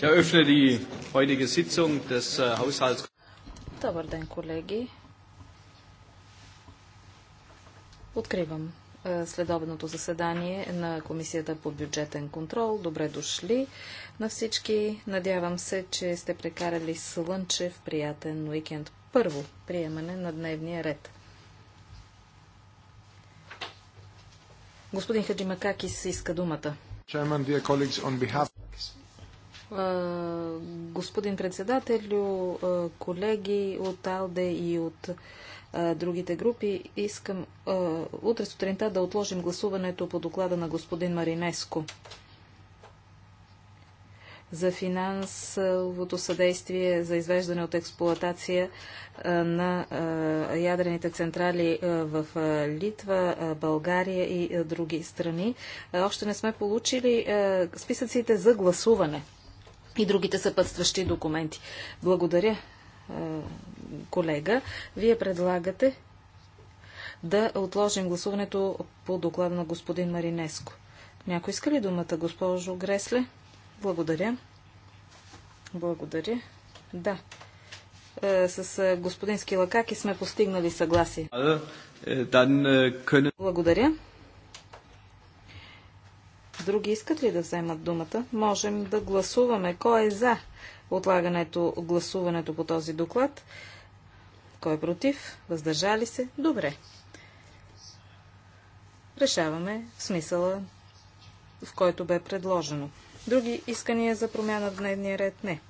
Ich eröffne die heutige Sitzung des äh, Haushalts. Добър ден, колеги. Откривам е, следобедното заседание на Комисията по бюджетен контрол. Добре дошли на всички. Надявам се, че сте прекарали слънчев, приятен уикенд. Първо приемане на дневния ред. Господин Хаджимакакис иска думата господин председателю, колеги от АЛДЕ и от другите групи. Искам утре сутринта да отложим гласуването по доклада на господин Маринеско за финансовото съдействие за извеждане от експлоатация на ядрените централи в Литва, България и други страни. Още не сме получили списъците за гласуване и другите съпътстващи документи. Благодаря, колега. Вие предлагате да отложим гласуването по доклада на господин Маринеско. Някой иска ли думата, госпожо Гресле? Благодаря. Благодаря. Да. С господин Скилакаки сме постигнали съгласие. Благодаря. Други искат ли да вземат думата? Можем да гласуваме. Кой е за отлагането, гласуването по този доклад? Кой е против? Въздържали се? Добре. Решаваме в смисъла, в който бе предложено. Други искания за промяна в дневния ред? Не.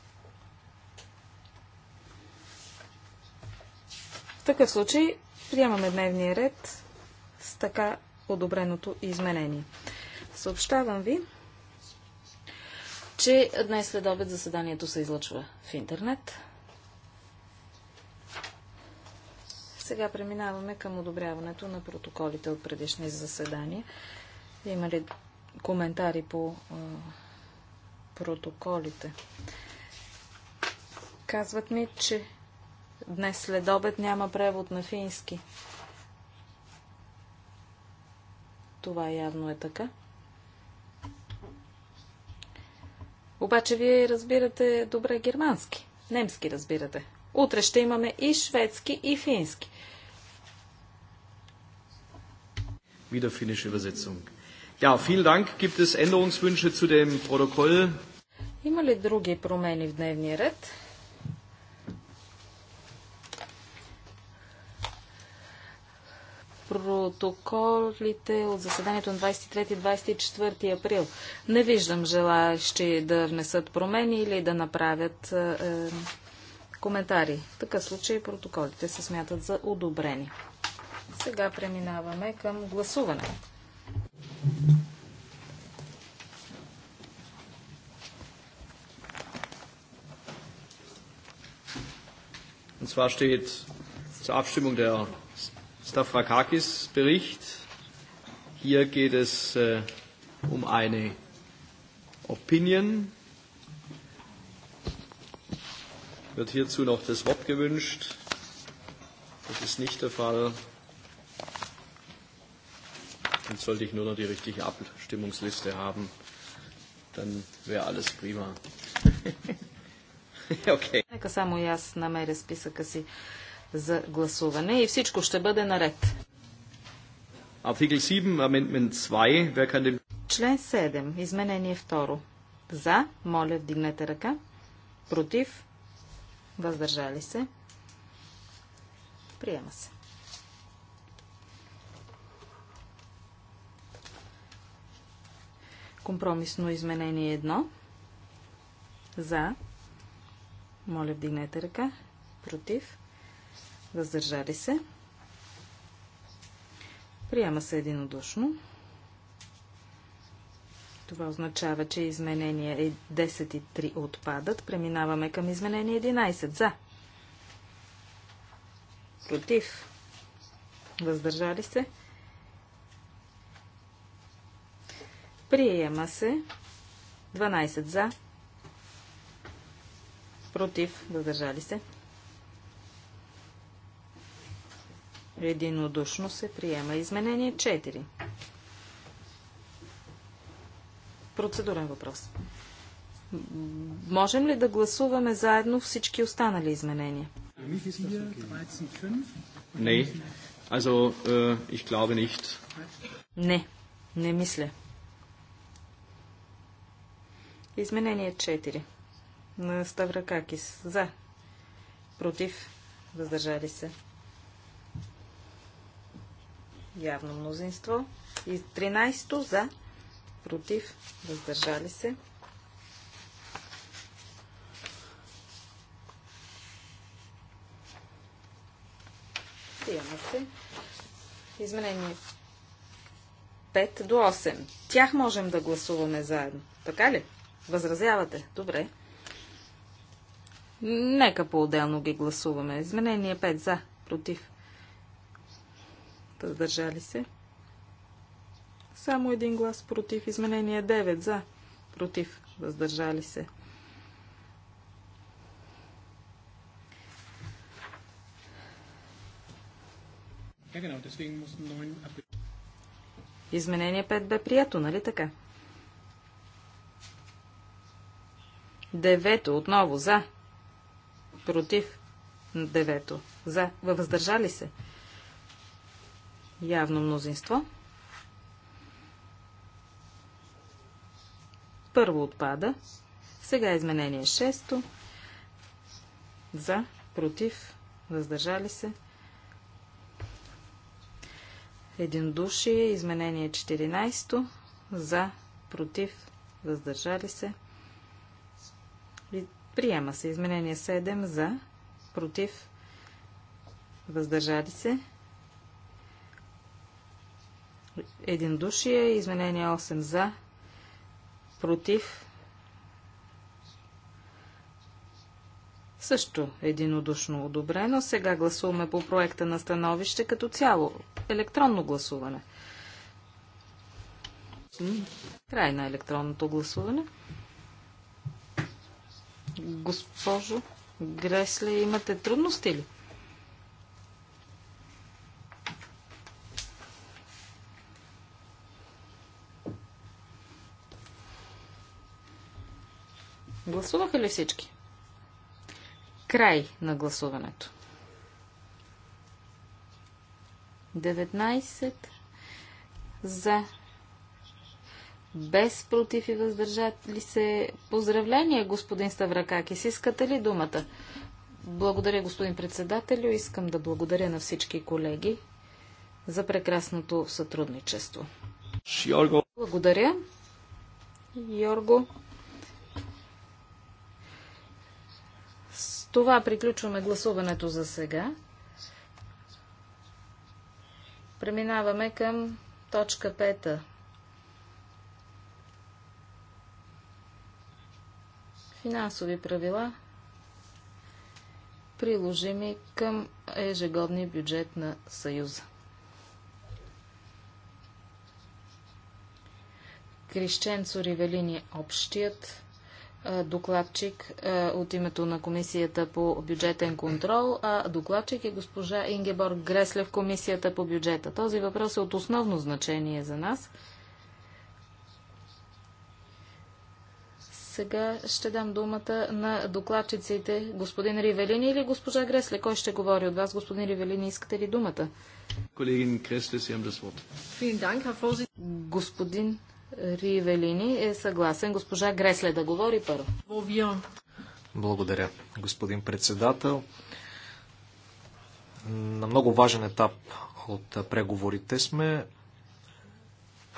В такъв случай приемаме дневния ред с така одобреното изменение. Съобщавам ви, че днес след обед заседанието се излъчва в интернет. Сега преминаваме към одобряването на протоколите от предишни заседания. Има ли коментари по а, протоколите? Казват ми, че днес след обед няма превод на фински. Това явно е така. Обаче вие разбирате добре германски. Немски разбирате. Утре ще имаме и шведски, и фински. Wieder finnische Übersetzung. Ja, vielen Dank. Gibt es Änderungswünsche zu dem Protokoll? Има ли други промени в дневния ред? протоколите от заседанието на 23-24 април. Не виждам желаящи да внесат промени или да направят е, е, коментари. В такъв случай протоколите се смятат за одобрени. Сега преминаваме към гласуване. Und zwar steht zur Abstimmung der Stavrakakis Bericht. Hier geht es äh, um eine Opinion. Wird hierzu noch das Wort gewünscht? Das ist nicht der Fall. Dann sollte ich nur noch die richtige Abstimmungsliste haben. Dann wäre alles prima. okay за гласуване и всичко ще бъде наред. Артикъл 7, амендмент 2. Wer kann dem... Член 7, изменение 2. За, моля, вдигнете ръка. Против, въздържали се. Приема се. Компромисно изменение 1. За. Моля, вдигнете ръка. Против. Въздържали се. Приема се единодушно. Това означава, че изменения 10 е и 3 отпадат. Преминаваме към изменение 11. За. Против. Въздържали се. Приема се. 12 за. Против. Въздържали се. Единодушно се приема. Изменение 4. Процедурен въпрос. Можем ли да гласуваме заедно всички останали изменения? Не. Also, uh, ich glaube nicht. Не. Не мисля. Изменение 4. На Ставракакис. За. Против. Въздържали се явно мнозинство. И 13 за, против, въздържали се. Приема се. Изменение 5 до 8. Тях можем да гласуваме заедно. Така ли? Възразявате? Добре. Нека по-отделно ги гласуваме. Изменение 5 за, против, въздържали се. Само един глас против. Изменение 9 за, против, въздържали се. Изменение 5 бе прието, нали така? Девето отново за. Против. Девето. За. Въздържали се явно мнозинство. Първо отпада. Сега изменение 6. За, против, въздържали се. Единдушие. Изменение 14. За, против, въздържали се. Приема се изменение 7 за, против, въздържали се. Един душие. Изменение 8 за. Против. Също единодушно одобрено. Сега гласуваме по проекта на становище като цяло. Електронно гласуване. Край на електронното гласуване. Госпожо Гресле, имате трудности ли? Гласуваха ли всички? Край на гласуването. 19 за без против и въздържали се. Поздравление, господин Ставракакис. Искате ли думата? Благодаря, господин председателю. Искам да благодаря на всички колеги за прекрасното сътрудничество. Благодаря. Йорго. това приключваме гласуването за сега. Преминаваме към точка 5. Финансови правила, приложими към ежегодния бюджет на Съюза. Крещенцо Ривелини общият докладчик от името на Комисията по бюджетен контрол, а докладчик е госпожа Ингеборг Гресле в Комисията по бюджета. Този въпрос е от основно значение за нас. Сега ще дам думата на докладчиците господин Ривелини или госпожа Гресле. Кой ще говори от вас? Господин Ривелини, искате ли думата? Колегин Гресле, си имам да Господин Ривелини е съгласен. Госпожа Гресле да говори първо. Благодаря, господин председател. На много важен етап от преговорите сме.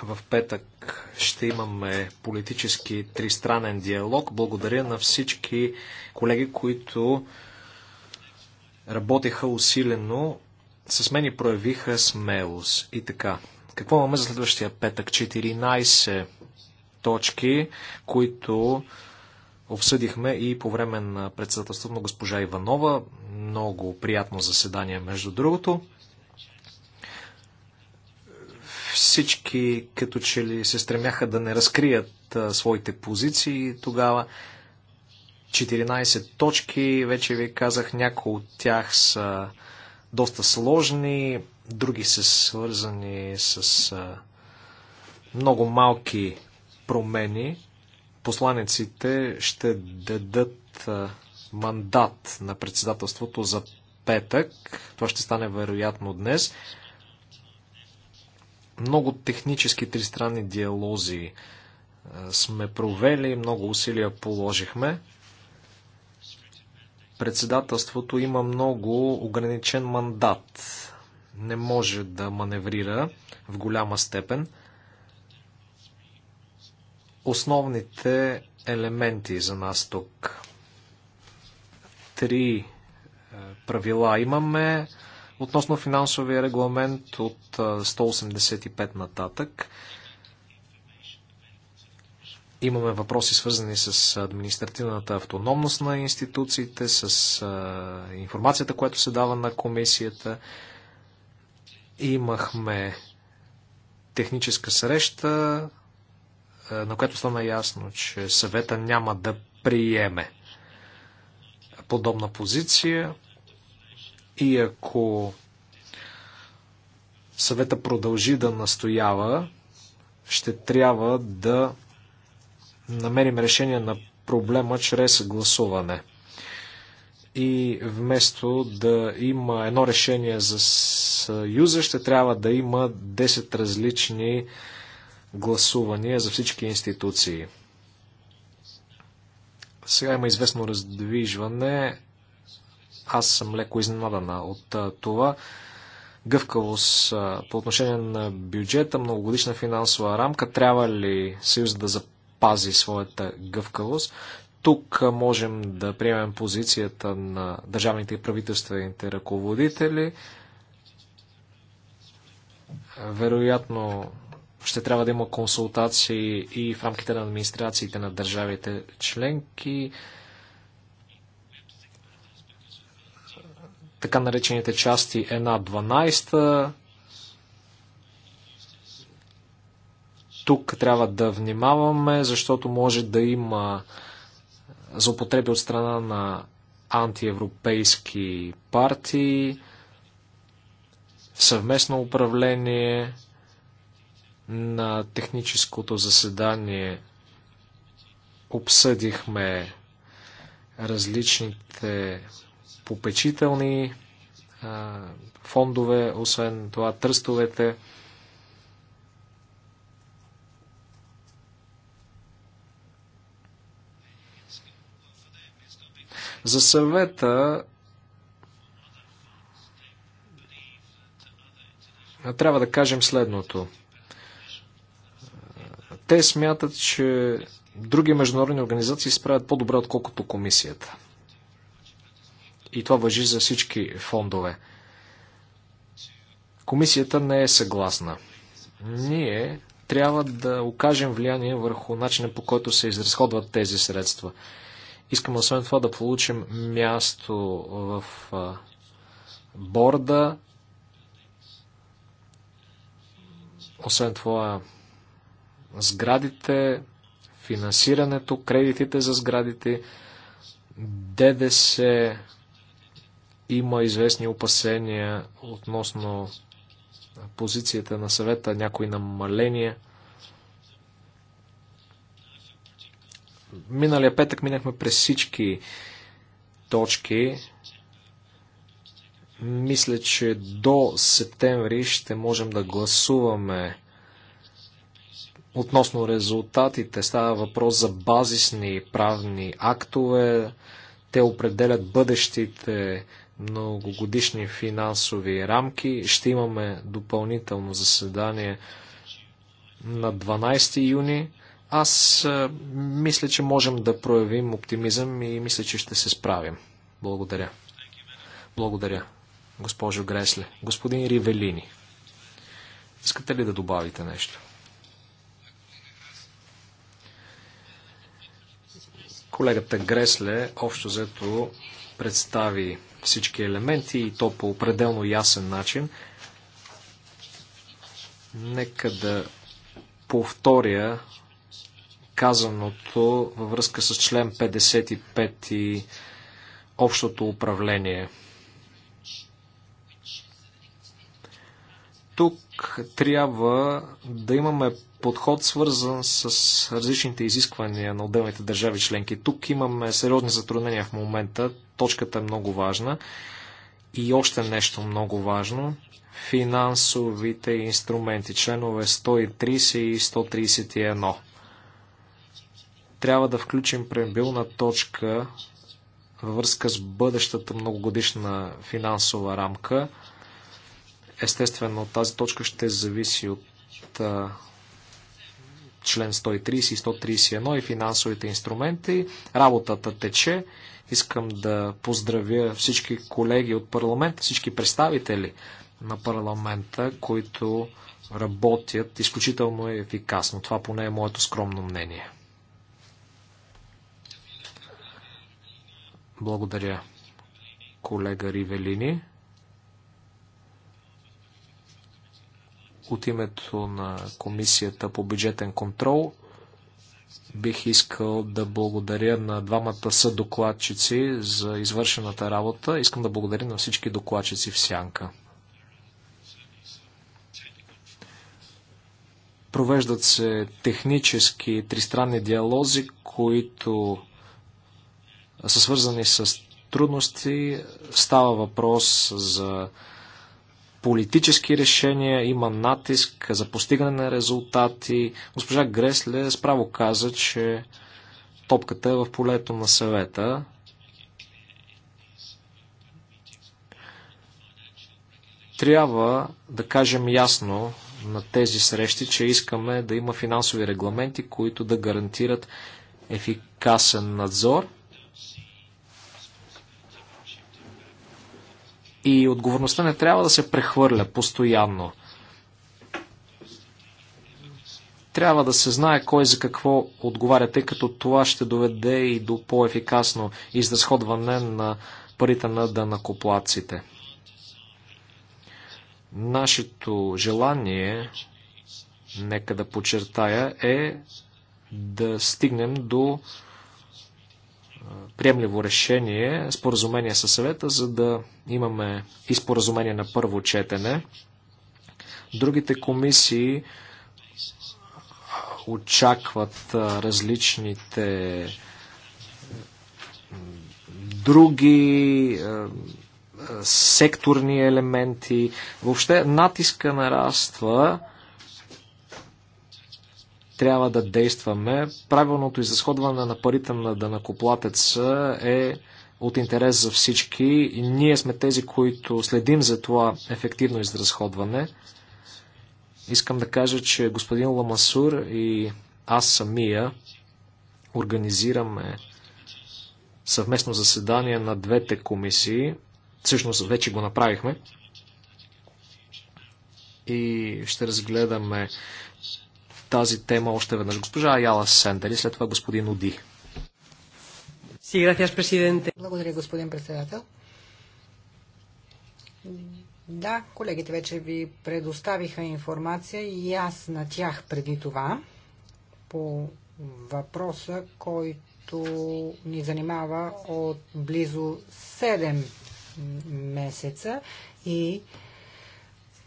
В петък ще имаме политически тристранен диалог. Благодаря на всички колеги, които работеха усилено, с мен и проявиха смелост. И така, какво имаме за следващия петък? 14 точки, които обсъдихме и по време на председателството на госпожа Иванова. Много приятно заседание, между другото. Всички като че ли се стремяха да не разкрият а, своите позиции тогава. 14 точки, вече ви казах, някои от тях са доста сложни, други са свързани с а, много малки промени. Посланиците ще дадат а, мандат на председателството за петък. Това ще стане вероятно днес. Много технически тристранни диалози а, сме провели, много усилия положихме председателството има много ограничен мандат не може да маневрира в голяма степен. Основните елементи за нас тук. Три е, правила имаме относно финансовия регламент от 185 е, нататък. Имаме въпроси свързани с административната автономност на институциите, с е, информацията, която се дава на комисията. Имахме техническа среща, е, на която стана ясно, че съвета няма да приеме подобна позиция и ако съвета продължи да настоява, ще трябва да намерим решение на проблема чрез гласуване и вместо да има едно решение за Съюза, ще трябва да има 10 различни гласувания за всички институции. Сега има известно раздвижване. Аз съм леко изненадана от това. Гъвкавост по отношение на бюджета, многогодишна финансова рамка. Трябва ли Съюз да запази своята гъвкавост? тук можем да приемем позицията на държавните и правителствените ръководители. Вероятно ще трябва да има консултации и в рамките на администрациите на държавите членки. Така наречените части 1-12. Тук трябва да внимаваме, защото може да има за употреби от страна на антиевропейски партии, съвместно управление на техническото заседание обсъдихме различните попечителни фондове, освен това тръстовете. За съвета трябва да кажем следното. Те смятат, че други международни организации справят по-добре, отколкото комисията. И това въжи за всички фондове. Комисията не е съгласна. Ние трябва да окажем влияние върху начина по който се изразходват тези средства. Искам освен това да получим място в борда. Освен това сградите, финансирането, кредитите за сградите, ДДС има известни опасения относно позицията на съвета, някои намаления – Миналия петък минахме през всички точки. Мисля, че до септември ще можем да гласуваме относно резултатите. Става въпрос за базисни правни актове. Те определят бъдещите многогодишни финансови рамки. Ще имаме допълнително заседание на 12 юни. Аз мисля, че можем да проявим оптимизъм и мисля, че ще се справим. Благодаря. Благодаря, госпожо Гресле. Господин Ривелини, искате ли да добавите нещо? Колегата Гресле общо взето представи всички елементи и то по определно ясен начин. Нека да повторя казаното във връзка с член 55 и общото управление. Тук трябва да имаме подход свързан с различните изисквания на отделните държави членки. Тук имаме сериозни затруднения в момента. Точката е много важна. И още нещо много важно финансовите инструменти, членове 130 и 131 трябва да включим преамбилна точка във връзка с бъдещата многогодишна финансова рамка. Естествено, тази точка ще зависи от член 130 и 131 и финансовите инструменти. Работата тече. Искам да поздравя всички колеги от парламента, всички представители на парламента, които работят изключително ефикасно. Това поне е моето скромно мнение. Благодаря, колега Ривелини. От името на Комисията по бюджетен контрол бих искал да благодаря на двамата съдокладчици за извършената работа. Искам да благодаря на всички докладчици в Сянка. Провеждат се технически тристранни диалози, които са свързани с трудности. Става въпрос за политически решения, има натиск за постигане на резултати. Госпожа Гресле справо каза, че топката е в полето на съвета. Трябва да кажем ясно на тези срещи, че искаме да има финансови регламенти, които да гарантират ефикасен надзор – И отговорността не трябва да се прехвърля постоянно. Трябва да се знае кой за какво отговаря, тъй като това ще доведе и до по-ефикасно изразходване на парите на дънакоплаците. Нашето желание, нека да подчертая, е да стигнем до приемливо решение, споразумение със съвета, за да имаме и споразумение на първо четене. Другите комисии очакват различните други секторни елементи. Въобще натиска нараства трябва да действаме. Правилното изразходване на парите на данакоплатеца е от интерес за всички. И ние сме тези, които следим за това ефективно изразходване. Искам да кажа, че господин Ламасур и аз самия организираме съвместно заседание на двете комисии. Всъщност вече го направихме. И ще разгледаме тази тема още веднъж. Госпожа Аяла Сендер и след това господин Оди. Благодаря, господин председател. Да, колегите вече ви предоставиха информация и аз на тях преди това по въпроса, който ни занимава от близо 7 месеца и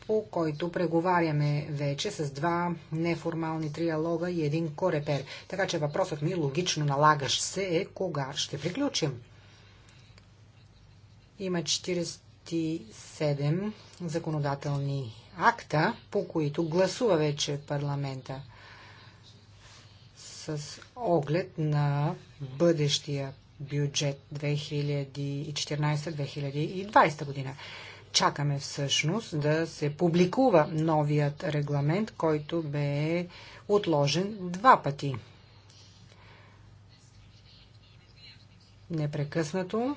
по който преговаряме вече с два неформални триалога и един корепер. Така че въпросът ми, логично налагащ се, е кога ще приключим. Има 47 законодателни акта, по които гласува вече парламента с оглед на бъдещия бюджет 2014-2020 година. Чакаме всъщност да се публикува новият регламент, който бе отложен два пъти. Непрекъснато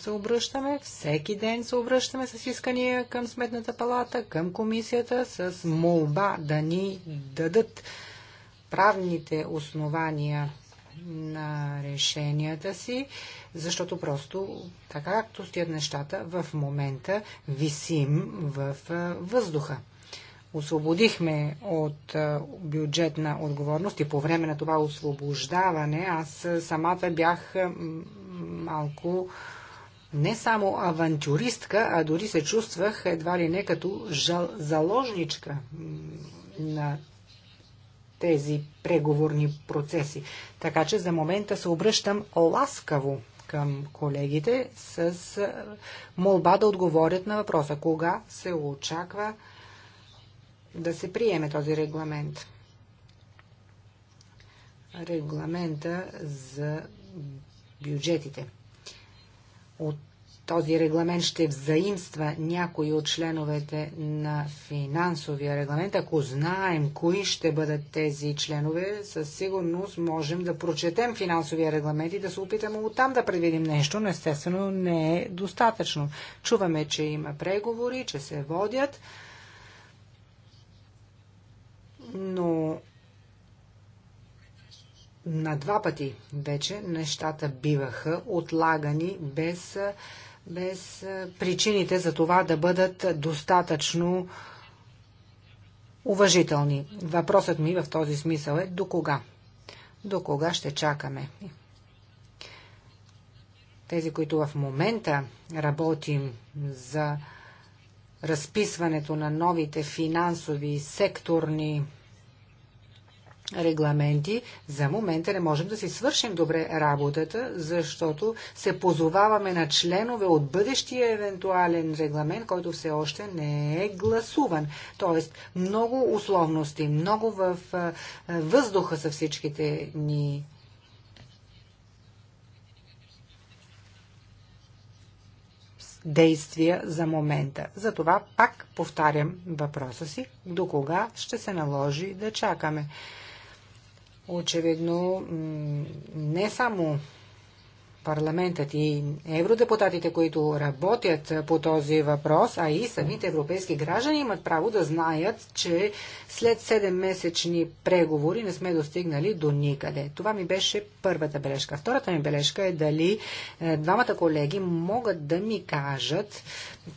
се обръщаме, всеки ден се обръщаме с искания към Сметната палата, към комисията, с молба да ни дадат правните основания на решенията си, защото просто така както стоят нещата, в момента висим в въздуха. Освободихме от бюджетна отговорност и по време на това освобождаване аз самата бях малко не само авантюристка, а дори се чувствах едва ли не като жал, заложничка на тези преговорни процеси. Така че за момента се обръщам ласкаво към колегите с молба да отговорят на въпроса кога се очаква да се приеме този регламент. Регламента за бюджетите. От този регламент ще взаимства някои от членовете на финансовия регламент. Ако знаем кои ще бъдат тези членове, със сигурност можем да прочетем финансовия регламент и да се опитаме оттам да предвидим нещо, но естествено не е достатъчно. Чуваме, че има преговори, че се водят, но на два пъти вече нещата биваха отлагани без без е, причините за това да бъдат достатъчно уважителни. Въпросът ми в този смисъл е до кога? До кога ще чакаме? Тези, които в момента работим за разписването на новите финансови секторни регламенти, за момента не можем да си свършим добре работата, защото се позоваваме на членове от бъдещия евентуален регламент, който все още не е гласуван. Тоест, много условности, много в въздуха са всичките ни действия за момента. Затова пак повтарям въпроса си, до кога ще се наложи да чакаме очевидно не само парламентът и евродепутатите, които работят по този въпрос, а и самите европейски граждани имат право да знаят, че след 7-месечни преговори не сме достигнали до никъде. Това ми беше първата бележка. Втората ми бележка е дали е, двамата колеги могат да ми кажат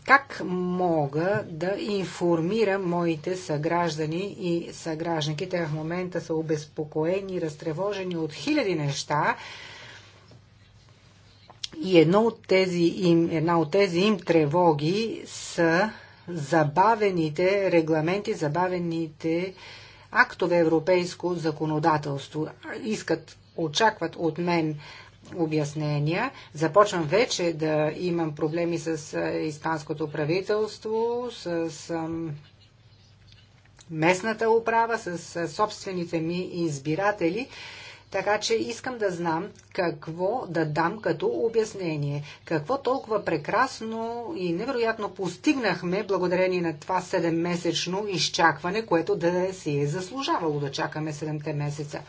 как мога да информирам моите съграждани и съгражданките в момента са обезпокоени, разтревожени от хиляди неща, и едно от тези им, една от тези им тревоги са забавените регламенти, забавените актове европейско законодателство. Искат, очакват от мен обяснения. Започвам вече да имам проблеми с испанското правителство, с местната управа, с собствените ми избиратели така че искам да знам какво да дам като обяснение. Какво толкова прекрасно и невероятно постигнахме благодарение на това 7-месечно изчакване, което да си е заслужавало да чакаме 7 месеца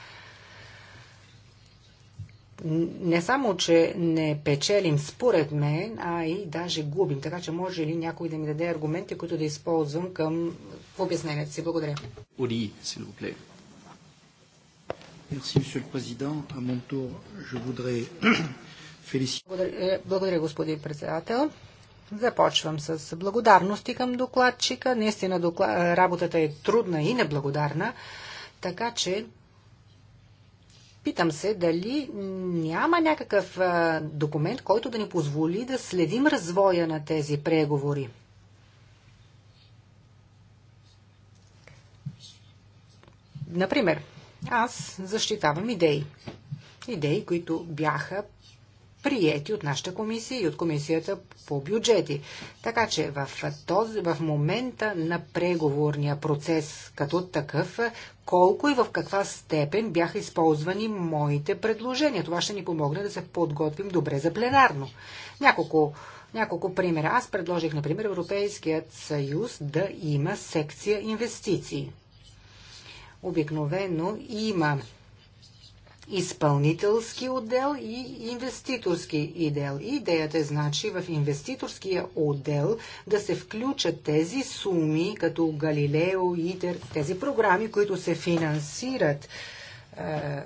не само, че не печелим според мен, а и даже губим. Така че може ли някой да ми даде аргументи, които да използвам към обяснението си? Благодаря. Уди, си Merci, Monsieur le Président. À mon tour, je voudrais féliciter. Е, благодаря, господин председател. Започвам с благодарности към докладчика. Наистина е, работата е трудна и неблагодарна, така че питам се дали няма някакъв е, документ, който да ни позволи да следим развоя на тези преговори. Например, аз защитавам идеи. Идеи, които бяха приети от нашата комисия и от комисията по бюджети. Така че в, този, в момента на преговорния процес като такъв, колко и в каква степен бяха използвани моите предложения. Това ще ни помогне да се подготвим добре за пленарно. Няколко няколко примера. Аз предложих, например, Европейският съюз да има секция инвестиции обикновено има изпълнителски отдел и инвеститорски отдел. Идеята е значи в инвеститорския отдел да се включат тези суми, като Галилео, ИТЕР, тези програми, които се финансират е,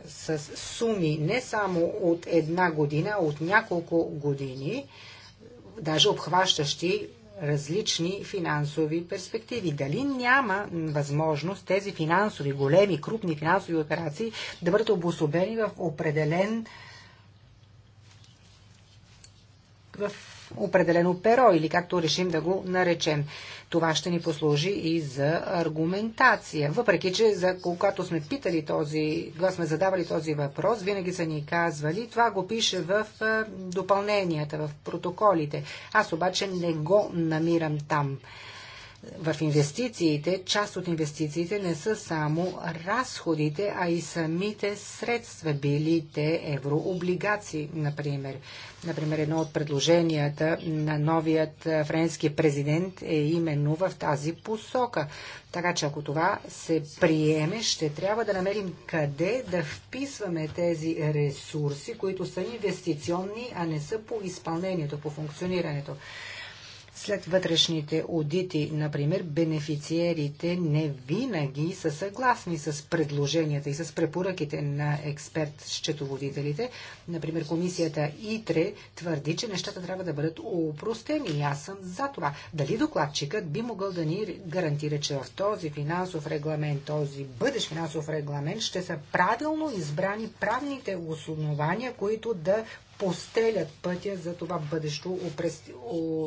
с суми не само от една година, а от няколко години, даже обхващащи различни финансови перспективи. Дали няма възможност тези финансови, големи, крупни финансови операции да бъдат обособени в определен в определено перо или както решим да го наречем. Това ще ни послужи и за аргументация. Въпреки, че за когато сме питали този, когато сме задавали този въпрос, винаги са ни казвали, това го пише в допълненията, в протоколите. Аз обаче не го намирам там в инвестициите, част от инвестициите не са само разходите, а и самите средства, били те еврооблигации, например. Например, едно от предложенията на новият френски президент е именно в тази посока. Така че ако това се приеме, ще трябва да намерим къде да вписваме тези ресурси, които са инвестиционни, а не са по изпълнението, по функционирането. След вътрешните одити, например, бенефициерите не винаги са съгласни с предложенията и с препоръките на експерт-счетоводителите. Например, комисията ИТРЕ твърди, че нещата трябва да бъдат упростени и аз съм за това. Дали докладчикът би могъл да ни гарантира, че в този финансов регламент, този бъдещ финансов регламент ще са правилно избрани правните основания, които да постелят пътя за това бъдещо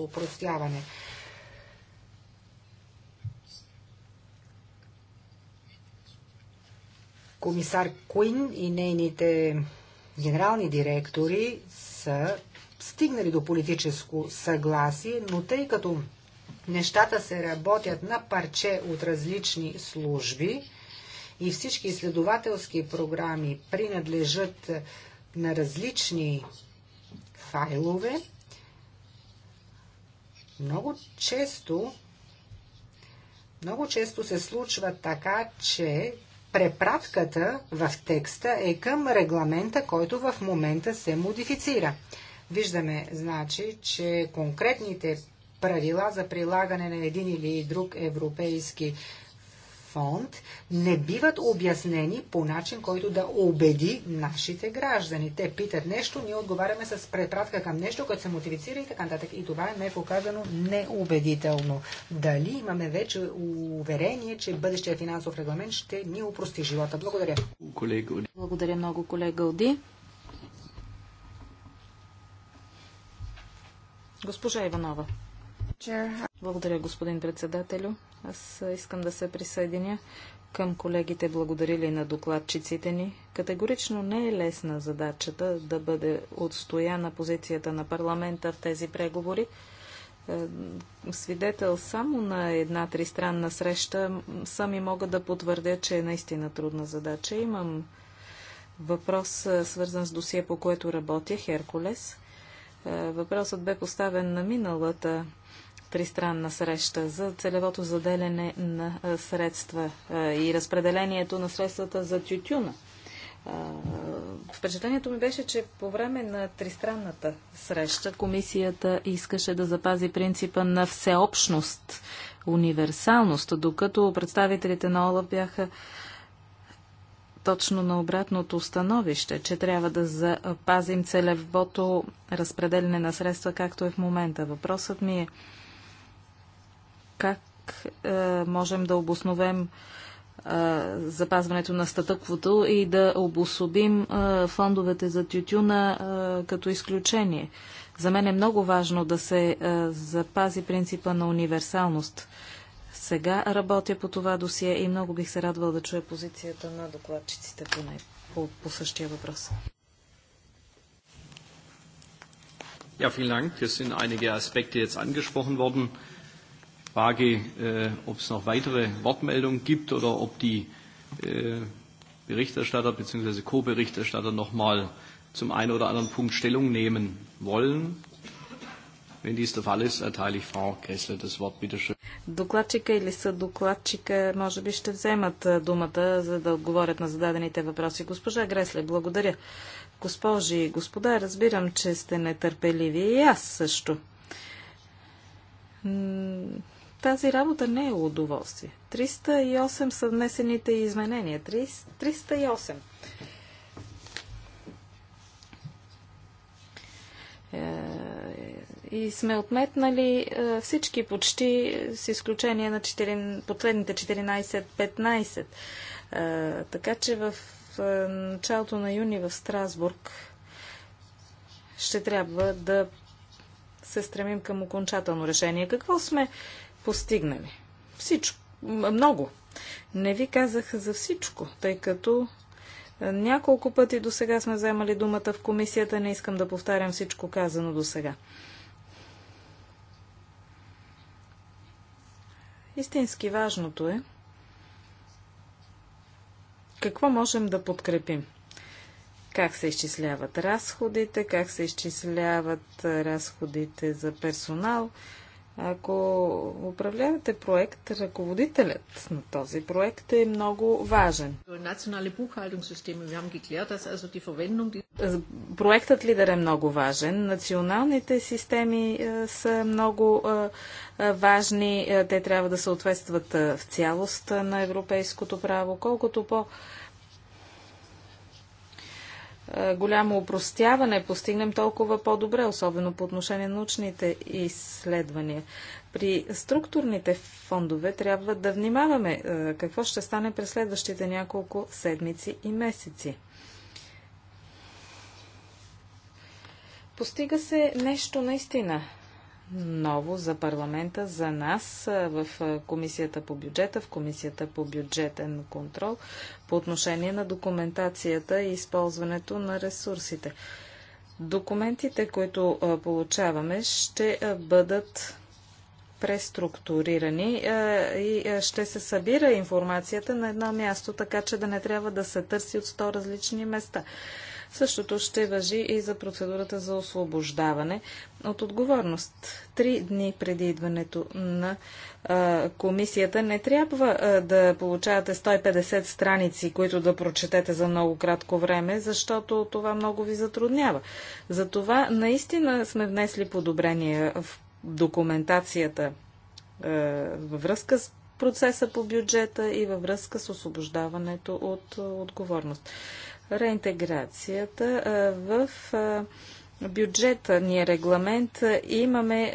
упростяване. Комисар Куин и нейните генерални директори са стигнали до политическо съгласие, но тъй като нещата се работят на парче от различни служби и всички изследователски програми принадлежат на различни файлове, много често много често се случва така, че препратката в текста е към регламента, който в момента се модифицира. Виждаме, значи, че конкретните правила за прилагане на един или друг европейски фонд не биват обяснени по начин, който да убеди нашите граждани. Те питат нещо, ние отговаряме с препратка към нещо, което се мотивицира и така нататък. И това ме е показано неубедително. Дали имаме вече уверение, че бъдещия финансов регламент ще ни упрости живота? Благодаря. Колега. Благодаря много, колега Оди. Госпожа Иванова. Благодаря, господин председателю. Аз искам да се присъединя към колегите, благодарили на докладчиците ни. Категорично не е лесна задачата да бъде отстояна позицията на парламента в тези преговори. Е, свидетел само на една тристранна среща сами мога да потвърдя, че е наистина трудна задача. Имам въпрос, е, свързан с досие, по което работя, Херкулес. Е, въпросът бе поставен на миналата тристранна среща за целевото заделяне на средства и разпределението на средствата за тютюна. Впечатлението ми беше, че по време на тристранната среща комисията искаше да запази принципа на всеобщност, универсалност, докато представителите на ОЛА бяха точно на обратното становище, че трябва да запазим целевото разпределение на средства, както е в момента. Въпросът ми е как е, можем да обосновем е, запазването на статъквото и да обособим е, фондовете за тютюна като изключение. За мен е много важно да се запази принципа на универсалност. Сега работя по това досие и много бих се радвал да чуя позицията на докладчиците по, най- по, по същия въпрос. Ja, vielen Dank. Es sind einige Aspekte jetzt angesprochen worden. Frage, äh, ob es noch weitere Wortmeldungen gibt oder ob die äh, Berichterstatter bzw. Co-Berichterstatter noch mal zum einen oder anderen Punkt Stellung nehmen wollen. Wenn dies der Fall ist, erteile ich Frau Kessler das Wort. Bitte schön. Докладчика или съдокладчика може би ще вземат думата, за да отговорят на зададените въпроси. Госпожа Гресле, благодаря. Госпожи и господа, разбирам, че сте нетърпеливи и аз също. Тази работа не е удоволствие. 308 са внесените изменения. 308. Е, и сме отметнали е, всички почти, с изключение на 4, последните 14-15. Е, така че в началото на юни в Страсбург ще трябва да се стремим към окончателно решение. Какво сме постигнали. Всичко. Много. Не ви казах за всичко, тъй като е, няколко пъти до сега сме вземали думата в комисията. Не искам да повтарям всичко казано до сега. Истински важното е какво можем да подкрепим. Как се изчисляват разходите, как се изчисляват е, разходите за персонал, ако управлявате проект, ръководителят на този проект е много важен. Проектът лидер е много важен. Националните системи е, са много е, е, важни. Те трябва да съответстват в цялост на европейското право. Колкото по- е, голямо упростяване постигнем, толкова по-добре, особено по отношение на научните изследвания. При структурните фондове трябва да внимаваме е, какво ще стане през следващите няколко седмици и месеци. Постига се нещо наистина ново за парламента, за нас в Комисията по бюджета, в Комисията по бюджетен контрол по отношение на документацията и използването на ресурсите. Документите, които получаваме, ще бъдат преструктурирани и ще се събира информацията на едно място, така че да не трябва да се търси от 100 различни места. Същото ще въжи и за процедурата за освобождаване от отговорност. Три дни преди идването на а, комисията не трябва а, да получавате 150 страници, които да прочетете за много кратко време, защото това много ви затруднява. Затова наистина сме внесли подобрения в документацията а, във връзка с процеса по бюджета и във връзка с освобождаването от отговорност реинтеграцията в бюджета ни е регламент имаме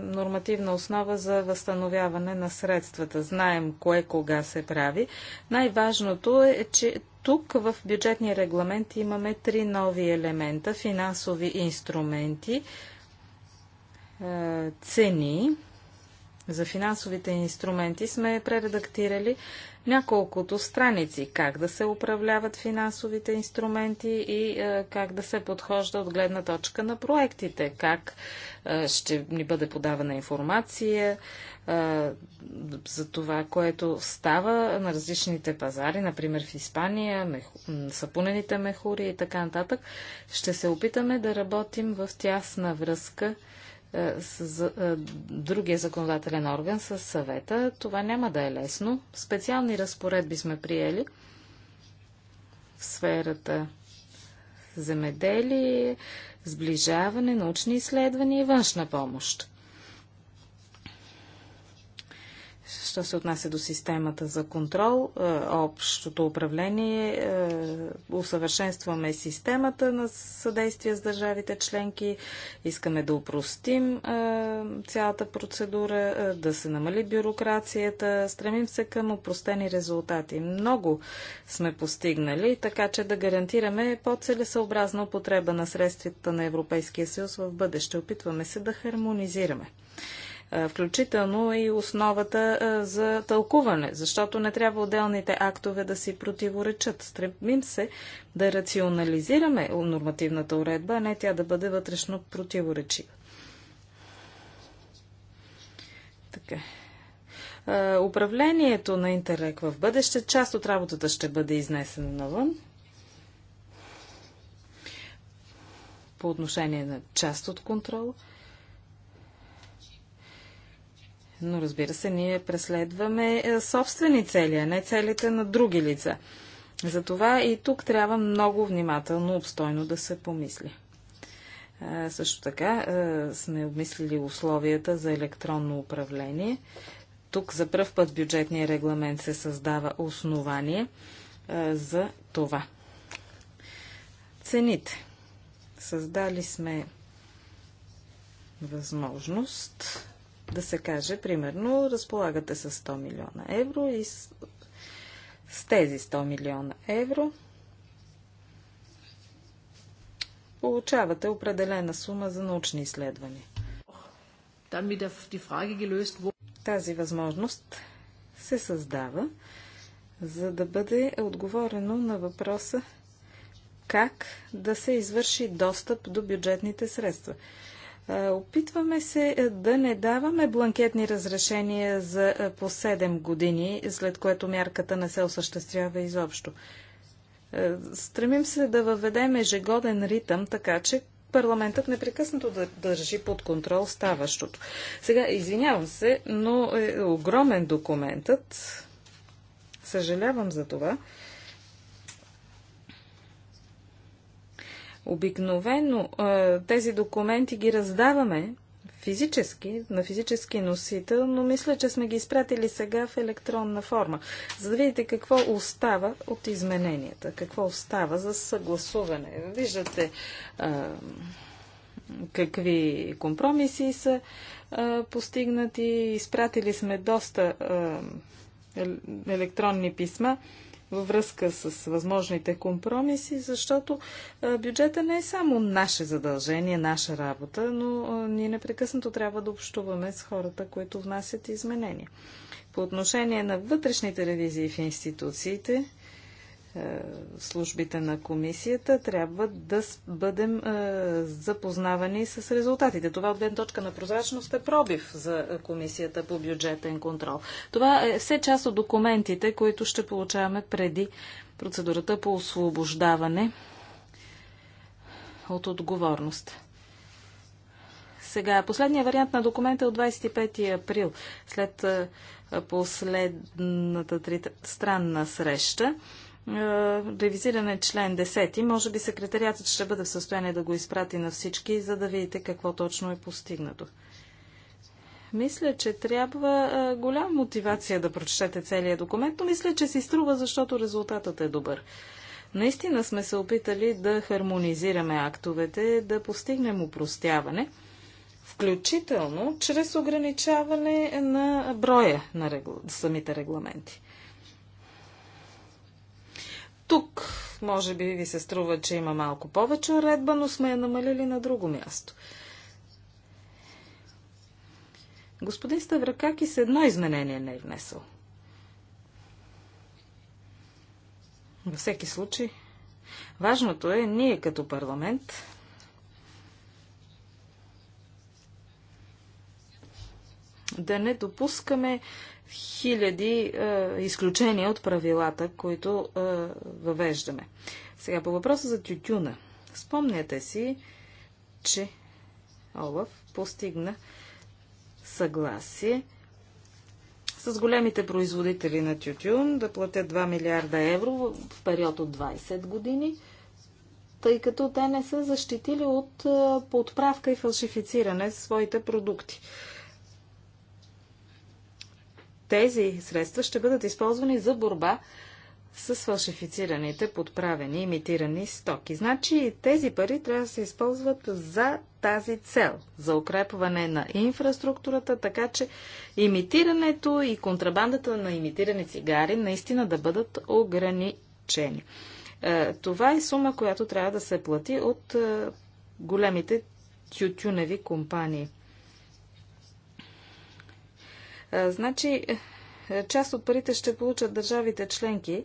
нормативна основа за възстановяване на средствата. Знаем кое кога се прави. Най-важното е, че тук в бюджетния регламент имаме три нови елемента – финансови инструменти, цени – за финансовите инструменти сме прередактирали няколкото страници как да се управляват финансовите инструменти и е, как да се подхожда от гледна точка на проектите, как е, ще ни бъде подавана информация е, за това, което става на различните пазари, например в Испания, меху, сапунените мехури и така нататък. Ще се опитаме да работим в тясна връзка е, с е, другия законодателен орган, с съвета. Това няма да е лесно. Специални разпоредби сме приели в сферата земеделие, сближаване, научни изследвания и външна помощ. Що се отнася до системата за контрол, е, общото управление, е, усъвършенстваме системата на съдействие с държавите членки, искаме да упростим е, цялата процедура, да се намали бюрокрацията, стремим се към упростени резултати. Много сме постигнали, така че да гарантираме по-целесъобразна употреба на средствата на Европейския съюз в бъдеще. Опитваме се да хармонизираме включително и основата за тълкуване, защото не трябва отделните актове да си противоречат. Стремим се да рационализираме нормативната уредба, а не тя да бъде вътрешно противоречива. Така. Управлението на интелект в бъдеще, част от работата ще бъде изнесена навън. По отношение на част от контрола. Но разбира се, ние преследваме е, собствени цели, а не целите на други лица. Затова и тук трябва много внимателно, обстойно да се помисли. също така сме обмислили условията за електронно управление. Тук за първ път бюджетния регламент се създава основание за това. Цените. Създали сме възможност да се каже, примерно, разполагате с 100 милиона евро и с, с тези 100 милиона евро получавате определена сума за научни изследвания. Тази възможност се създава, за да бъде отговорено на въпроса как да се извърши достъп до бюджетните средства. Е, опитваме се е, да не даваме бланкетни разрешения за е, по 7 години, след което мярката не се осъществява изобщо. Стремим се да въведем ежегоден ритъм, така че парламентът непрекъснато да държи под контрол ставащото. Сега, извинявам се, но е огромен документът. Съжалявам за това. Обикновено тези документи ги раздаваме физически, на физически носител, но мисля, че сме ги изпратили сега в електронна форма, за да видите какво остава от измененията, какво остава за съгласуване. Виждате какви компромиси са постигнати. Изпратили сме доста електронни писма във връзка с възможните компромиси, защото бюджета не е само наше задължение, наша работа, но ние непрекъснато трябва да общуваме с хората, които внасят изменения. По отношение на вътрешните ревизии в институциите, е, службите на комисията, трябва да бъдем е, запознавани с резултатите. Това от ден точка на прозрачност е пробив за комисията по бюджетен контрол. Това е все част от документите, които ще получаваме преди процедурата по освобождаване от отговорност. Сега, последният вариант на документа е от 25 април, след е, последната странна среща. Е, ревизиран е член 10. Може би секретарятът ще бъде в състояние да го изпрати на всички, за да видите какво точно е постигнато. Мисля, че трябва е, голяма мотивация да прочетете целия документ, но мисля, че си струва, защото резултатът е добър. Наистина сме се опитали да хармонизираме актовете, да постигнем упростяване, включително чрез ограничаване на броя на самите регламенти. Тук, може би, ви се струва, че има малко повече уредба, но сме я намалили на друго място. Господин Ставракаки с едно изменение не е внесъл. Във всеки случай, важното е ние като парламент да не допускаме хиляди е, изключения от правилата, които е, въвеждаме. Сега по въпроса за тютюна. Спомняте си, че Олаф постигна съгласие с големите производители на тютюн да платят 2 милиарда евро в период от 20 години, тъй като те не са защитили от е, подправка и фалшифициране своите продукти тези средства ще бъдат използвани за борба с фалшифицираните, подправени, имитирани стоки. Значи тези пари трябва да се използват за тази цел, за укрепване на инфраструктурата, така че имитирането и контрабандата на имитирани цигари наистина да бъдат ограничени. Е, това е сума, която трябва да се плати от е, големите тютюневи компании. Е, значи, е, част от парите ще получат държавите членки, е,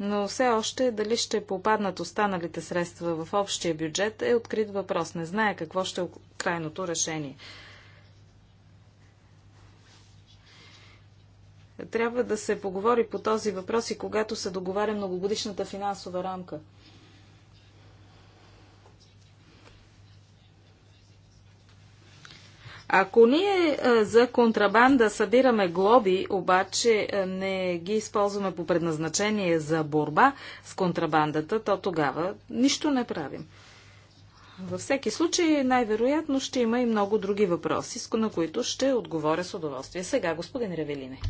но все още дали ще попаднат останалите средства в общия бюджет е открит въпрос. Не знае какво ще е крайното решение. Трябва да се поговори по този въпрос и когато се договаря многогодишната финансова рамка. Ако ние за контрабанда събираме глоби, обаче не ги използваме по предназначение за борба с контрабандата, то тогава нищо не правим. Във всеки случай, най-вероятно ще има и много други въпроси, на които ще отговоря с удоволствие. Сега, господин Ревелине.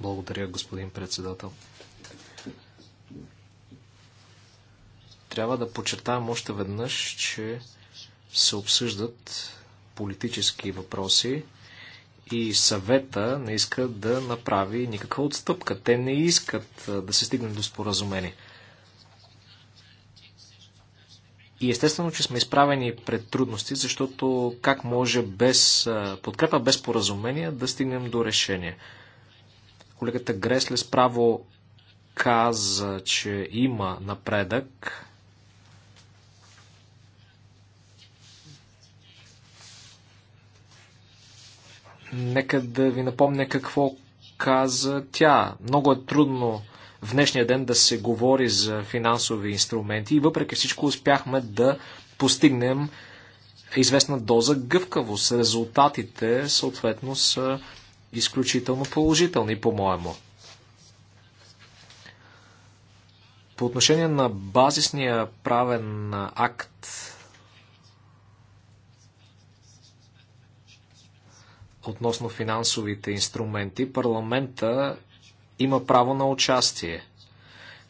Благодаря, господин председател. Трябва да подчертавам още веднъж, че се обсъждат политически въпроси и съвета не иска да направи никаква отстъпка. Те не искат да се стигне до споразумение. И естествено, че сме изправени пред трудности, защото как може без подкрепа, без поразумение да стигнем до решение? Колегата Гресле справо каза, че има напредък Нека да ви напомня какво каза тя. Много е трудно в днешния ден да се говори за финансови инструменти и въпреки всичко успяхме да постигнем известна доза гъвкавост. Резултатите съответно са изключително положителни, по-моему. По отношение на базисния правен акт относно финансовите инструменти, парламента има право на участие.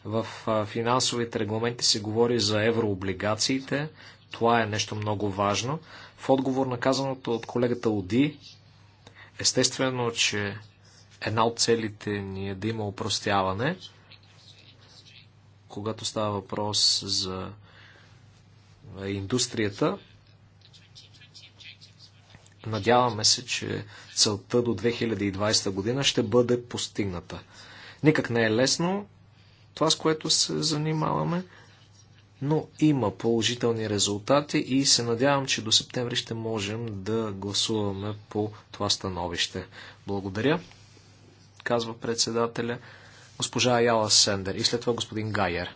В финансовите регламенти се говори за еврооблигациите. Това е нещо много важно. В отговор на казаното от колегата Оди, естествено, че една от целите ни е да има упростяване, когато става въпрос за индустрията. Надяваме се, че целта до 2020 година ще бъде постигната. Никак не е лесно това, с което се занимаваме, но има положителни резултати и се надявам, че до септември ще можем да гласуваме по това становище. Благодаря, казва председателя госпожа Аяла Сендер и след това господин Гайер.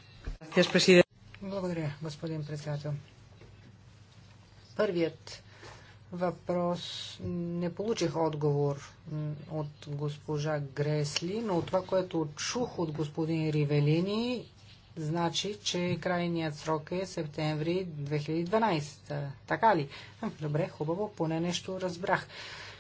Благодаря, господин председател. Първият въпрос не получих отговор от госпожа Гресли, но това, което чух от господин Ривелини, значи, че крайният срок е септември 2012. Така ли? Добре, хубаво, поне нещо разбрах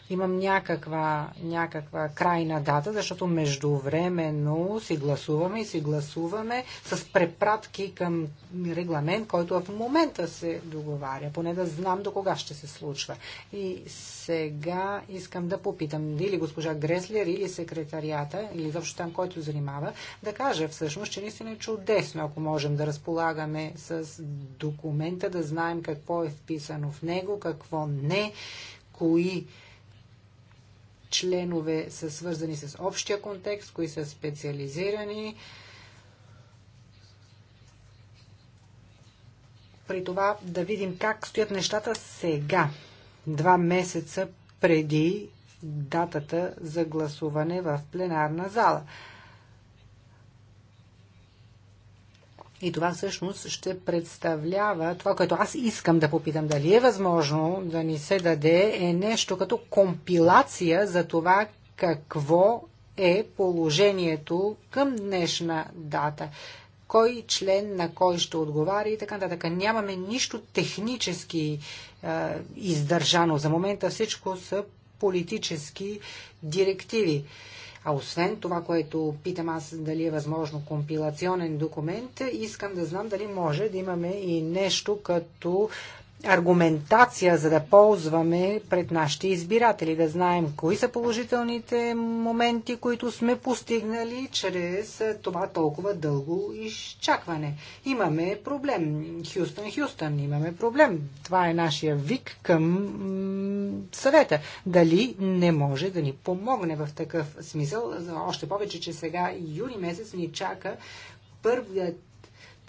имам някаква, някаква крайна дата, защото междувременно си гласуваме и си гласуваме с препратки към регламент, който в момента се договаря, поне да знам до кога ще се случва. И сега искам да попитам или госпожа Греслер, или секретарията, или заобщо там, който занимава, да каже всъщност, че наистина е чудесно, ако можем да разполагаме с документа, да знаем какво е вписано в него, какво не, кои членове са свързани с общия контекст, кои са специализирани. При това да видим как стоят нещата сега, два месеца преди датата за гласуване в пленарна зала. И това всъщност ще представлява това, което аз искам да попитам. Дали е възможно да ни се даде е нещо като компилация за това какво е положението към днешна дата. Кой член на кой ще отговаря и така нататък. Нямаме нищо технически е, издържано. За момента всичко са политически директиви. А освен това, което питам аз дали е възможно компилационен документ, искам да знам дали може да имаме и нещо като аргументация, за да ползваме пред нашите избиратели, да знаем кои са положителните моменти, които сме постигнали чрез това толкова дълго изчакване. Имаме проблем. Хюстън, Хюстън, имаме проблем. Това е нашия вик към съвета. Дали не може да ни помогне в такъв смисъл? Още повече, че сега юни месец ни чака първият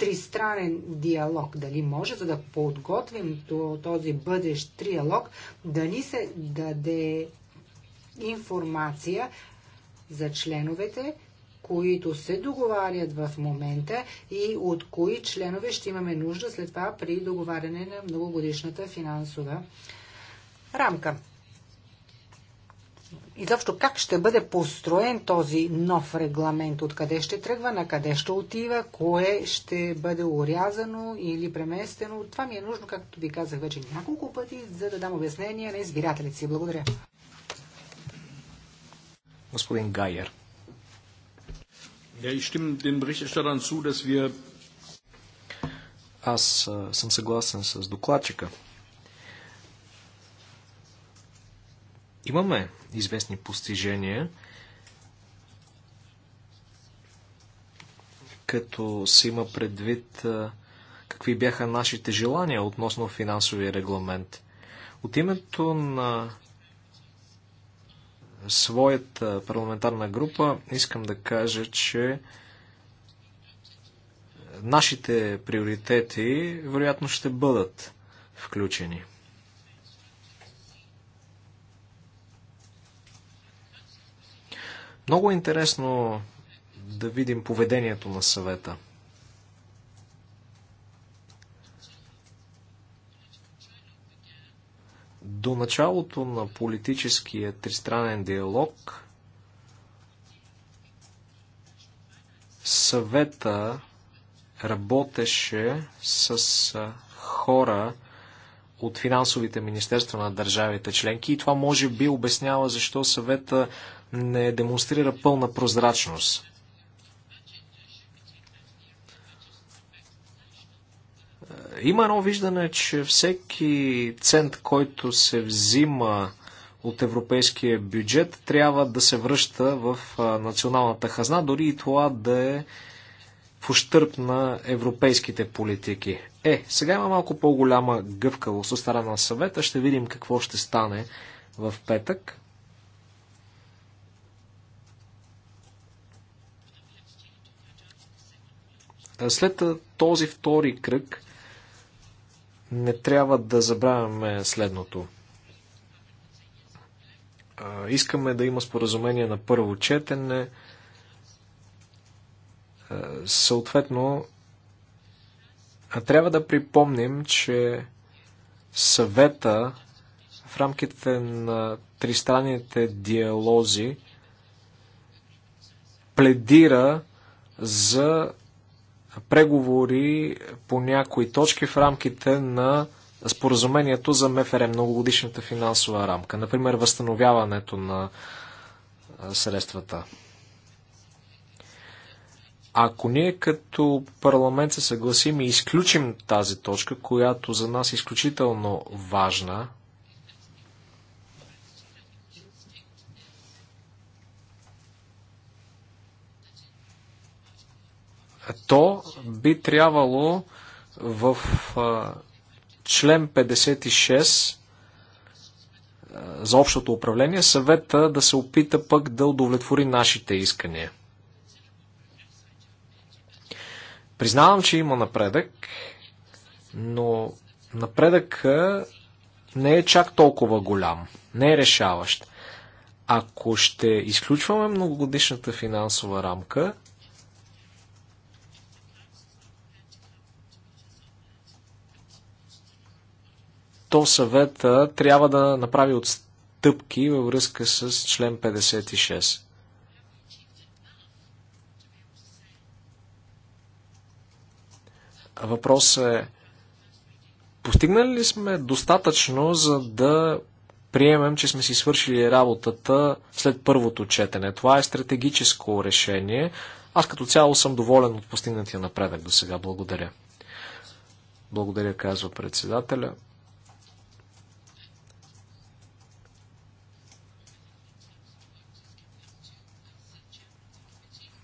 тристранен диалог. Дали може, за да подготвим този бъдещ триалог, да ни се даде информация за членовете, които се договарят в момента и от кои членове ще имаме нужда след това при договаряне на многогодишната финансова рамка изобщо как ще бъде построен този нов регламент, откъде ще тръгва, на къде ще отива, кое ще бъде урязано или преместено. Това ми е нужно, както ви казах вече няколко пъти, за да дам обяснение на избирателите си. Благодаря. Господин Гайер. Аз съм съгласен с докладчика. Имаме известни постижения, като се има предвид какви бяха нашите желания относно финансовия регламент. От името на своята парламентарна група искам да кажа, че нашите приоритети вероятно ще бъдат включени. Много е интересно да видим поведението на съвета. До началото на политическия тристранен диалог съвета работеше с хора от финансовите министерства на държавите членки и това може би обяснява защо съвета не демонстрира пълна прозрачност. Има едно виждане, че всеки цент, който се взима от европейския бюджет, трябва да се връща в националната хазна, дори и това да е в ущърп на европейските политики. Е, сега има малко по-голяма гъвкавост от страна на съвета. Ще видим какво ще стане в петък. След този втори кръг не трябва да забравяме следното. Искаме да има споразумение на първо четене. Съответно, трябва да припомним, че съвета в рамките на тристранните диалози пледира за преговори по някои точки в рамките на споразумението за МФР, многогодишната финансова рамка. Например, възстановяването на средствата. Ако ние като парламент се съгласим и изключим тази точка, която за нас е изключително важна, то би трябвало в член 56 за общото управление съвета да се опита пък да удовлетвори нашите искания. Признавам, че има напредък, но напредък не е чак толкова голям, не е решаващ. Ако ще изключваме многогодишната финансова рамка, то съвета трябва да направи отстъпки във връзка с член 56. Въпросът е, постигнали ли сме достатъчно, за да приемем, че сме си свършили работата след първото четене? Това е стратегическо решение. Аз като цяло съм доволен от постигнатия напредък до сега. Благодаря. Благодаря, казва председателя.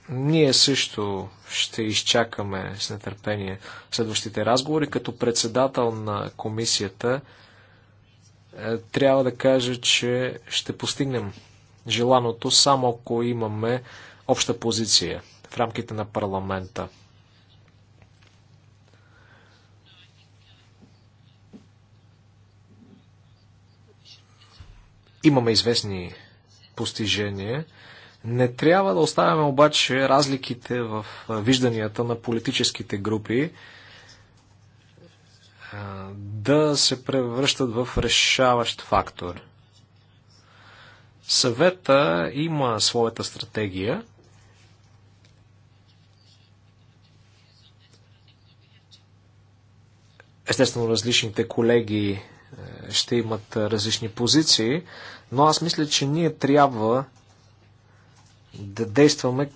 Ние също ще изчакаме с нетърпение следващите разговори. Като председател на комисията е, трябва да кажа, че ще постигнем желаното само ако имаме обща позиция в рамките на парламента. Имаме известни постижения. Не трябва да оставяме обаче разликите в вижданията на политическите групи да се превръщат в решаващ фактор. Съвета има своята стратегия. Естествено, различните колеги е, ще имат различни позиции, но аз мисля, че ние трябва да действаме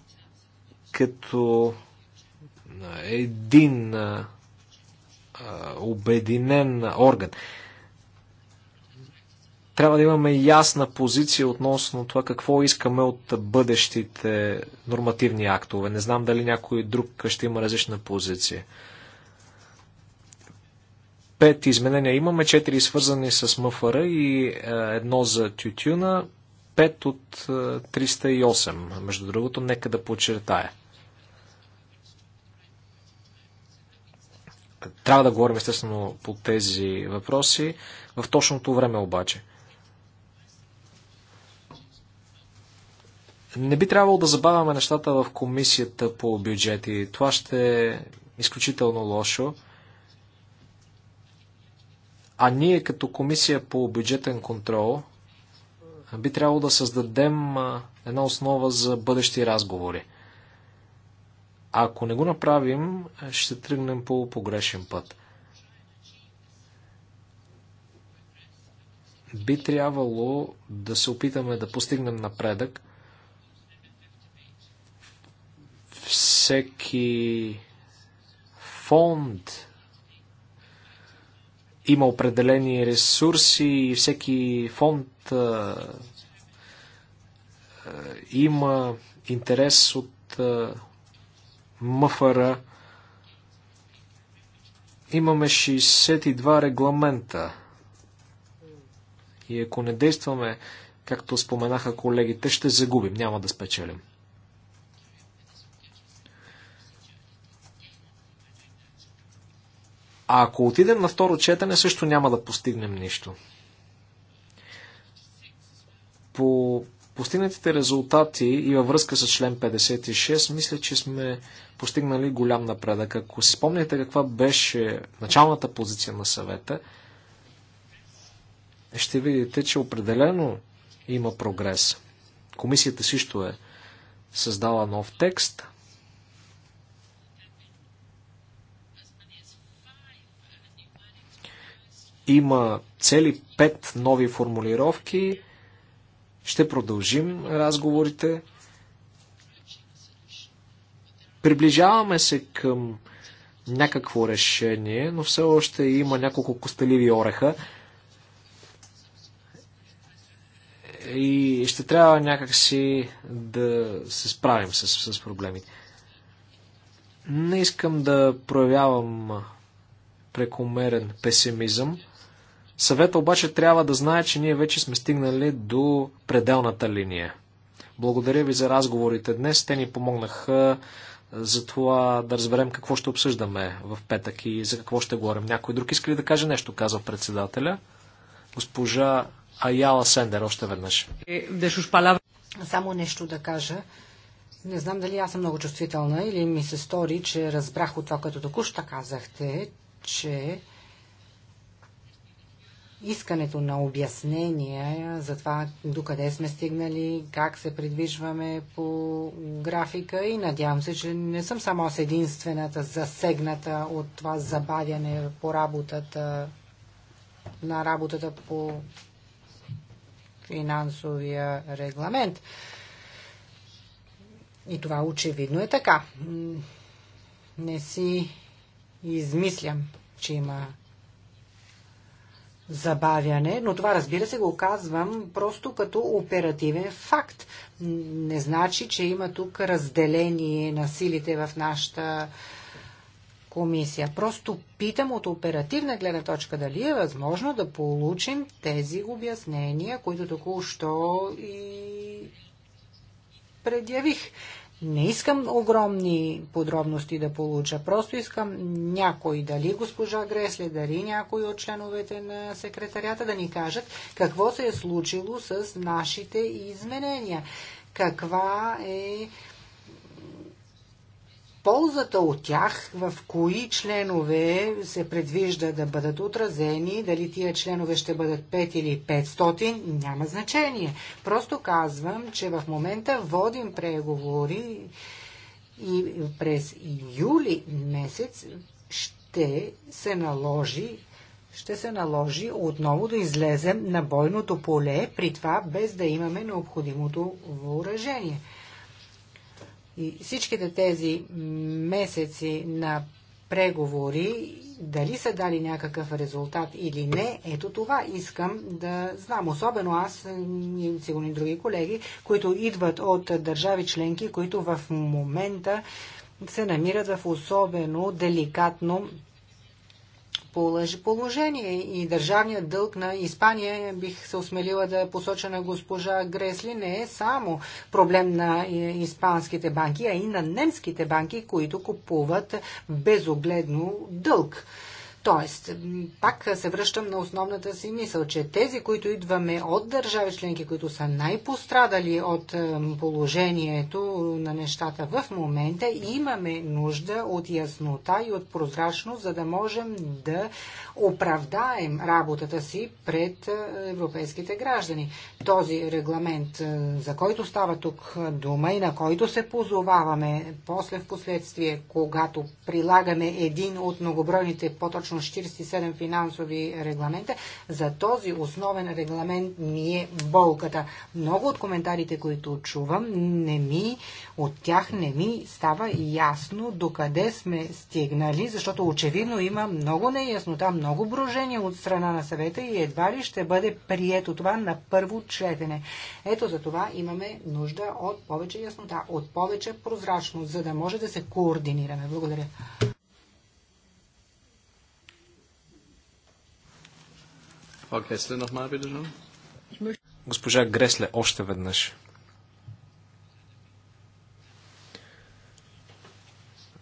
като един обединен орган. Трябва да имаме ясна позиция относно това какво искаме от бъдещите нормативни актове. Не знам дали някой друг ще има различна позиция. Пет изменения имаме, четири свързани с МФР и едно за тютюна. 5 от 308. Между другото, нека да подчертая. Трябва да говорим естествено по тези въпроси в точното време обаче. Не би трябвало да забавяме нещата в комисията по бюджети. Това ще е изключително лошо. А ние като комисия по бюджетен контрол би трябвало да създадем една основа за бъдещи разговори. Ако не го направим, ще тръгнем по погрешен път. Би трябвало да се опитаме да постигнем напредък. Всеки фонд, има определени ресурси и всеки фонд а, а, има интерес от а, МФР. Имаме 62 регламента. И ако не действаме, както споменаха колегите, ще загубим, няма да спечелим. А ако отидем на второ четене, също няма да постигнем нищо. По постигнатите резултати и във връзка с член 56, мисля, че сме постигнали голям напредък. Ако си спомняте каква беше началната позиция на съвета, ще видите, че определено има прогрес. Комисията също е създала нов текст – Има цели пет нови формулировки. Ще продължим разговорите. Приближаваме се към някакво решение, но все още има няколко костеливи ореха. И ще трябва някакси да се справим с, с проблемите. Не искам да проявявам прекомерен песимизъм. Съвета обаче трябва да знае, че ние вече сме стигнали до пределната линия. Благодаря ви за разговорите днес. Те ни помогнаха за това да разберем какво ще обсъждаме в петък и за какво ще говорим. Някой друг иска ли да каже нещо, казва председателя. Госпожа Аяла Сендер още веднъж. Е, Само нещо да кажа. Не знам дали аз съм много чувствителна или ми се стори, че разбрах от това, което току-що казахте, че искането на обяснения за това докъде сме стигнали, как се придвижваме по графика и надявам се, че не съм само с единствената засегната от това забавяне по работата на работата по финансовия регламент. И това очевидно е така. Не си измислям, че има забавяне, но това разбира се го казвам просто като оперативен факт. Не значи, че има тук разделение на силите в нашата комисия. Просто питам от оперативна гледна точка дали е възможно да получим тези обяснения, които току-що и предявих. Не искам огромни подробности да получа, просто искам някой, дали госпожа Гресле, дали някой от членовете на секретарята да ни кажат какво се е случило с нашите изменения. Каква е ползата от тях, в кои членове се предвижда да бъдат отразени, дали тия членове ще бъдат 5 или 500, няма значение. Просто казвам, че в момента водим преговори и през юли месец ще се наложи ще се наложи отново да излезем на бойното поле, при това без да имаме необходимото въоръжение. И всичките тези месеци на преговори, дали са дали някакъв резултат или не, ето това искам да знам. Особено аз, и сигурно и други колеги, които идват от държави членки, които в момента се намират в особено деликатно положение и държавният дълг на Испания, бих се осмелила да посоча на госпожа Гресли, не е само проблем на е, испанските банки, а и на немските банки, които купуват безогледно дълг. Тоест, пак се връщам на основната си мисъл, че тези, които идваме от държави членки, които са най-пострадали от е, положението на нещата в момента, имаме нужда от яснота и от прозрачност, за да можем да оправдаем работата си пред е, европейските граждани. Този регламент, е, за който става тук дума и на който се позоваваме после в последствие, когато прилагаме един от многобройните, по-точно 47 финансови регламента, за този основен регламент ни е болката. Много от коментарите, които чувам, не ми, от тях не ми става ясно докъде сме стигнали, защото очевидно има много неяснота, много много брожение от страна на съвета и едва ли ще бъде прието това на първо четене. Ето за това имаме нужда от повече яснота, от повече прозрачност, за да може да се координираме. Благодаря. Госпожа Гресле, още веднъж.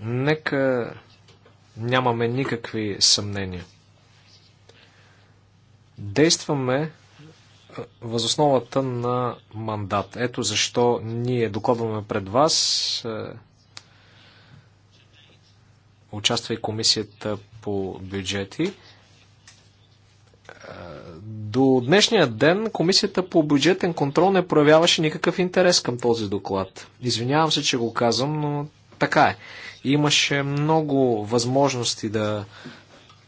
Нека нямаме никакви съмнения. Действаме възосновата на мандат. Ето защо ние докладваме пред вас. Участва и комисията по бюджети. До днешния ден комисията по бюджетен контрол не проявяваше никакъв интерес към този доклад. Извинявам се, че го казвам, но така е. Имаше много възможности да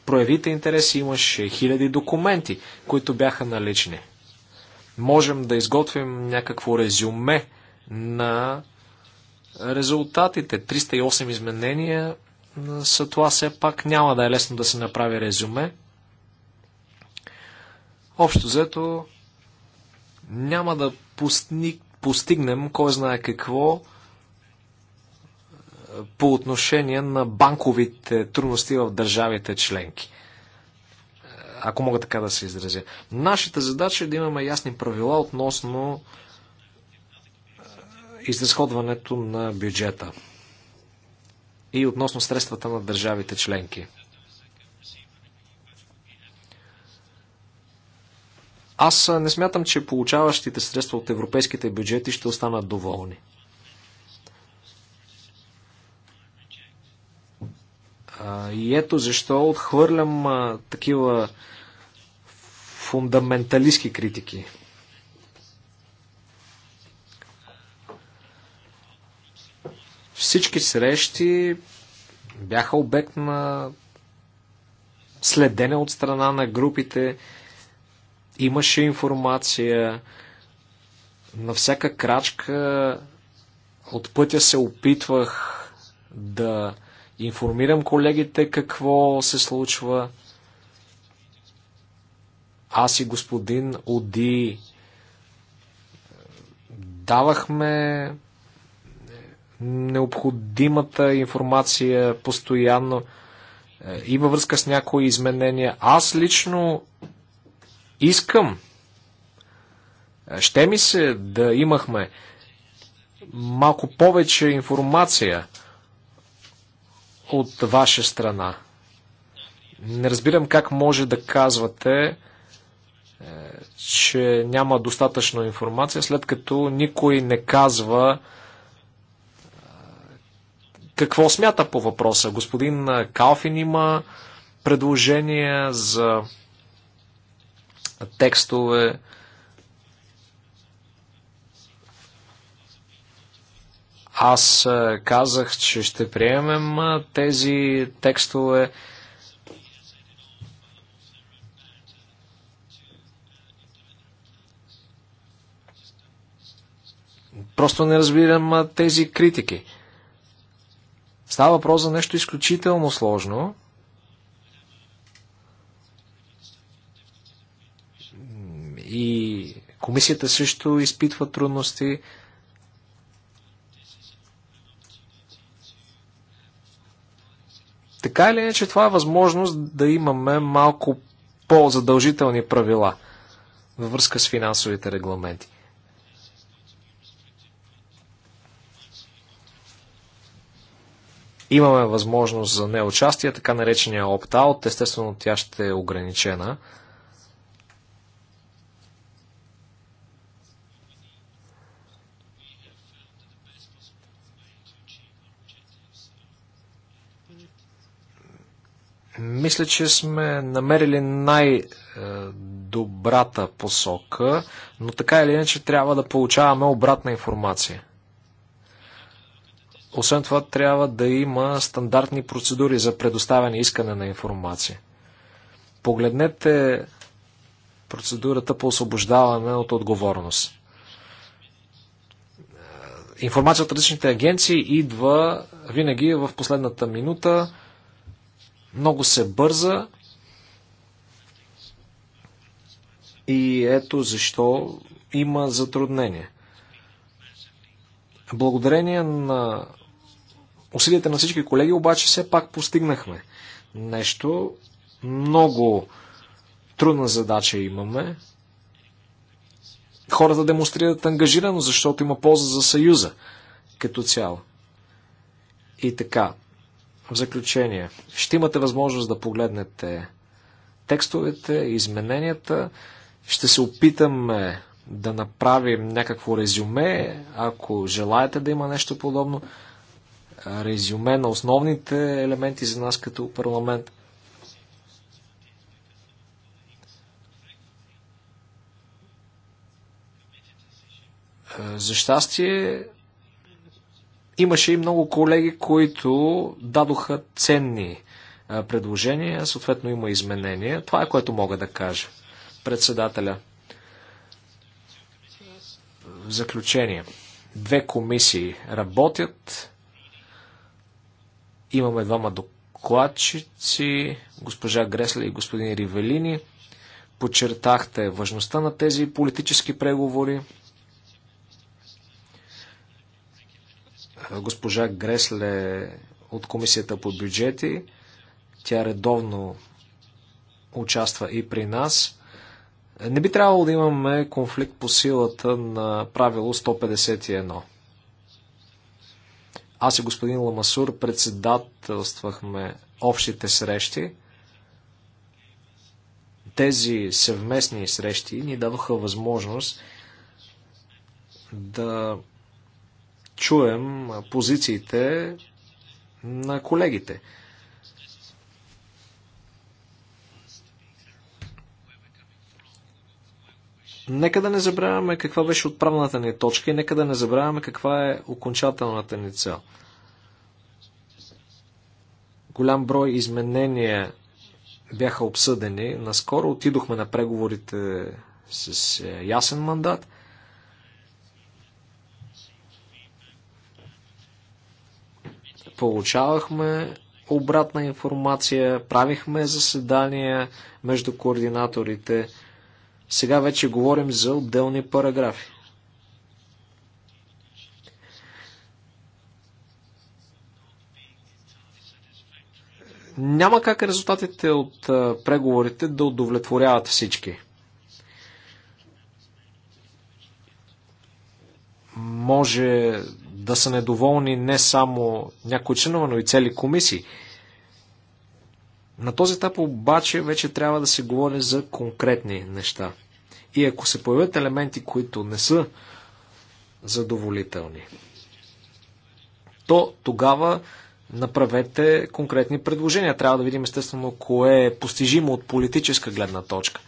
проявите интерес, имаше хиляди документи, които бяха налични. Можем да изготвим някакво резюме на резултатите. 308 изменения са това все пак. Няма да е лесно да се направи резюме. Общо взето няма да постигнем кой знае какво по отношение на банковите трудности в държавите членки. Ако мога така да се изразя. Нашата задача е да имаме ясни правила относно е, изразходването на бюджета и относно средствата на държавите членки. Аз е, не смятам, че получаващите средства от европейските бюджети ще останат доволни. И ето защо отхвърлям такива фундаменталистски критики. Всички срещи бяха обект на следене от страна на групите. Имаше информация. На всяка крачка от пътя се опитвах да информирам колегите какво се случва. Аз и господин Оди е, давахме необходимата информация постоянно е, и във връзка с някои изменения. Аз лично искам, е, ще ми се да имахме малко повече информация – от ваша страна. Не разбирам как може да казвате, е, че няма достатъчно информация, след като никой не казва е, какво смята по въпроса. Господин Калфин има предложения за текстове, Аз казах, че ще приемем тези текстове. Просто не разбирам тези критики. Става въпрос за нещо изключително сложно. И комисията също изпитва трудности. Така или иначе, това е възможност да имаме малко по-задължителни правила във връзка с финансовите регламенти. Имаме възможност за неучастие, така наречения опт-аут. Естествено, тя ще е ограничена. Мисля, че сме намерили най-добрата посока, но така или иначе трябва да получаваме обратна информация. Освен това, трябва да има стандартни процедури за предоставяне и искане на информация. Погледнете процедурата по освобождаване от отговорност. Информация от различните агенции идва винаги в последната минута много се бърза и ето защо има затруднения. Благодарение на усилията на всички колеги, обаче все пак постигнахме нещо. Много трудна задача имаме. Хората демонстрират ангажирано, защото има полза за Съюза като цяло. И така, в заключение, ще имате възможност да погледнете текстовете, измененията. Ще се опитаме да направим някакво резюме, ако желаете да има нещо подобно. Резюме на основните елементи за нас като парламент. Е, за щастие, Имаше и много колеги, които дадоха ценни предложения, съответно има изменения. Това е което мога да кажа. Председателя. В заключение. Две комисии работят. Имаме двама докладчици, госпожа Гресле и господин Ривелини. Почертахте важността на тези политически преговори. госпожа Гресле от Комисията по бюджети. Тя редовно участва и при нас. Не би трябвало да имаме конфликт по силата на правило 151. Аз и господин Ламасур председателствахме общите срещи. Тези съвместни срещи ни дадоха възможност да чуем позициите на колегите. Нека да не забравяме каква беше отправната ни точка и нека да не забравяме каква е окончателната ни цел. Голям брой изменения бяха обсъдени. Наскоро отидохме на преговорите с е, ясен мандат – получавахме обратна информация, правихме заседания между координаторите. Сега вече говорим за отделни параграфи. Няма как резултатите от преговорите да удовлетворяват всички. Може да са недоволни не само някои членове, но и цели комисии. На този етап обаче вече трябва да се говори за конкретни неща. И ако се появят елементи, които не са задоволителни, то тогава направете конкретни предложения. Трябва да видим естествено кое е постижимо от политическа гледна точка.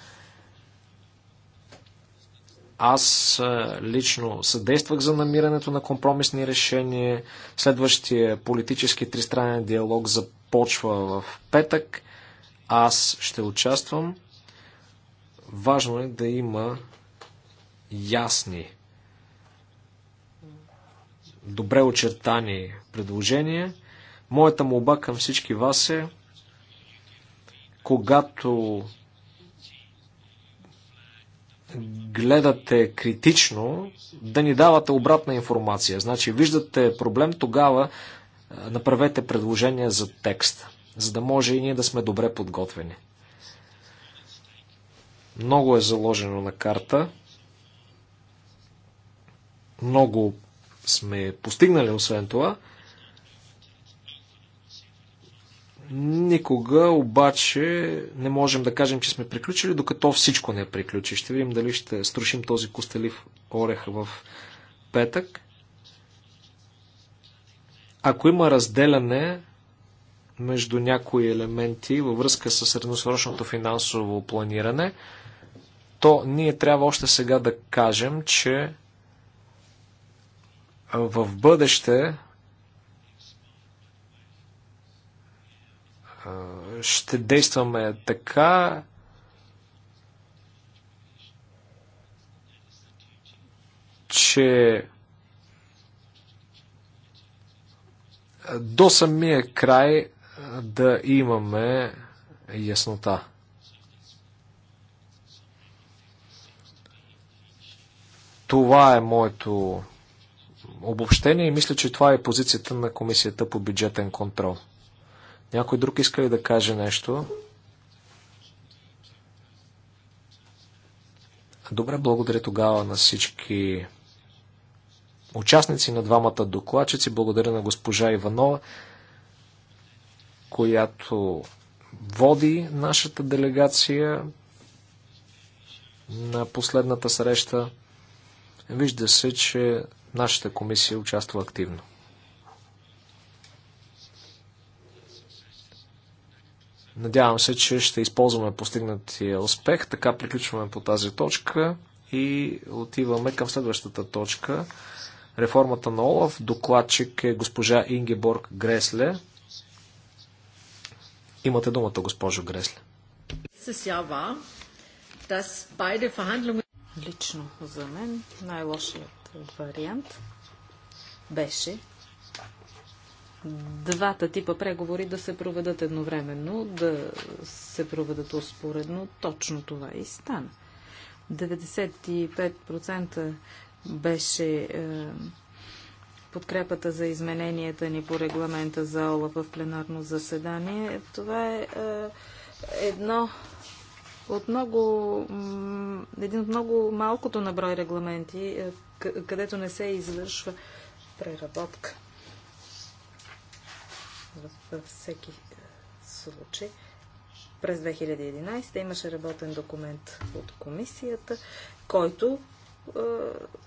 Аз е, лично съдействах за намирането на компромисни решения. Следващия политически тристранен диалог започва в петък. Аз ще участвам. Важно е да има ясни, добре очертани предложения. Моята молба към всички вас е, когато гледате критично, да ни давате обратна информация. Значи, виждате проблем, тогава направете предложение за текст, за да може и ние да сме добре подготвени. Много е заложено на карта. Много сме постигнали, освен това. Никога обаче не можем да кажем, че сме приключили, докато всичко не е приключи. Ще видим дали ще струшим този костелив орех в петък. Ако има разделяне между някои елементи във връзка с средносрочното финансово планиране, то ние трябва още сега да кажем, че в бъдеще ще действаме така. че до самия край да имаме яснота. Това е моето обобщение и мисля, че това е позицията на Комисията по бюджетен контрол. Някой друг иска ли да каже нещо? Добре, благодаря тогава на всички участници на двамата докладчици. Благодаря на госпожа Иванова, която води нашата делегация на последната среща. Вижда се, че нашата комисия участва активно. Надявам се, че ще използваме постигнатия успех. Така приключваме по тази точка и отиваме към следващата точка. Реформата на Олаф. Докладчик е госпожа Ингеборг Гресле. Имате думата, госпожо Гресле. Лично за мен най-лошият вариант беше, двата типа преговори да се проведат едновременно, да се проведат успоредно. Точно това и стана. 95% беше е, подкрепата за измененията ни по регламента за ОЛА в пленарно заседание. Това е, е едно от много, един от много малкото наброй регламенти, е, където не се извършва преработка във всеки случай. През 2011 имаше работен документ от комисията, който е,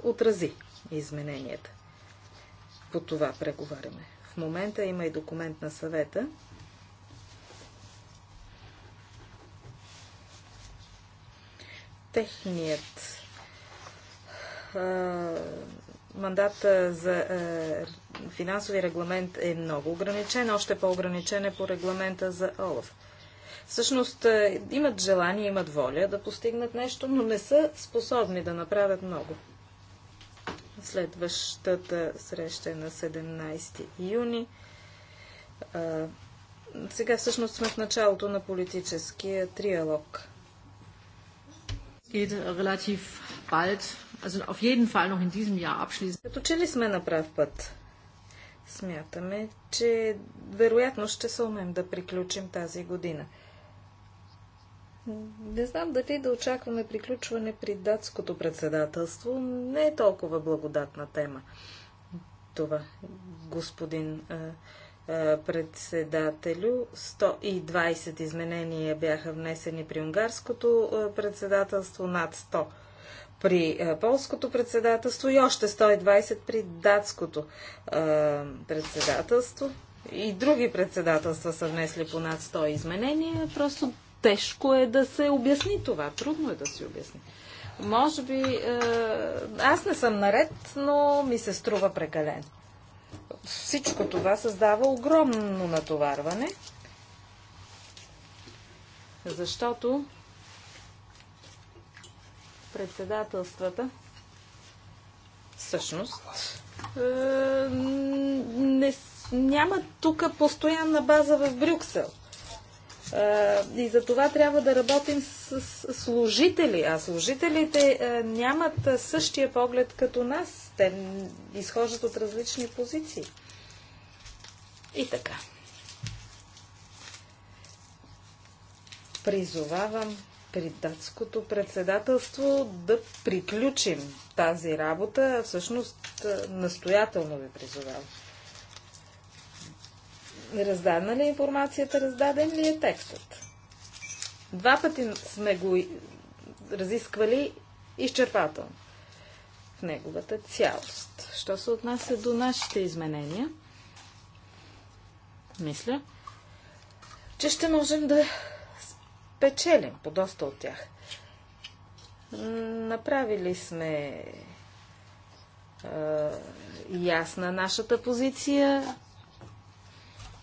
отрази измененията. По това преговаряме. В момента има и документ на съвета, техният а, е, мандат за е, финансови регламент е много ограничен, още по-ограничен е по регламента за ОЛАФ. Всъщност е, имат желание, имат воля да постигнат нещо, но не са способни да направят много. Следващата среща е на 17 юни. Сега всъщност сме в началото на политическия триалог. Като че ли сме на прав път? смятаме, че вероятно ще се умем да приключим тази година. Не знам дали да очакваме приключване при датското председателство. Не е толкова благодатна тема. Това, господин а, а, председателю, 120 изменения бяха внесени при унгарското а, председателство над 100 при е, полското председателство и още 120 при датското е, председателство. И други председателства са внесли по над 100 изменения. Просто тежко е да се обясни това. Трудно е да се обясни. Може би е, аз не съм наред, но ми се струва прекалено. Всичко това създава огромно натоварване, защото председателствата всъщност е, не, няма тук постоянна база в Брюксел. Е, и за това трябва да работим с служители, а служителите е, нямат същия поглед като нас. Те изхождат от различни позиции. И така. Призовавам при датското председателство да приключим тази работа. Всъщност настоятелно ви призовавам. Раздадена ли е информацията? Раздаден ли е текстът? Два пъти сме го разисквали изчерпателно в неговата цялост. Що се отнася до нашите изменения, мисля, че ще можем да печелим по доста от тях. Направили сме ясна нашата позиция.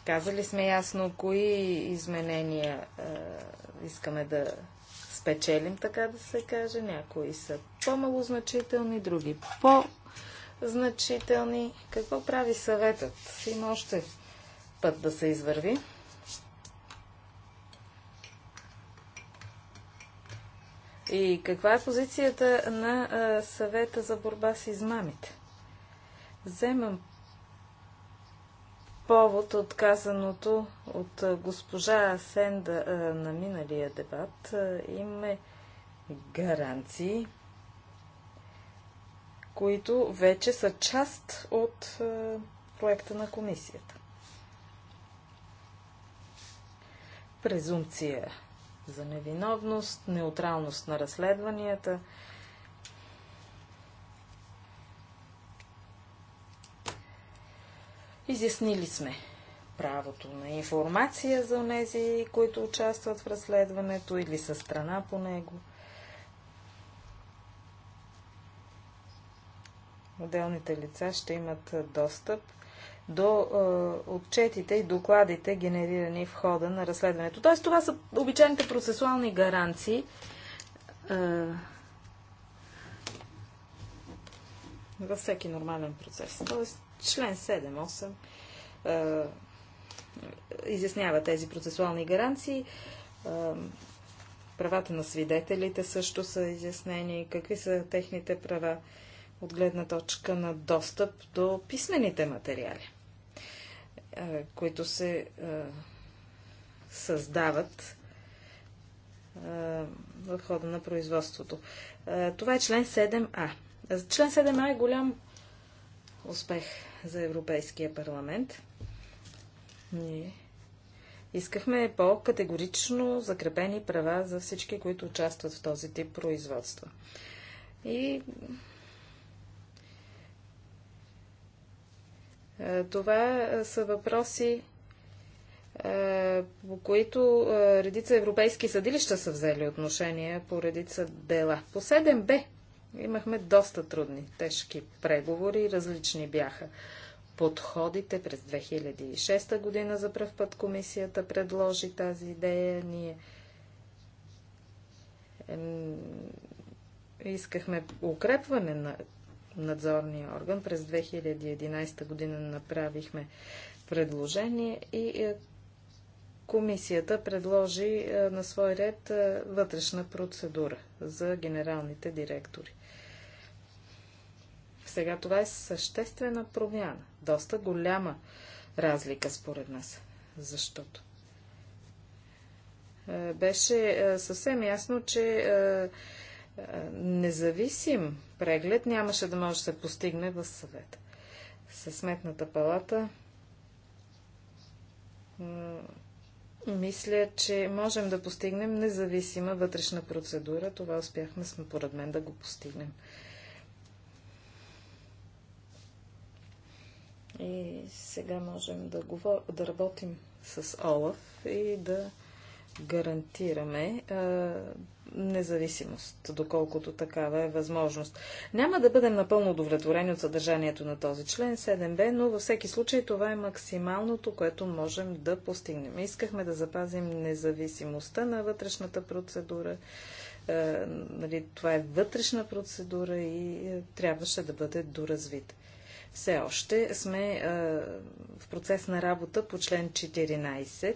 Казали сме ясно кои изменения е, искаме да спечелим, така да се каже. Някои са по-малозначителни, други по-значителни. Какво прави съветът? Има още път да се извърви. И каква е позицията на а, съвета за борба с измамите? Вземам повод от казаното от госпожа Сенда а, на миналия дебат. Имаме гаранции, които вече са част от а, проекта на комисията. Презумпция за невиновност, неутралност на разследванията. Изяснили сме правото на информация за тези, които участват в разследването или са страна по него. Отделните лица ще имат достъп до е, отчетите и докладите, генерирани в хода на разследването. Т.е. това са обичайните процесуални гаранции. Е, във всеки нормален процес. Тоест, член 7-8 е, изяснява тези процесуални гаранции. Е, правата на свидетелите също са изяснени. Какви са техните права от гледна точка на достъп до писмените материали? които се създават в хода на производството. Това е член 7А. Член 7А е голям успех за Европейския парламент. Ние искахме по-категорично закрепени права за всички, които участват в този тип производства. И Е, това е, са въпроси, е, по които редица европейски съдилища са взели отношение по редица дела. По 7Б имахме доста трудни, тежки преговори, различни бяха подходите. През 2006 година за пръв път комисията предложи тази идея. Ние искахме укрепване на надзорния орган. През 2011 година направихме предложение и е, комисията предложи е, на свой ред е, вътрешна процедура за генералните директори. Сега това е съществена промяна, доста голяма разлика според нас. Защото беше съвсем ясно, че е, независим преглед нямаше да може да се постигне в съвет. Със сметната палата мисля, че можем да постигнем независима вътрешна процедура. Това успяхме сме, поред мен, да го постигнем. И сега можем да, говор... да работим с Олаф и да гарантираме а, е, независимост, доколкото такава е възможност. Няма да бъдем напълно удовлетворени от съдържанието на този член 7b, но във всеки случай това е максималното, което можем да постигнем. Искахме да запазим независимостта на вътрешната процедура. Е, нали, това е вътрешна процедура и е, трябваше да бъде доразвит. Все още сме е, в процес на работа по член 14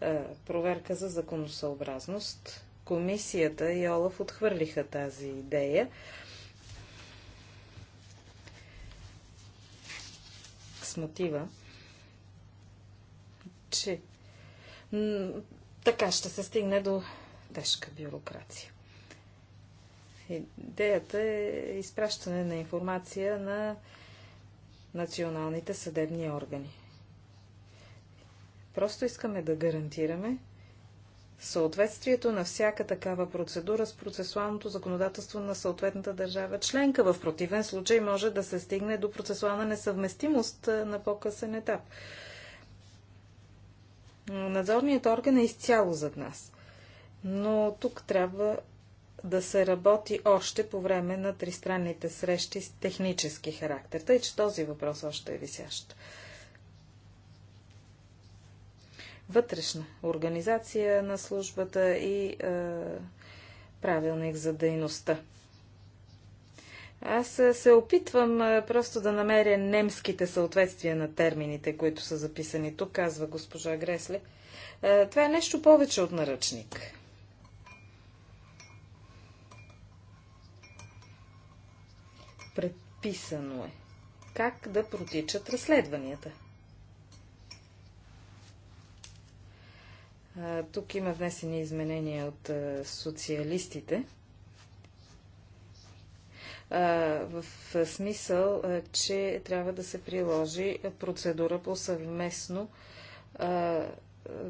е, проверка за законосъобразност. Комисията и Олаф отхвърлиха тази идея. С мотива, че така ще се стигне до тежка бюрокрация. Идеята е изпращане на информация на националните съдебни органи. Просто искаме да гарантираме, съответствието на всяка такава процедура с процесуалното законодателство на съответната държава членка. В противен случай може да се стигне до процесуална несъвместимост на по-късен етап. Надзорният орган е изцяло зад нас. Но тук трябва да се работи още по време на тристранните срещи с технически характер, тъй че този въпрос още е висящ вътрешна организация на службата и е, правилник за дейността. Аз се опитвам просто да намеря немските съответствия на термините, които са записани тук, казва госпожа Гресле. Това е нещо повече от наръчник. Предписано е как да протичат разследванията. тук има внесени изменения от социалистите. в смисъл, че трябва да се приложи процедура по съвместно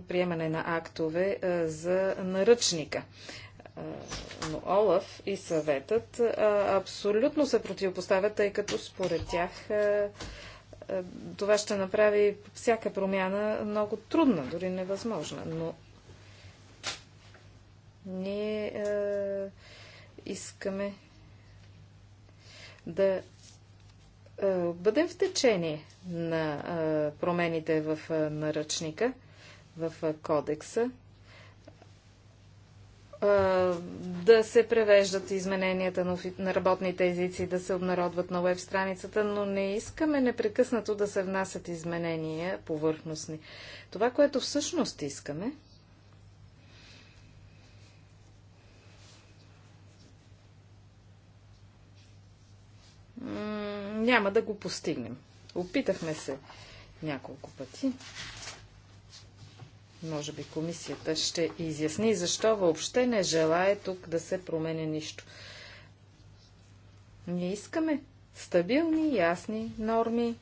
приемане на актове за наръчника. Но Олаф и съветът абсолютно се противопоставят, тъй като според тях е, това ще направи всяка промяна много трудна, дори невъзможна. Но ние е, искаме да е, бъдем в течение на е, промените в е, наръчника, в е, кодекса да се превеждат измененията на работните езици, да се обнародват на веб страницата, но не искаме непрекъснато да се внасят изменения повърхностни. Това, което всъщност искаме, няма да го постигнем. Опитахме се няколко пъти. Може би комисията ще изясни защо въобще не желая тук да се променя нищо. Ние искаме стабилни, ясни норми,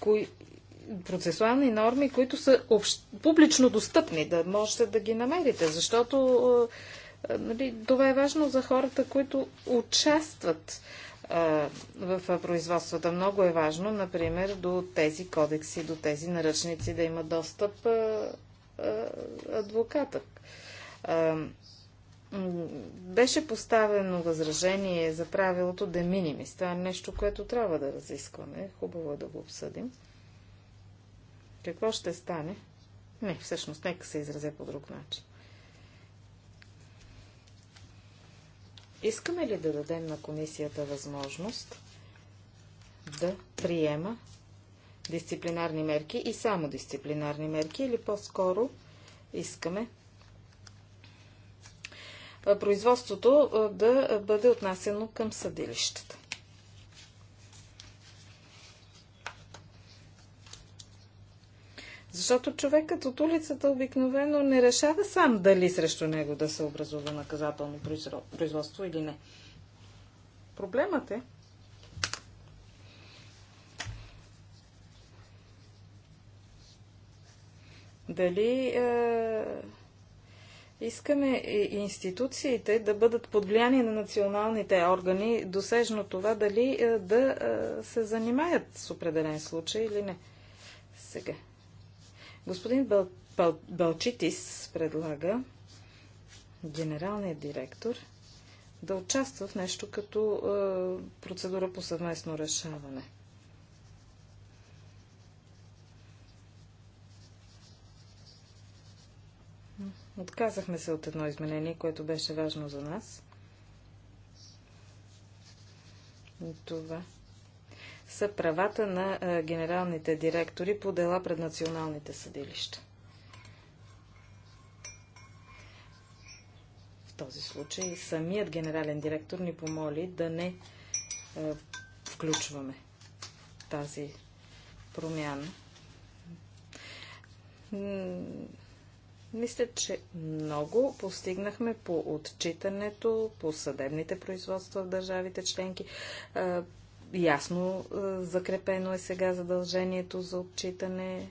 кои... процесуални норми, които са общ... публично достъпни, да можете да ги намерите, защото е, нали, това е важно за хората, които участват в производствата. Много е важно, например, до тези кодекси, до тези наръчници да има достъп адвокатък. Беше поставено възражение за правилото де минимис. Това е нещо, което трябва да разискваме. Хубаво е да го обсъдим. Какво ще стане? Не, всъщност, нека се изразя по друг начин. Искаме ли да дадем на комисията възможност да приема дисциплинарни мерки и само дисциплинарни мерки, или по-скоро искаме производството да бъде отнасено към съдилищата. Защото човекът от улицата обикновено не решава сам дали срещу него да се образува наказателно производство или не. Проблемът е, дали е, искаме институциите да бъдат под влияние на националните органи, досежно това дали е, да е, се занимаят с определен случай или не. Сега. Господин Бъл... Бъл... Балчитис предлага генералният директор да участва в нещо като е, процедура по съвместно решаване. Отказахме се от едно изменение, което беше важно за нас. И това са правата на генералните директори по дела пред националните съдилища. В този случай самият генерален директор ни помоли да не включваме тази промяна. Мисля, че много постигнахме по отчитането, по съдебните производства в държавите членки. Ясно закрепено е сега задължението за отчитане.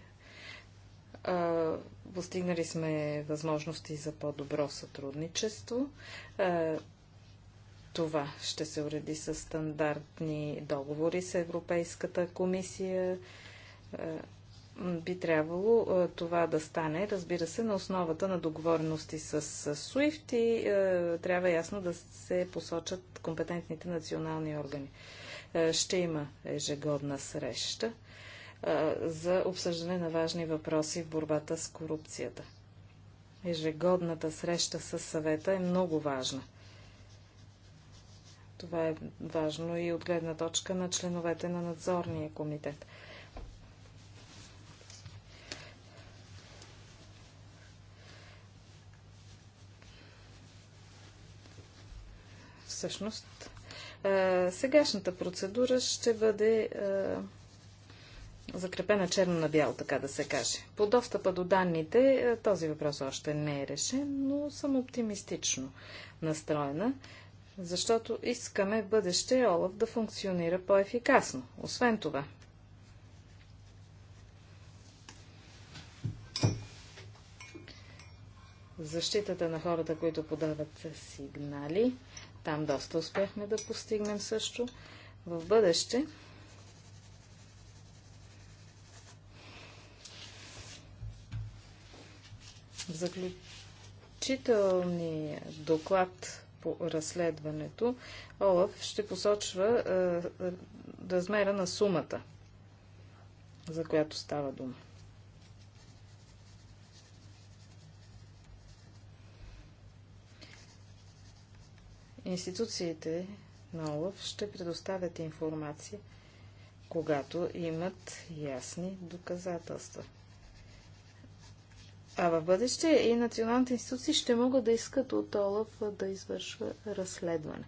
Постигнали сме възможности за по-добро сътрудничество. Това ще се уреди с стандартни договори с Европейската комисия. Би трябвало това да стане, разбира се, на основата на договорености с SWIFT и трябва ясно да се посочат компетентните национални органи. Е, ще има ежегодна среща е, за обсъждане на важни въпроси в борбата с корупцията. Ежегодната среща с съвета е много важна. Това е важно и от гледна точка на членовете на надзорния комитет. Всъщност, е, сегашната процедура ще бъде е, закрепена черно на бяло, така да се каже. По достъпа до данните е, този въпрос още не е решен, но съм оптимистично настроена, защото искаме в бъдеще ОЛАФ да функционира по-ефикасно. Освен това, защитата на хората, които подават сигнали, там доста успяхме да постигнем също. В бъдеще в заключителния доклад по разследването Олаф ще посочва е, размера на сумата, за която става дума. Институциите на ОЛАВ ще предоставят информация, когато имат ясни доказателства. А в бъдеще и националните институции ще могат да искат от ОЛАВ да извършва разследване.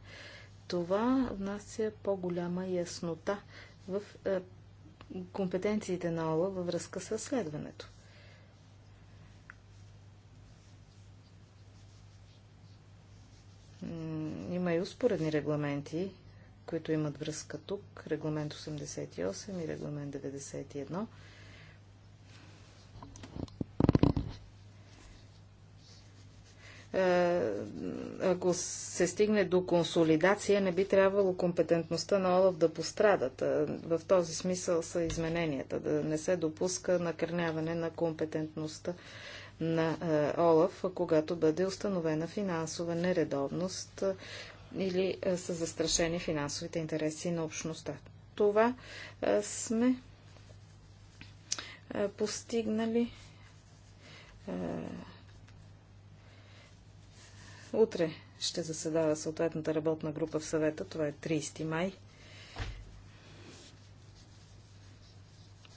Това внася по-голяма яснота в е, компетенциите на ОЛА във връзка с разследването. Има и успоредни регламенти, които имат връзка тук. Регламент 88 и регламент 91. Е, ако се стигне до консолидация, не би трябвало компетентността на Олаф да пострадат. Е, в този смисъл са измененията, да не се допуска накърняване на компетентността на е, ОЛАФ, когато бъде установена финансова нередовност е, или е, са застрашени финансовите интереси на общността. Това сме постигнали Утре ще заседава съответната работна група в съвета. Това е 30 май.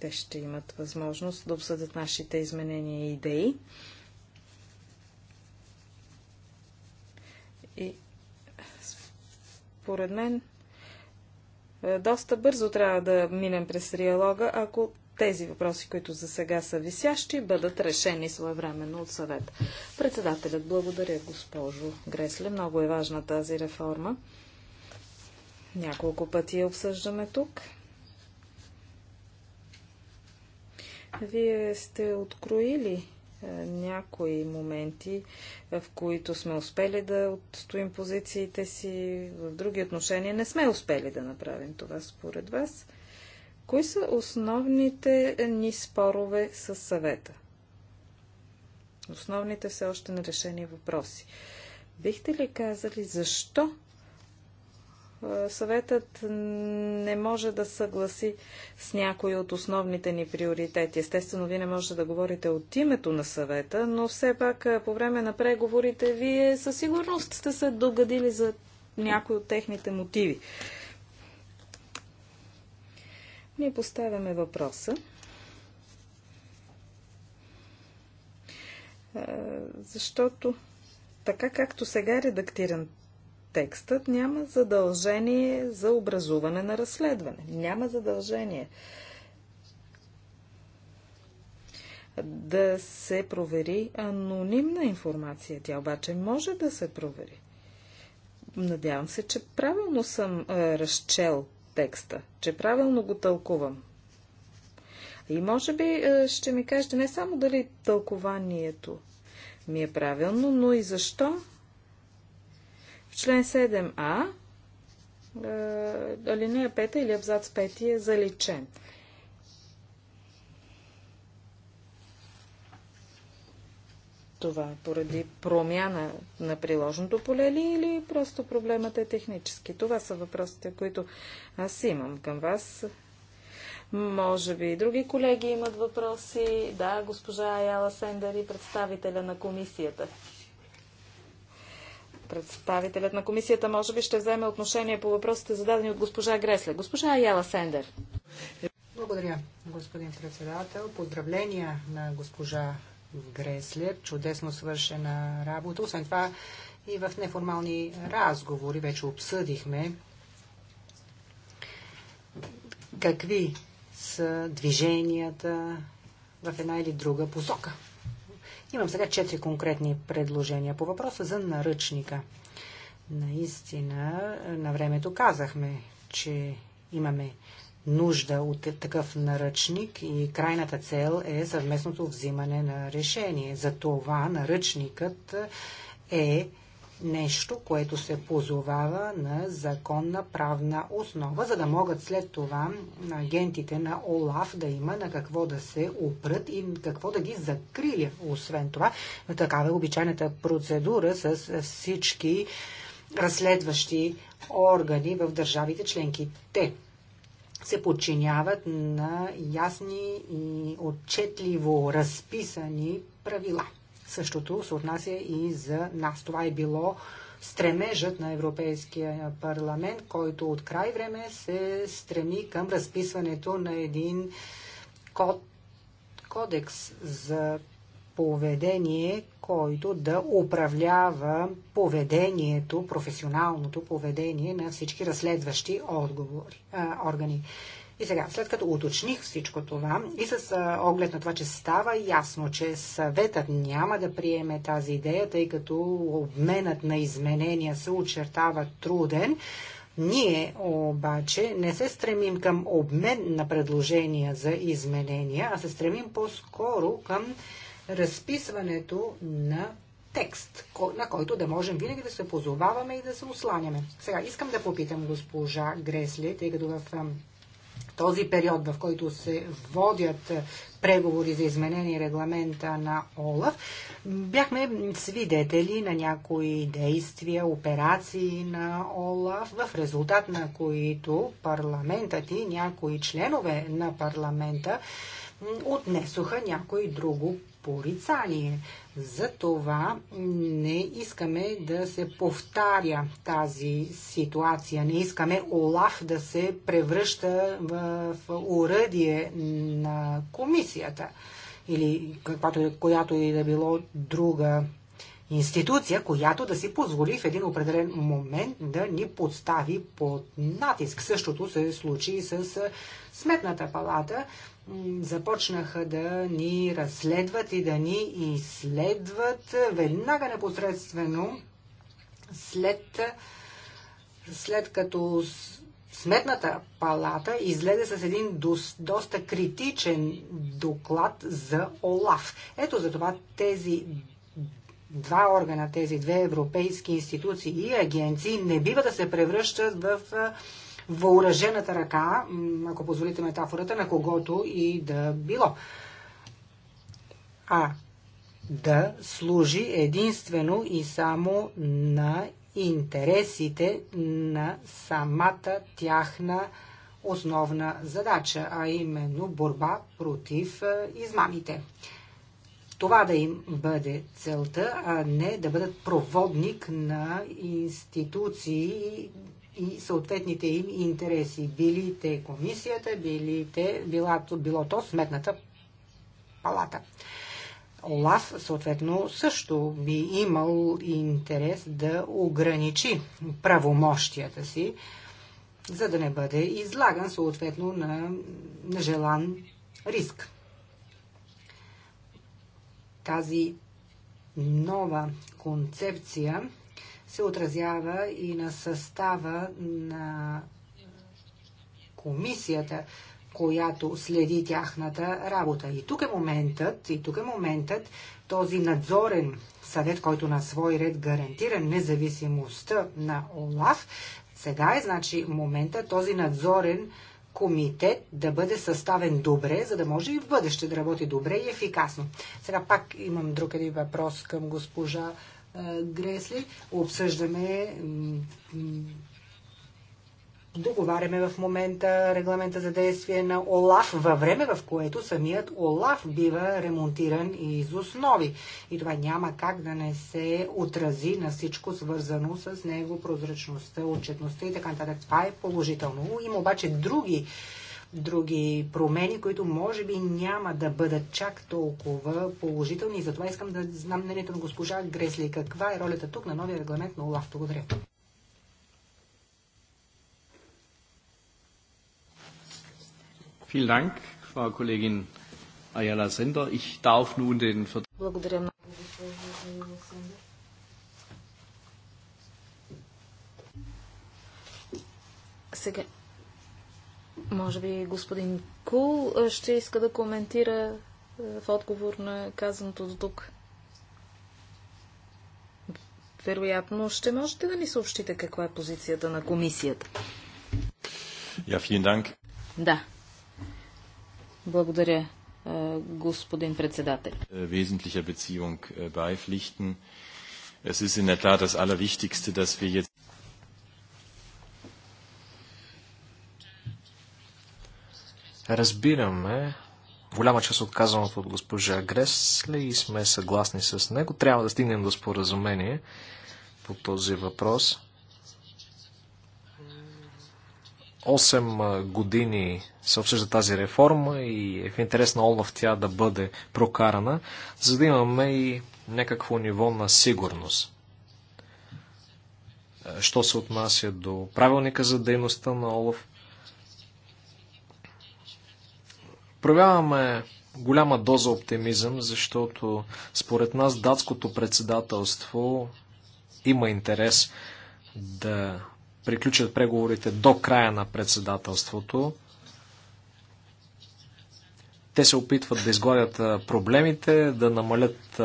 Те ще имат възможност да обсъдят нашите изменения и идеи. И според мен е, доста бързо трябва да минем през триалога, ако тези въпроси, които за сега са висящи, бъдат решени своевременно от съвет. Председателят, благодаря госпожо Гресле. Много е важна тази реформа. Няколко пъти я обсъждаме тук. Вие сте откроили е, някои моменти, е, в които сме успели да отстоим позициите си, в други отношения не сме успели да направим това според вас. Кои са основните е, ни спорове с съвета? Основните все още нерешени въпроси. Бихте ли казали защо съветът не може да съгласи с някои от основните ни приоритети. Естествено, вие не можете да говорите от името на съвета, но все пак по време на преговорите вие със сигурност сте се догадили за някои от техните мотиви. Ние поставяме въпроса. Защото така както сега е редактиран текстът няма задължение за образуване на разследване. Няма задължение да се провери анонимна информация. Тя обаче може да се провери. Надявам се, че правилно съм е, разчел текста, че правилно го тълкувам. И може би е, ще ми кажете не само дали тълкованието ми е правилно, но и защо Член 7а, е, алинея 5 или абзац 5 е заличен. Това е поради промяна на приложното поле ли или просто проблемът е технически? Това са въпросите, които аз имам към вас. Може би и други колеги имат въпроси. Да, госпожа Аяла Сендери, и представителя на комисията. Представителят на комисията може би ще вземе отношение по въпросите зададени от госпожа Гресле. Госпожа Аяла Сендер. Благодаря, господин председател. Поздравления на госпожа Гресле. Чудесно свършена работа. Освен това и в неформални разговори вече обсъдихме какви са движенията в една или друга посока Имам сега четири конкретни предложения по въпроса за наръчника. Наистина, на времето казахме, че имаме нужда от такъв наръчник и крайната цел е съвместното взимане на решение. За това наръчникът е нещо, което се позовава на законна правна основа, за да могат след това агентите на ОЛАФ да има на какво да се опрат и какво да ги закриля. Освен това, такава е обичайната процедура с всички разследващи органи в държавите членки. Те се подчиняват на ясни и отчетливо разписани правила. Същото се отнася и за нас. Това е било стремежът на Европейския парламент, който от край време се стреми към разписването на един код, кодекс за поведение, който да управлява поведението, професионалното поведение на всички разследващи отговори, а, органи. И сега, след като уточних всичко това и с оглед на това, че става ясно, че съветът няма да приеме тази идея, тъй като обменът на изменения се очертава труден, ние обаче не се стремим към обмен на предложения за изменения, а се стремим по-скоро към разписването на текст, на който да можем винаги да се позоваваме и да се осланяме. Сега искам да попитам госпожа Гресли, тъй като в този период, в който се водят е, преговори за изменение регламента на ОЛАФ, бяхме свидетели на някои действия, операции на ОЛАФ, в резултат на които парламентът и някои членове на парламента отнесоха някой друго порицание. Затова не искаме да се повтаря тази ситуация. Не искаме Олаф да се превръща в уръдие на комисията или каквато, която и да било друга институция, която да си позволи в един определен момент да ни подстави под натиск. Същото се случи и с Сметната палата. Започнаха да ни разследват и да ни изследват веднага непосредствено след, след като Сметната палата излезе с един доста критичен доклад за ОЛАФ. Ето за това тези два органа, тези две европейски институции и агенции не бива да се превръщат в въоръжената ръка, ако позволите метафората, на когото и да било. А да служи единствено и само на интересите на самата тяхна основна задача, а именно борба против измамите. Това да им бъде целта, а не да бъдат проводник на институции и съответните им интереси. Били те комисията, били те, била, било то сметната палата. Олаф, съответно също би имал интерес да ограничи правомощията си, за да не бъде излаган съответно на нежелан риск тази нова концепция се отразява и на състава на комисията, която следи тяхната работа. И тук е моментът, и тук е моментът този надзорен съвет, който на свой ред гарантира независимостта на ОЛАФ, сега е значи момента този надзорен комитет да бъде съставен добре, за да може и в бъдеще да работи добре и ефикасно. Сега пак имам друг един въпрос към госпожа е, Гресли. Обсъждаме договаряме в момента регламента за действие на ОЛАФ във време, в което самият ОЛАФ бива ремонтиран из основи. И това няма как да не се отрази на всичко свързано с него, прозрачността, отчетността и така нататък. Това е положително. Има обаче други други промени, които може би няма да бъдат чак толкова положителни. И затова искам да знам мнението на госпожа Гресли. Каква е ролята тук на новия регламент на ОЛАФ? Благодаря. Vielen Dank, Frau Kollegin Ayala Sender. Ich darf nun den Благодаря много, Сега, може би господин Кул ще иска да коментира в отговор на казаното до тук. Вероятно, ще можете да ни съобщите каква е позицията на комисията. Ja, vielen Да, благодаря, е, господин председател. Wesentlicher е, Beziehung е, beipflichten. Es ist in der Tat das Allerwichtigste, dass wir jetzt Разбираме голяма част от казаното от госпожа Гресли и сме съгласни с него. Трябва да стигнем до споразумение по този въпрос. 8 години се обсъжда тази реформа и е в интерес на Олаф тя да бъде прокарана, за да имаме и някакво ниво на сигурност. Що се отнася до правилника за дейността на Олаф, проявяваме голяма доза оптимизъм, защото според нас датското председателство има интерес да приключат преговорите до края на председателството. Те се опитват да изгладят проблемите, да намалят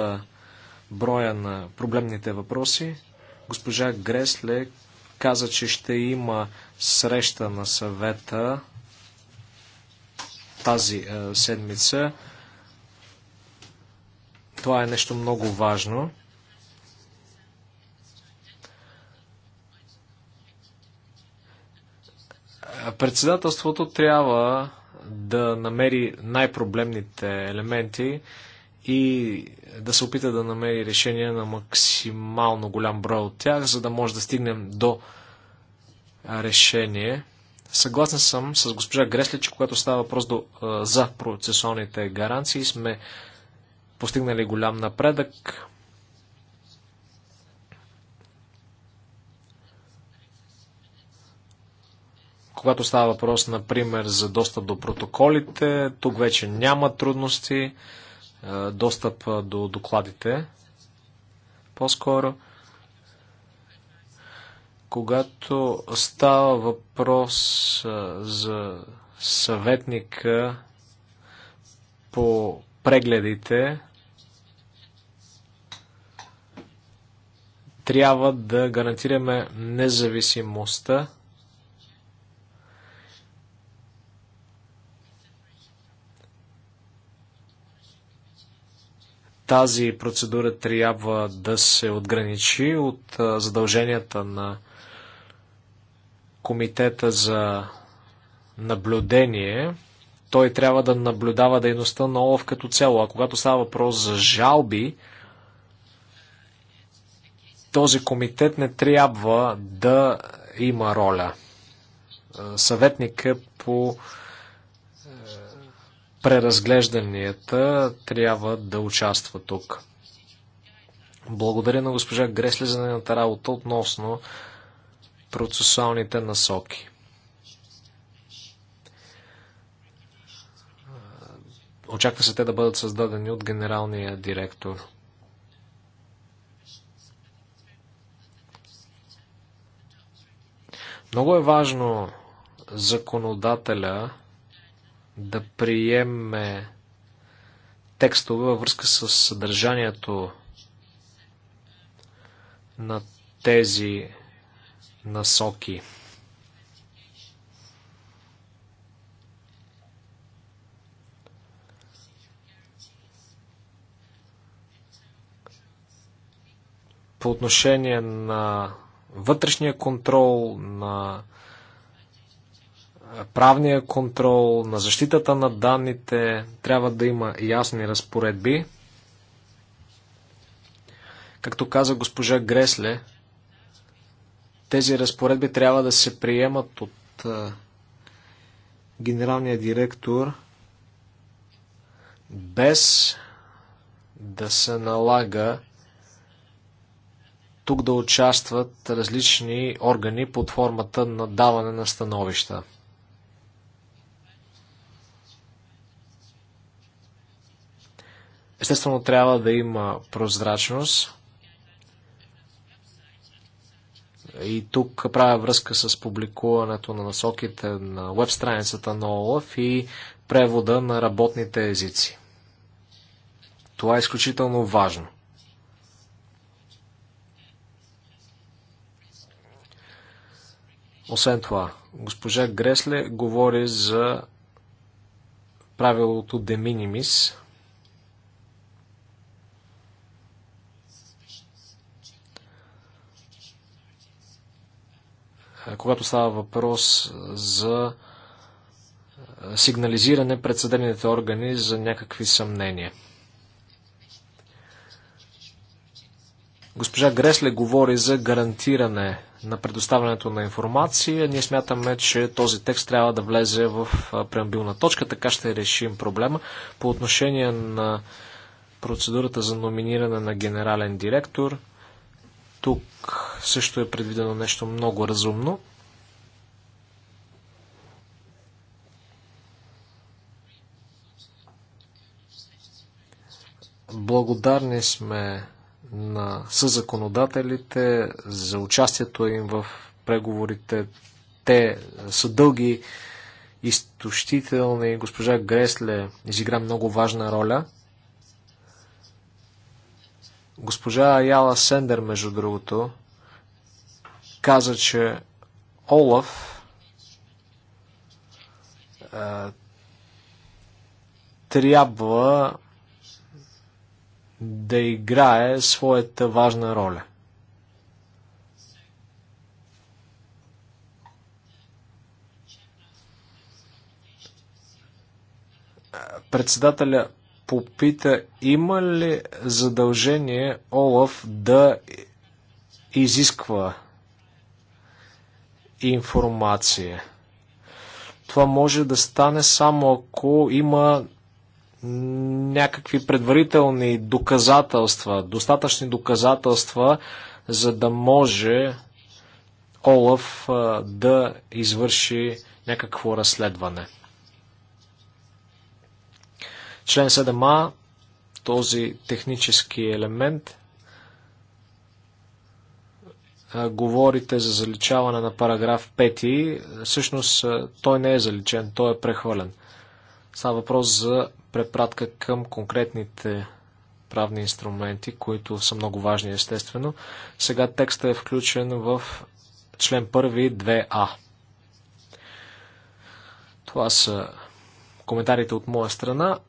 броя на проблемните въпроси. Госпожа Гресле каза, че ще има среща на съвета тази седмица. Това е нещо много важно. Председателството трябва да намери най-проблемните елементи и да се опита да намери решение на максимално голям брой от тях, за да може да стигнем до решение. Съгласен съм с госпожа Гресли, че когато става въпрос до, за процесуалните гаранции, сме постигнали голям напредък. Когато става въпрос, например, за достъп до протоколите, тук вече няма трудности, е, достъп е, до докладите. По-скоро, когато става въпрос е, за съветника по прегледите, трябва да гарантираме независимостта тази процедура трябва да се отграничи от задълженията на Комитета за наблюдение. Той трябва да наблюдава дейността на ОЛАФ като цяло. А когато става въпрос за жалби, този комитет не трябва да има роля. Съветника по преразглежданията трябва да участва тук. Благодаря на госпожа Гресли за нейната работа относно процесуалните насоки. Очаква се те да бъдат създадени от генералния директор. Много е важно законодателя да приеме текстове във връзка с съдържанието на тези насоки. По отношение на вътрешния контрол, на правния контрол, на защитата на данните, трябва да има ясни разпоредби. Както каза госпожа Гресле, тези разпоредби трябва да се приемат от генералния директор без да се налага тук да участват различни органи под формата на даване на становища. Естествено, трябва да има прозрачност. И тук правя връзка с публикуването на насоките на веб страницата на ОЛАФ и превода на работните езици. Това е изключително важно. Освен това, госпожа Гресле говори за правилото de minimis, когато става въпрос за сигнализиране пред съдебните органи за някакви съмнения. Госпожа Гресле говори за гарантиране на предоставянето на информация. Ние смятаме, че този текст трябва да влезе в преамбилна точка, така ще решим проблема. По отношение на процедурата за номиниране на генерален директор, тук също е предвидено нещо много разумно. Благодарни сме на съзаконодателите за участието им в преговорите. Те са дълги, изтощителни. Госпожа Гресле изигра много важна роля. Госпожа Яла Сендер, между другото, каза, че Олаф трябва да играе своята важна роля. Председателя попита има ли задължение Олаф да изисква информация. Това може да стане само ако има някакви предварителни доказателства, достатъчни доказателства, за да може Олаф да извърши някакво разследване. Член 7а, този технически елемент, говорите за заличаване на параграф 5, всъщност той не е заличен, той е прехвърлен. Става въпрос за препратка към конкретните правни инструменти, които са много важни, естествено. Сега текстът е включен в член 1 2а. Това са коментарите от моя страна.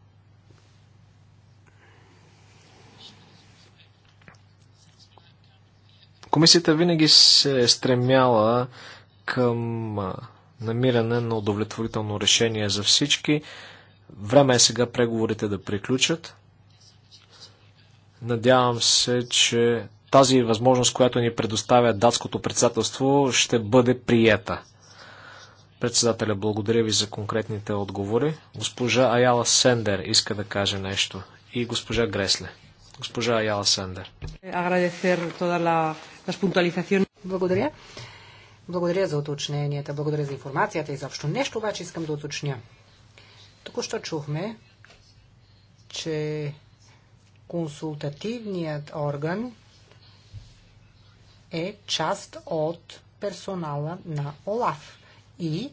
Комисията винаги се е стремяла към намиране на удовлетворително решение за всички. Време е сега преговорите да приключат. Надявам се, че тази възможност, която ни предоставя датското председателство, ще бъде приета. Председателя, благодаря ви за конкретните отговори. Госпожа Аяла Сендер иска да каже нещо. И госпожа Гресле. Госпожа Яла Благодаря. Благодаря за уточненията, благодаря за информацията. и заобщо. нещо обаче искам да уточня. Току-що чухме, че консултативният орган е част от персонала на ОЛАФ. И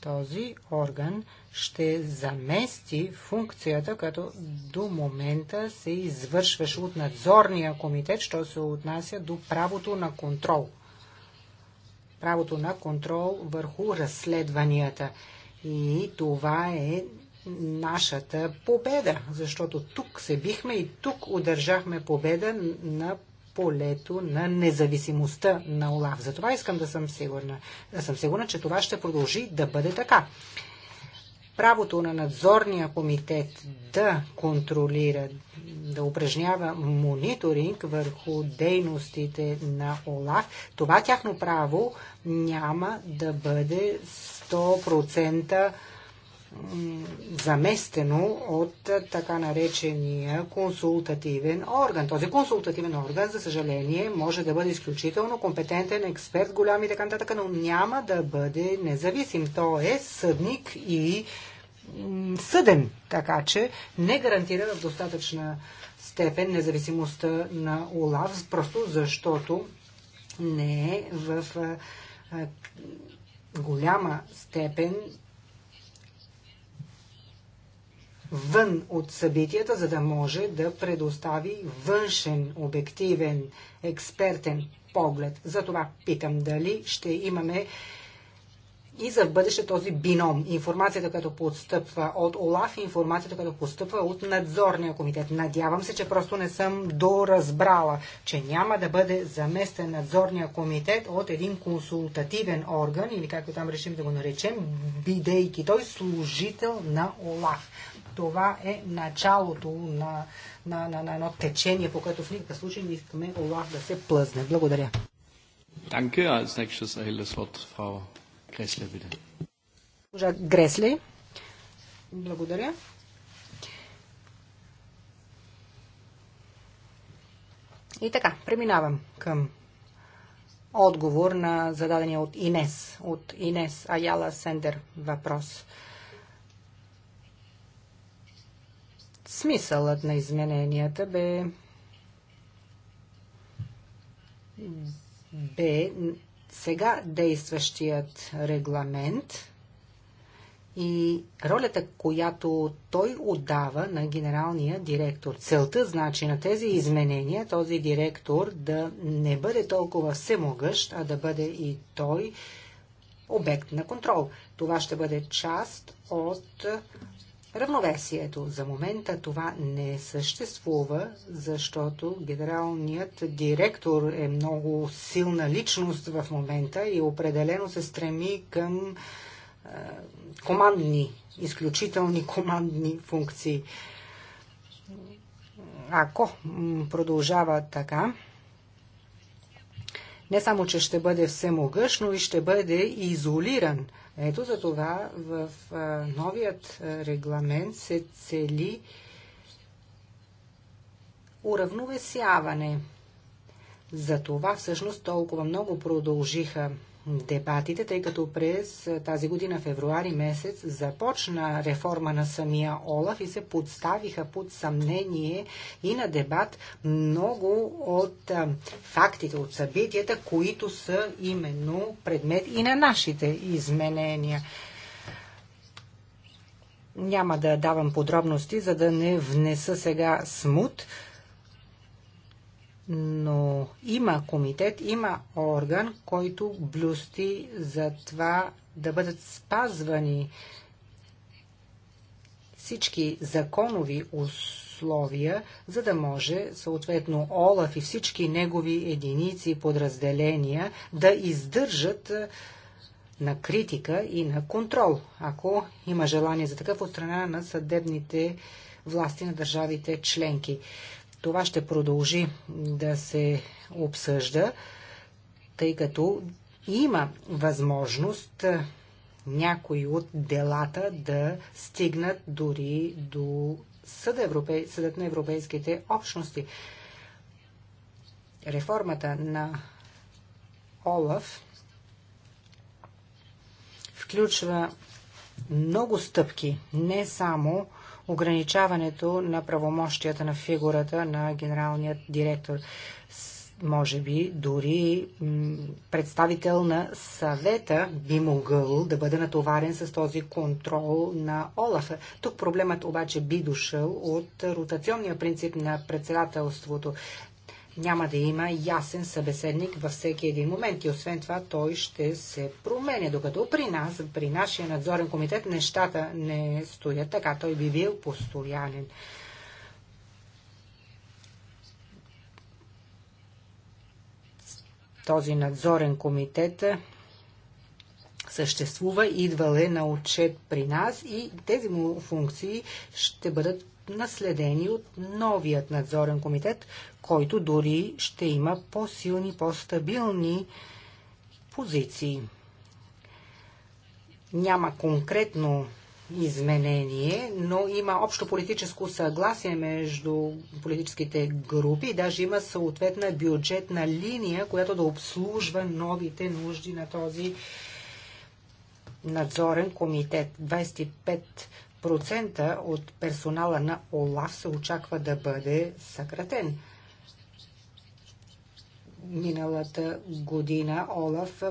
този орган ще замести функцията, като до момента се извършваше от надзорния комитет, що се отнася до правото на контрол. Правото на контрол върху разследванията. И това е нашата победа, защото тук се бихме и тук удържахме победа на полето на независимостта на Олаф. Затова искам да съм сигурна. Да съм сигурна, че това ще продължи да бъде така правото на надзорния комитет да контролира, да упражнява мониторинг върху дейностите на ОЛАФ, това тяхно право няма да бъде 100% заместено от така наречения консултативен орган. Този консултативен орган, за съжаление, може да бъде изключително компетентен експерт, голям и така нататък, но няма да бъде независим. Той е съдник и съден, така че не гарантира в достатъчна степен независимостта на ОЛАВ, просто защото не е в голяма степен вън от събитията, за да може да предостави външен, обективен, експертен поглед. Затова питам дали ще имаме и за в бъдеще този бином. Информацията, като подстъпва от ОЛАФ, информацията, като постъпва от надзорния комитет. Надявам се, че просто не съм доразбрала, че няма да бъде заместен надзорния комитет от един консултативен орган, или както там решим да го наречем, бидейки той служител на ОЛАФ това е началото на, на, на, на едно течение, по което в никакъв случай не искаме Олаф да се плъзне. Благодаря. Danke. Als nächstes erhält das Wort Frau Gressle, bitte. Госпожа Гресли. Благодаря. И така, преминавам към отговор на зададения от Инес, от Инес Аяла Сендер въпрос. Смисълът на измененията бе бе сега действащият регламент и ролята, която той отдава на генералния директор. Целта, значи, на тези изменения, този директор да не бъде толкова всемогъщ, а да бъде и той обект на контрол. Това ще бъде част от равновесието. За момента това не съществува, защото генералният директор е много силна личност в момента и определено се стреми към е, командни, изключителни командни функции. Ако продължава така, не само, че ще бъде всемогъщ, но и ще бъде изолиран – ето за това в новият регламент се цели уравновесяване. За това всъщност толкова много продължиха дебатите, тъй като през тази година, февруари месец, започна реформа на самия Олаф и се подставиха под съмнение и на дебат много от фактите, от събитията, които са именно предмет и на нашите изменения. Няма да давам подробности, за да не внеса сега смут но има комитет, има орган, който блюсти за това да бъдат спазвани всички законови условия, за да може съответно Олаф и всички негови единици и подразделения да издържат на критика и на контрол, ако има желание за такъв от страна на съдебните власти на държавите членки. Това ще продължи да се обсъжда, тъй като има възможност някои от делата да стигнат дори до съда, европей, съдът на европейските общности. Реформата на ОЛАФ включва много стъпки, не само ограничаването на правомощията на фигурата на генералният директор. Може би дори представител на съвета би могъл да бъде натоварен с този контрол на Олаф. Тук проблемът обаче би дошъл от ротационния принцип на председателството няма да има ясен събеседник във всеки един момент и освен това той ще се променя, докато при нас, при нашия надзорен комитет, нещата не стоят така. Той би бил постоянен. Този надзорен комитет съществува, идвал е на отчет при нас и тези му функции ще бъдат наследени от новият надзорен комитет, който дори ще има по-силни, по-стабилни позиции. Няма конкретно изменение, но има общо политическо съгласие между политическите групи. Даже има съответна бюджетна линия, която да обслужва новите нужди на този надзорен комитет. 25% от персонала на ОЛАФ се очаква да бъде съкратен миналата година Олаф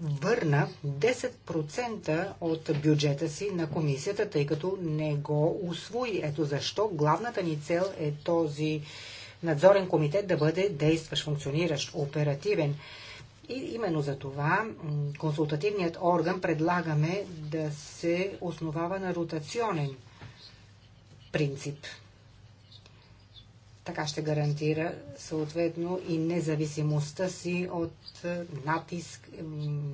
върна 10% от бюджета си на комисията, тъй като не го усвои. Ето защо главната ни цел е този надзорен комитет да бъде действащ, функциониращ, оперативен. И именно за това консултативният орган предлагаме да се основава на ротационен принцип – така ще гарантира съответно и независимостта си от е, натиск,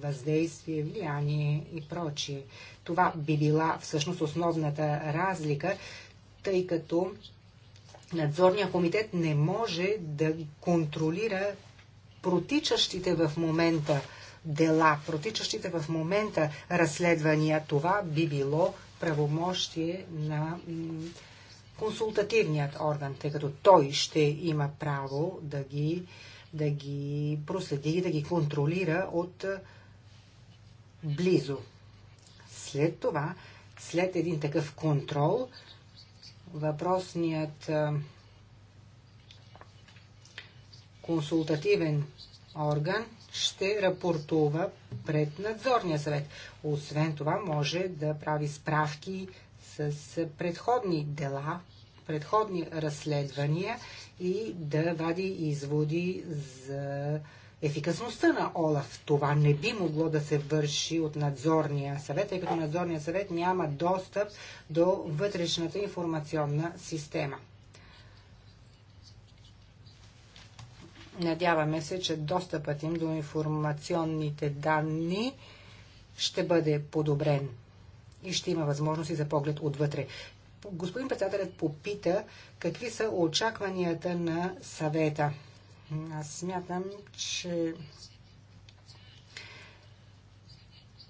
въздействие, влияние и прочие. Това би била всъщност основната разлика, тъй като надзорният комитет не може да контролира протичащите в момента дела, протичащите в момента разследвания. Това би било правомощие на консултативният орган, тъй като той ще има право да ги, да ги проследи, да ги контролира от близо. След това, след един такъв контрол, въпросният консултативен орган ще рапортува пред надзорния съвет. Освен това може да прави справки с предходни дела, предходни разследвания и да вади изводи за ефикасността на ОЛАФ. Това не би могло да се върши от надзорния съвет, тъй като надзорния съвет няма достъп до вътрешната информационна система. Надяваме се, че достъпът им до информационните данни ще бъде подобрен и ще има възможности за поглед отвътре. Господин председателят попита какви са очакванията на съвета. Аз смятам, че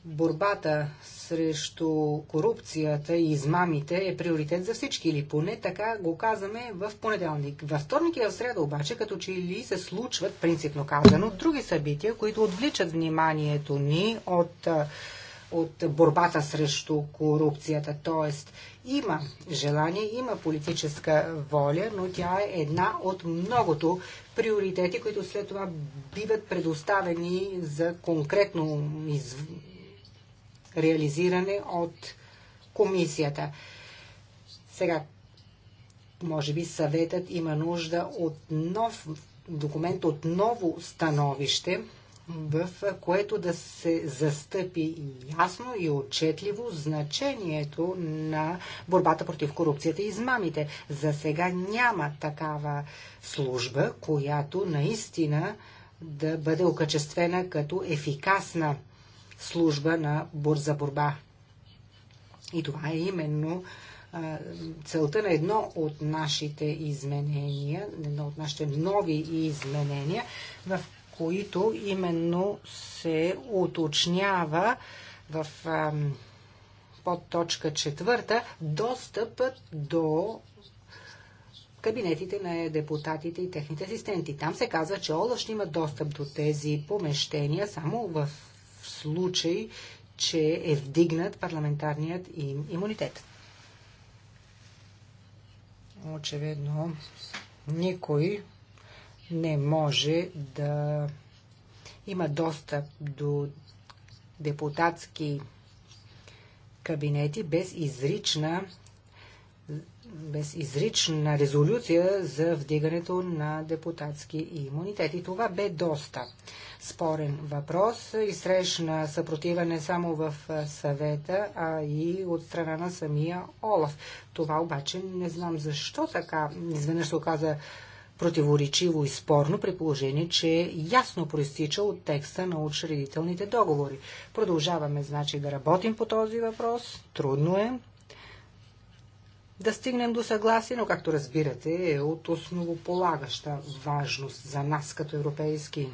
борбата срещу корупцията и измамите е приоритет за всички, или поне така го казваме в понеделник. Във вторник и в среда обаче, като че ли се случват, принципно казано, други събития, които отвличат вниманието ни от от борбата срещу корупцията. Тоест, има желание, има политическа воля, но тя е една от многото приоритети, които след това биват предоставени за конкретно из... реализиране от комисията. Сега, може би съветът има нужда от нов документ, от ново становище, в което да се застъпи ясно и отчетливо значението на борбата против корупцията и измамите. За сега няма такава служба, която наистина да бъде окачествена като ефикасна служба на за борба. И това е именно целта на едно от нашите изменения, едно от нашите нови изменения, в които именно се уточнява в подточка четвърта достъпът до кабинетите на депутатите и техните асистенти. Там се казва, че ОЛА ще има достъп до тези помещения само в случай, че е вдигнат парламентарният им имунитет. Очевидно, никой не може да има достъп до депутатски кабинети без изрична, без изрична резолюция за вдигането на депутатски имунитет. И това бе доста спорен въпрос и срещна съпротива не само в съвета, а и от страна на самия Олаф. Това обаче не знам защо така изведнъж се оказа противоречиво и спорно, при положение, че ясно проистича от текста на учредителните договори. Продължаваме, значи, да работим по този въпрос. Трудно е да стигнем до съгласие, но, както разбирате, е от основополагаща важност за нас като европейски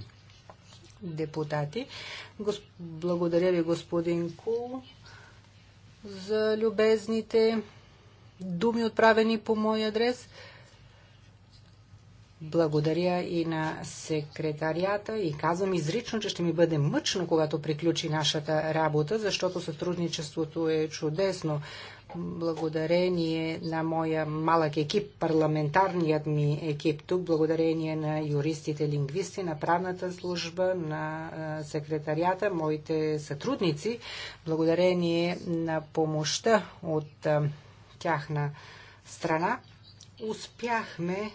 депутати. Гос... Благодаря ви, господин Кул, за любезните думи, отправени по мой адрес – благодаря и на секретарията и казвам изрично, че ще ми бъде мъчно, когато приключи нашата работа, защото сътрудничеството е чудесно. Благодарение на моя малък екип, парламентарният ми екип тук, благодарение на юристите, лингвисти, на правната служба, на секретарията, моите сътрудници, благодарение на помощта от тяхна страна, успяхме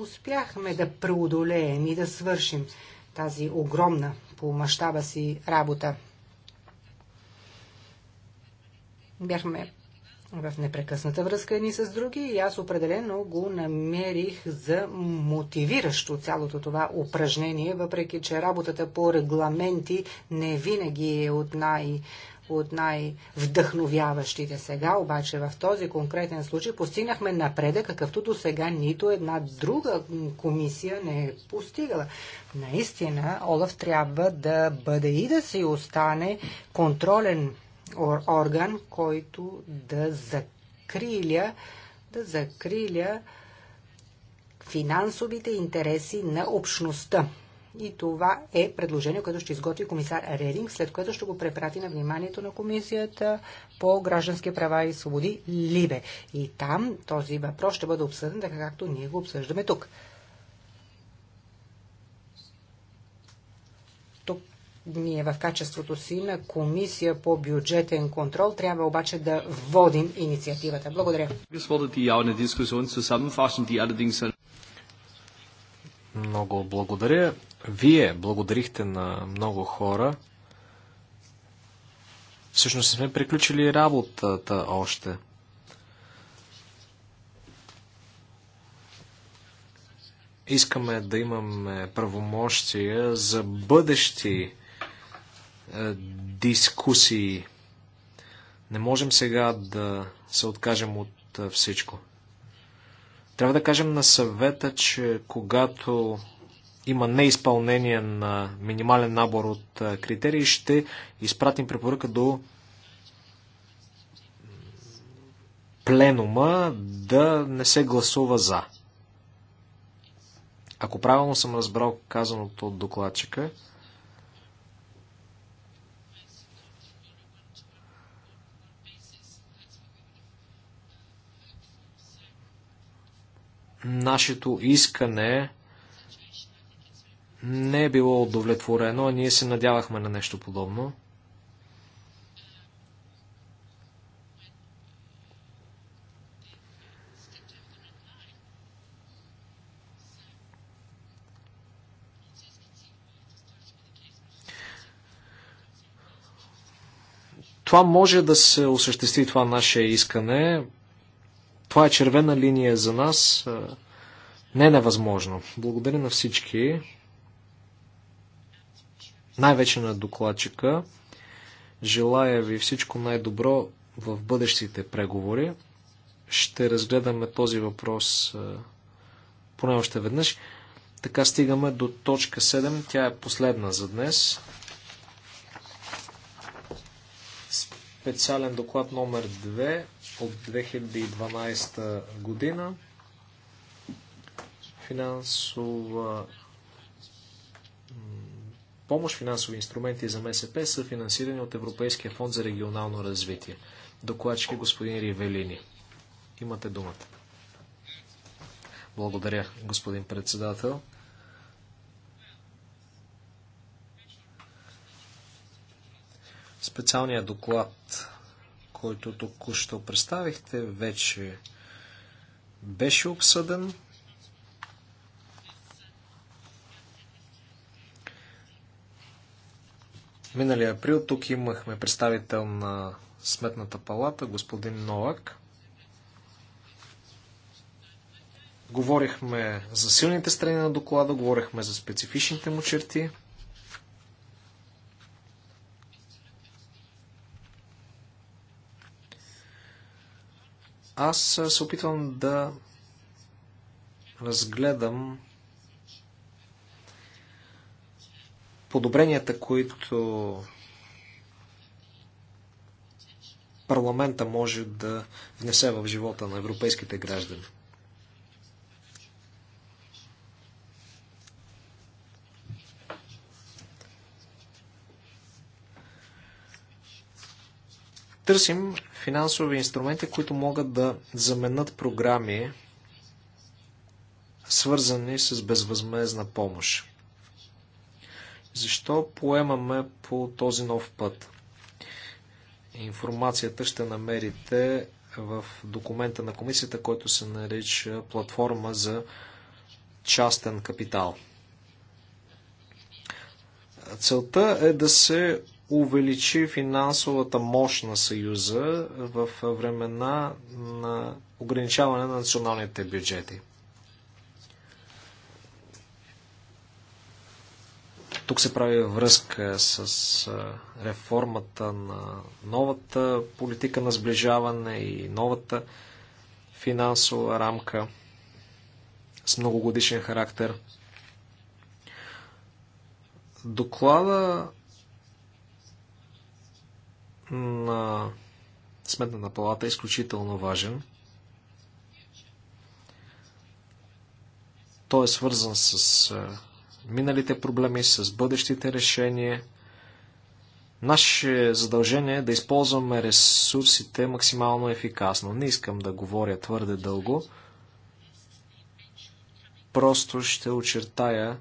успяхме да преодолеем и да свършим тази огромна по мащаба си работа. Бяхме в непрекъсната връзка едни с други и аз определено го намерих за мотивиращо цялото това упражнение, въпреки че работата по регламенти не винаги е от най- от най-вдъхновяващите сега, обаче в този конкретен случай постигнахме напредък, какъвто до сега нито една друга комисия не е постигала. Наистина, Олаф трябва да бъде и да си остане контролен орган, който да закриля, да закриля финансовите интереси на общността. И това е предложение, което ще изготви комисар Реринг, след което ще го препрати на вниманието на комисията по граждански права и свободи Либе. И там този въпрос ще бъде обсъден, така както ние го обсъждаме тук. Тук ние в качеството си на комисия по бюджетен контрол трябва обаче да водим инициативата. Благодаря. Много благодаря. Вие благодарихте на много хора. Всъщност сме приключили работата още. Искаме да имаме правомощия за бъдещи е, дискусии. Не можем сега да се откажем от е, всичко. Трябва да кажем на съвета, че когато има неизпълнение на минимален набор от критерии, ще изпратим препоръка до пленума да не се гласува за. Ако правилно съм разбрал казаното от докладчика, нашето искане не е било удовлетворено, а ние се надявахме на нещо подобно. Това може да се осъществи това наше искане това е червена линия за нас. Е, не е невъзможно. Благодаря на всички. Най-вече на докладчика. Желая ви всичко най-добро в бъдещите преговори. Ще разгледаме този въпрос е, поне още веднъж. Така стигаме до точка 7. Тя е последна за днес. Специален доклад номер 2 от 2012 година. Финансова помощ, финансови инструменти за МСП са финансирани от Европейския фонд за регионално развитие. Докладчик е господин Ривелини. Имате думата. Благодаря, господин председател. Специалният доклад който току-що представихте, вече беше обсъден. Миналия април тук имахме представител на Сметната палата, господин Новак. Говорихме за силните страни на доклада, говорихме за специфичните му черти. Аз се опитвам да разгледам подобренията, които парламента може да внесе в живота на европейските граждани. Търсим финансови инструменти, които могат да заменят програми, свързани с безвъзмезна помощ. Защо поемаме по този нов път? Информацията ще намерите в документа на комисията, който се нарича Платформа за частен капитал. Целта е да се увеличи финансовата мощ на Съюза в времена на ограничаване на националните бюджети. Тук се прави връзка с реформата на новата политика на сближаване и новата финансова рамка с многогодишен характер. Доклада на Сметната палата е изключително важен. Той е свързан с е, миналите проблеми, с бъдещите решения. Наше задължение е да използваме ресурсите максимално ефикасно. Не искам да говоря твърде дълго. Просто ще очертая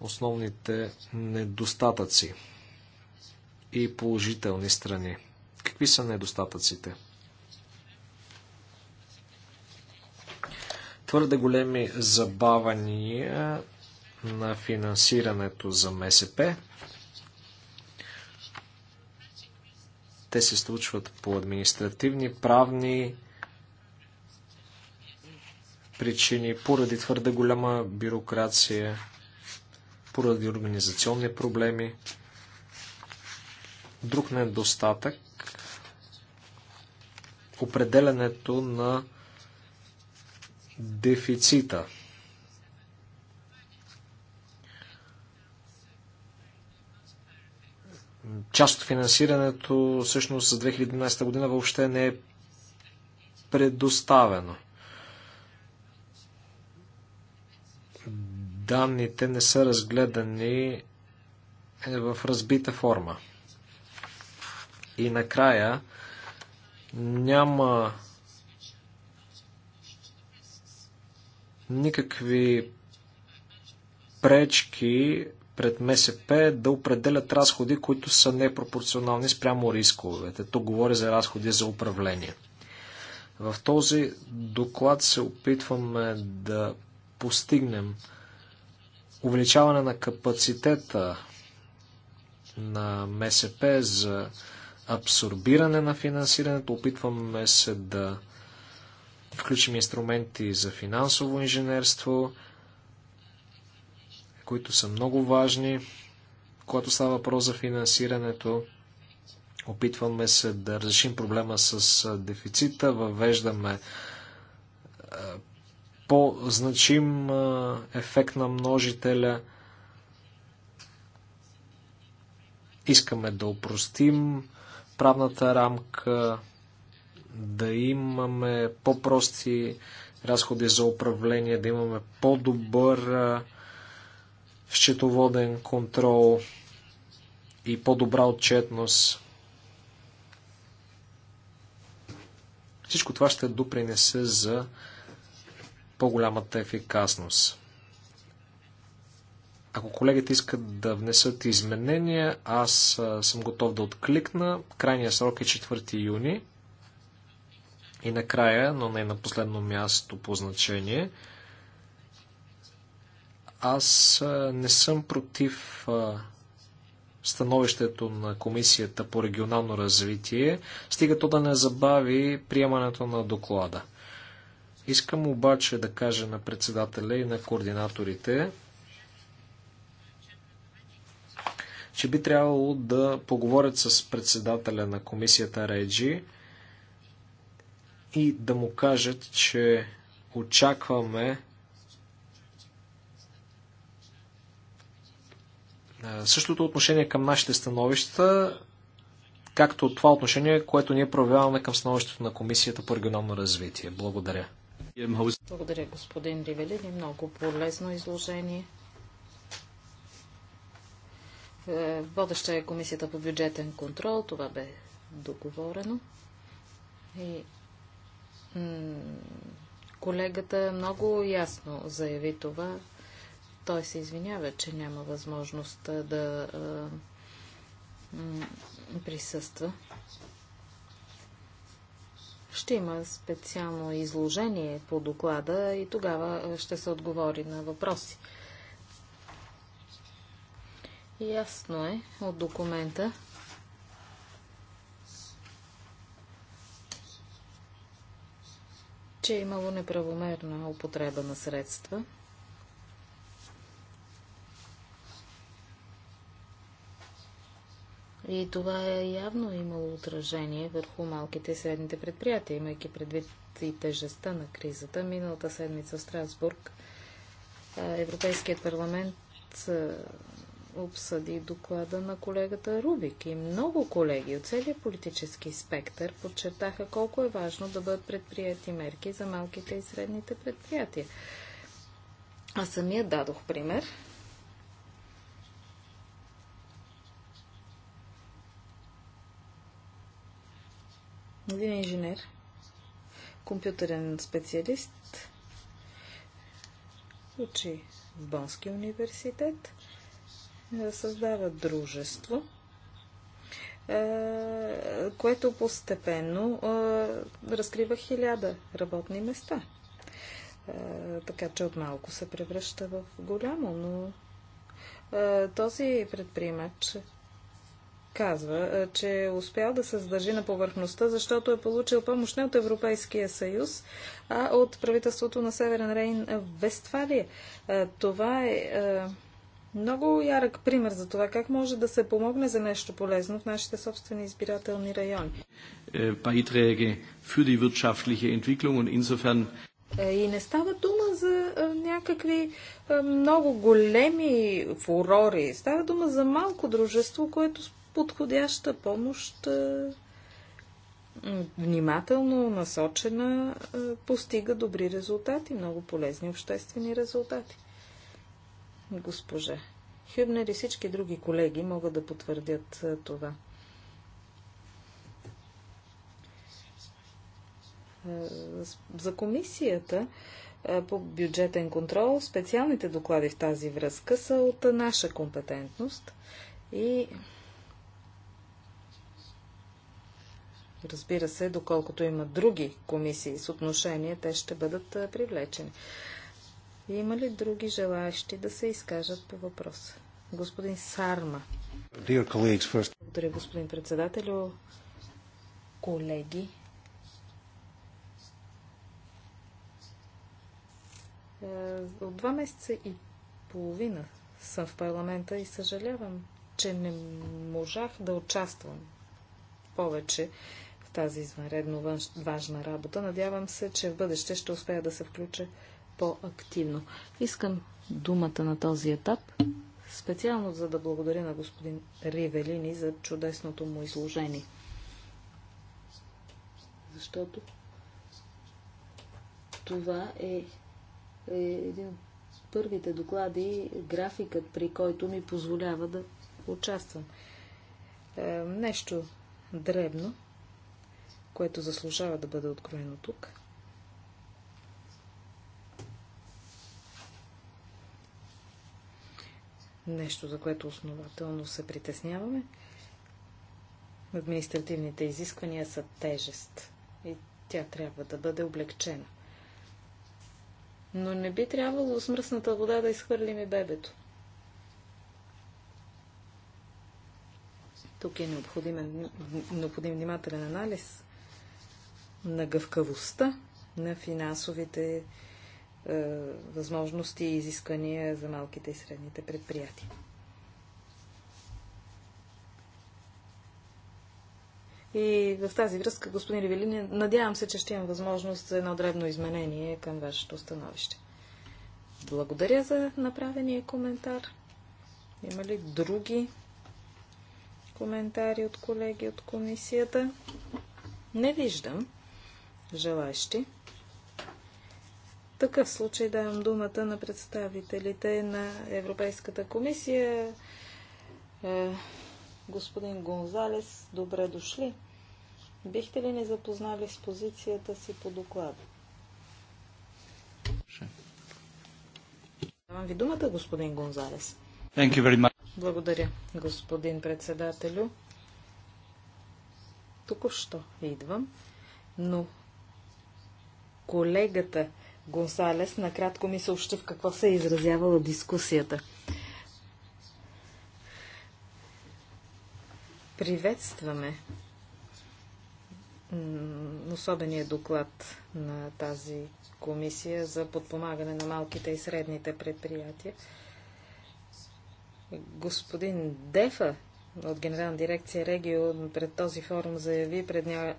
основните недостатъци и положителни страни. Какви са недостатъците? Твърде големи забавания на финансирането за МСП. Те се случват по административни, правни причини, поради твърде голяма бюрокрация, поради организационни проблеми. Друг недостатък определенето на дефицита. Част от финансирането всъщност за 2011 година въобще не е предоставено. Данните не са разгледани е в разбита форма. И накрая няма никакви пречки пред МСП да определят разходи, които са непропорционални спрямо рисковете. Тук говоря за разходи за управление. В този доклад се опитваме да постигнем увеличаване на капацитета на МСП за абсорбиране на финансирането. Опитваме се да включим инструменти за финансово инженерство, които са много важни, когато става въпрос за финансирането. Опитваме се да разрешим проблема с дефицита, въвеждаме по-значим ефект на множителя. Искаме да упростим правната рамка, да имаме по-прости разходи за управление, да имаме по-добър счетоводен контрол и по-добра отчетност. Всичко това ще допринесе за по-голямата ефикасност. Ако колегите искат да внесат изменения, аз съм готов да откликна. Крайният срок е 4 юни. И накрая, но не на последно място по значение, аз не съм против становището на Комисията по регионално развитие, стига то да не забави приемането на доклада. Искам обаче да кажа на председателя и на координаторите, че би трябвало да поговорят с председателя на комисията Реджи и да му кажат, че очакваме същото отношение към нашите становища, както това отношение, което ние проявяваме към становището на Комисията по регионално развитие. Благодаря. Благодаря, господин Ривелин. Много полезно изложение. Е, водеща е комисията по бюджетен контрол, това бе договорено. И колегата много ясно заяви това. Той се извинява, че няма възможност да е, присъства. Ще има специално изложение по доклада и тогава ще се отговори на въпроси. Ясно е от документа, че е имало неправомерна употреба на средства. И това е явно имало отражение върху малките и средните предприятия, имайки предвид и тежестта на кризата. Миналата седмица в Страсбург Европейският парламент обсъди доклада на колегата Рубик и много колеги от целия политически спектър подчертаха колко е важно да бъдат предприяти мерки за малките и средните предприятия. Аз самия дадох пример. Един инженер, компютърен специалист, учи в Бонския университет – създава дружество, е, което постепенно е, разкрива хиляда работни места. Е, така че от малко се превръща в голямо, но този предприемач казва, че е успял да се задържи на повърхността, защото е получил помощ не от Европейския съюз, а от правителството на Северен Рейн в Вестфалия. Това е много ярък пример за това как може да се помогне за нещо полезно в нашите собствени избирателни райони. Beiträge für die wirtschaftliche Entwicklung und insofern е, и не става дума за е, някакви е, много големи фурори. Става дума за малко дружество, което с подходяща помощ, внимателно насочена, постига добри резултати, много полезни обществени резултати. Госпоже Хюбнер и всички други колеги могат да потвърдят това. За комисията по бюджетен контрол специалните доклади в тази връзка са от наша компетентност и Разбира се, доколкото има други комисии с отношение, те ще бъдат привлечени. Има ли други желаящи да се изкажат по въпроса? Господин Сарма. Благодаря, господин председателю. Колеги, е, от два месеца и половина съм в парламента и съжалявам, че не можах да участвам повече в тази извънредно важна работа. Надявам се, че в бъдеще ще успея да се включа по-активно. Искам думата на този етап, специално за да благодаря на господин Ривелини за чудесното му изложение. Защото това е, е един от първите доклади, графикът при който ми позволява да участвам. Е, нещо дребно, което заслужава да бъде откроено тук – нещо, за което основателно се притесняваме. Административните изисквания са тежест и тя трябва да бъде облегчена. Но не би трябвало с мръсната вода да изхвърлим и бебето. Тук е необходим, необходим внимателен анализ на гъвкавостта на финансовите е, възможности и изисквания за малките и средните предприятия. И в тази връзка, господин Ревелин, надявам се, че ще имам възможност за едно дребно изменение към вашето становище. Благодаря за направения коментар. Има ли други коментари от колеги от комисията? Не виждам желащи такъв случай давам думата на представителите на Европейската комисия. Е, господин Гонзалес, добре дошли. Бихте ли ни запознали с позицията си по доклада? Давам ви думата, господин Гонзалес. Благодаря, господин председателю. Току-що идвам, но колегата Гонсалес накратко ми съобщи в какво се е изразявала дискусията. Приветстваме особения доклад на тази комисия за подпомагане на малките и средните предприятия. Господин Дефа от Генерална дирекция Регио пред този форум заяви пред ня...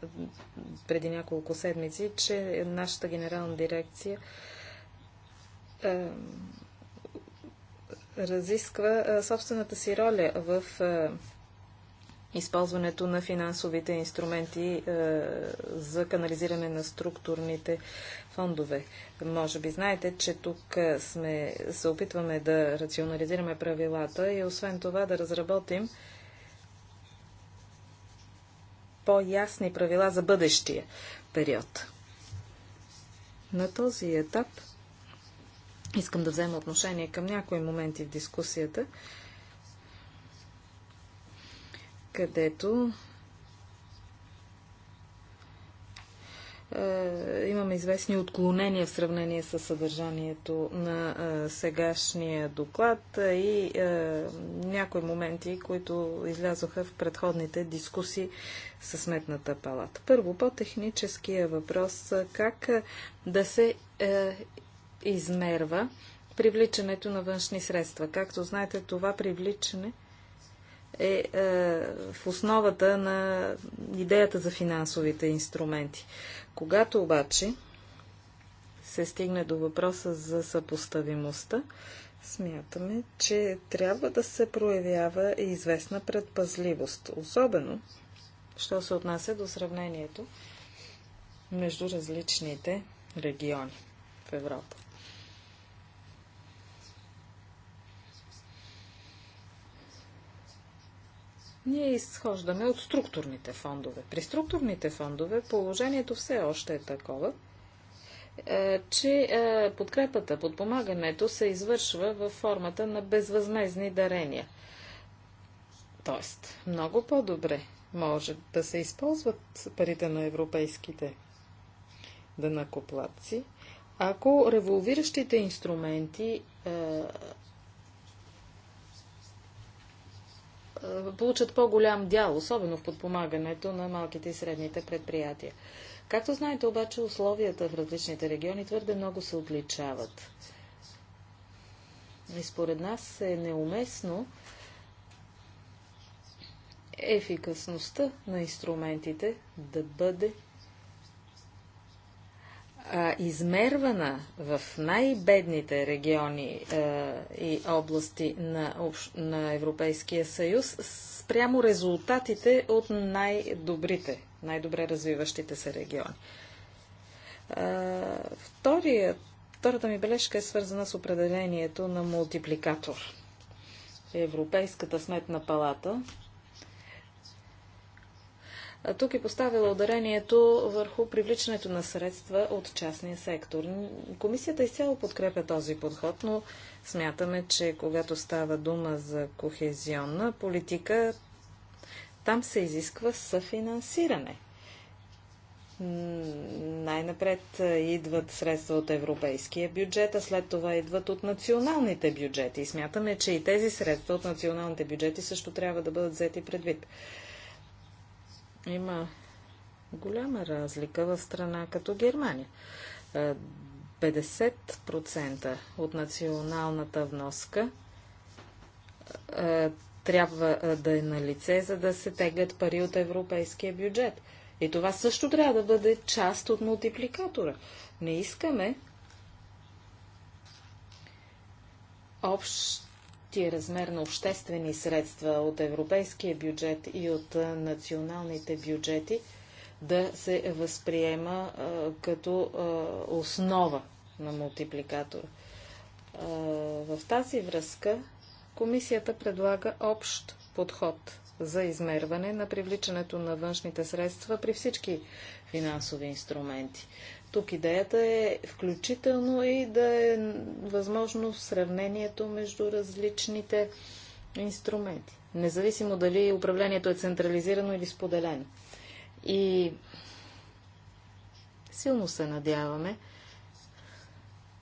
преди няколко седмици, че нашата генерална дирекция е, разисква е, собствената си роля в е, използването на финансовите инструменти е, за канализиране на структурните фондове. Може би знаете, че тук е, сме, се опитваме да рационализираме правилата и освен това да разработим по-ясни правила за бъдещия период. На този етап искам да взема отношение към някои моменти в дискусията, където Е, имаме известни отклонения в сравнение с съдържанието на е, сегашния доклад и е, някои моменти, които излязоха в предходните дискусии с Сметната палата. Първо, по-техническия въпрос как да се измерва привличането на външни средства. Както знаете, това привличане е, е в основата на идеята за финансовите инструменти. Когато обаче се стигне до въпроса за съпоставимостта, смятаме, че трябва да се проявява и известна предпазливост, особено, що се отнася до сравнението между различните региони в Европа. Ние изхождаме от структурните фондове. При структурните фондове положението все още е такова, е, че е, подкрепата, подпомагането се извършва в формата на безвъзмезни дарения. Тоест, много по-добре може да се използват парите на европейските дънакоплатци, ако револвиращите инструменти е, получат по-голям дял, особено в подпомагането на малките и средните предприятия. Както знаете обаче, условията в различните региони твърде много се отличават. И според нас е неуместно ефикасността на инструментите да бъде а измервана в най-бедните региони а, и области на, общ, на Европейския съюз спрямо резултатите от най-добрите, най-добре развиващите се региони. А, втория, втората ми бележка е свързана с определението на мултипликатор. Европейската сметна палата тук е поставила ударението върху привличането на средства от частния сектор. Комисията изцяло подкрепя този подход, но смятаме, че когато става дума за кохезионна политика, там се изисква съфинансиране. Най-напред идват средства от европейския бюджет, а след това идват от националните бюджети. И смятаме, че и тези средства от националните бюджети също трябва да бъдат взети предвид. Има голяма разлика в страна като Германия. 50% е, от националната вноска е, трябва е, да е на лице, за да се теглят пари от европейския бюджет. И това също трябва да бъде част от мултипликатора. Не искаме общ общия размер на обществени средства от европейския бюджет и от националните бюджети да се възприема а, като а, основа на мултипликатора. А, в тази връзка комисията предлага общ подход за измерване на привличането на външните средства при всички финансови инструменти. Тук идеята е включително и да е възможно сравнението между различните инструменти, независимо дали управлението е централизирано или споделено. И силно се надяваме,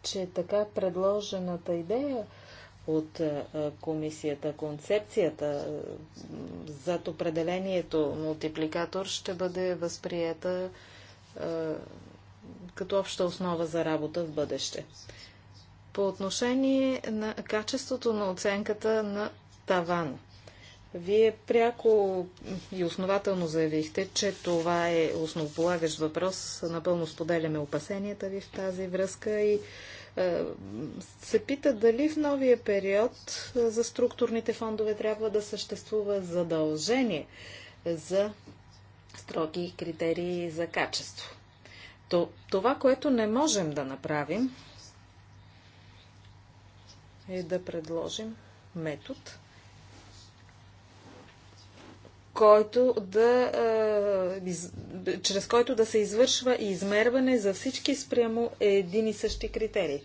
че така предложената идея от е, комисията, концепцията е, зад определението мултипликатор ще бъде възприета е, като обща основа за работа в бъдеще. По отношение на качеството на оценката на Таван, Вие пряко и основателно заявихте, че това е основополагащ въпрос. Напълно споделяме опасенията ви в тази връзка и е, се пита дали в новия период за структурните фондове трябва да съществува задължение за строги критерии за качество. То, това, което не можем да направим, е да предложим метод, който да, е, чрез който да се извършва измерване за всички спрямо един и същи критерии.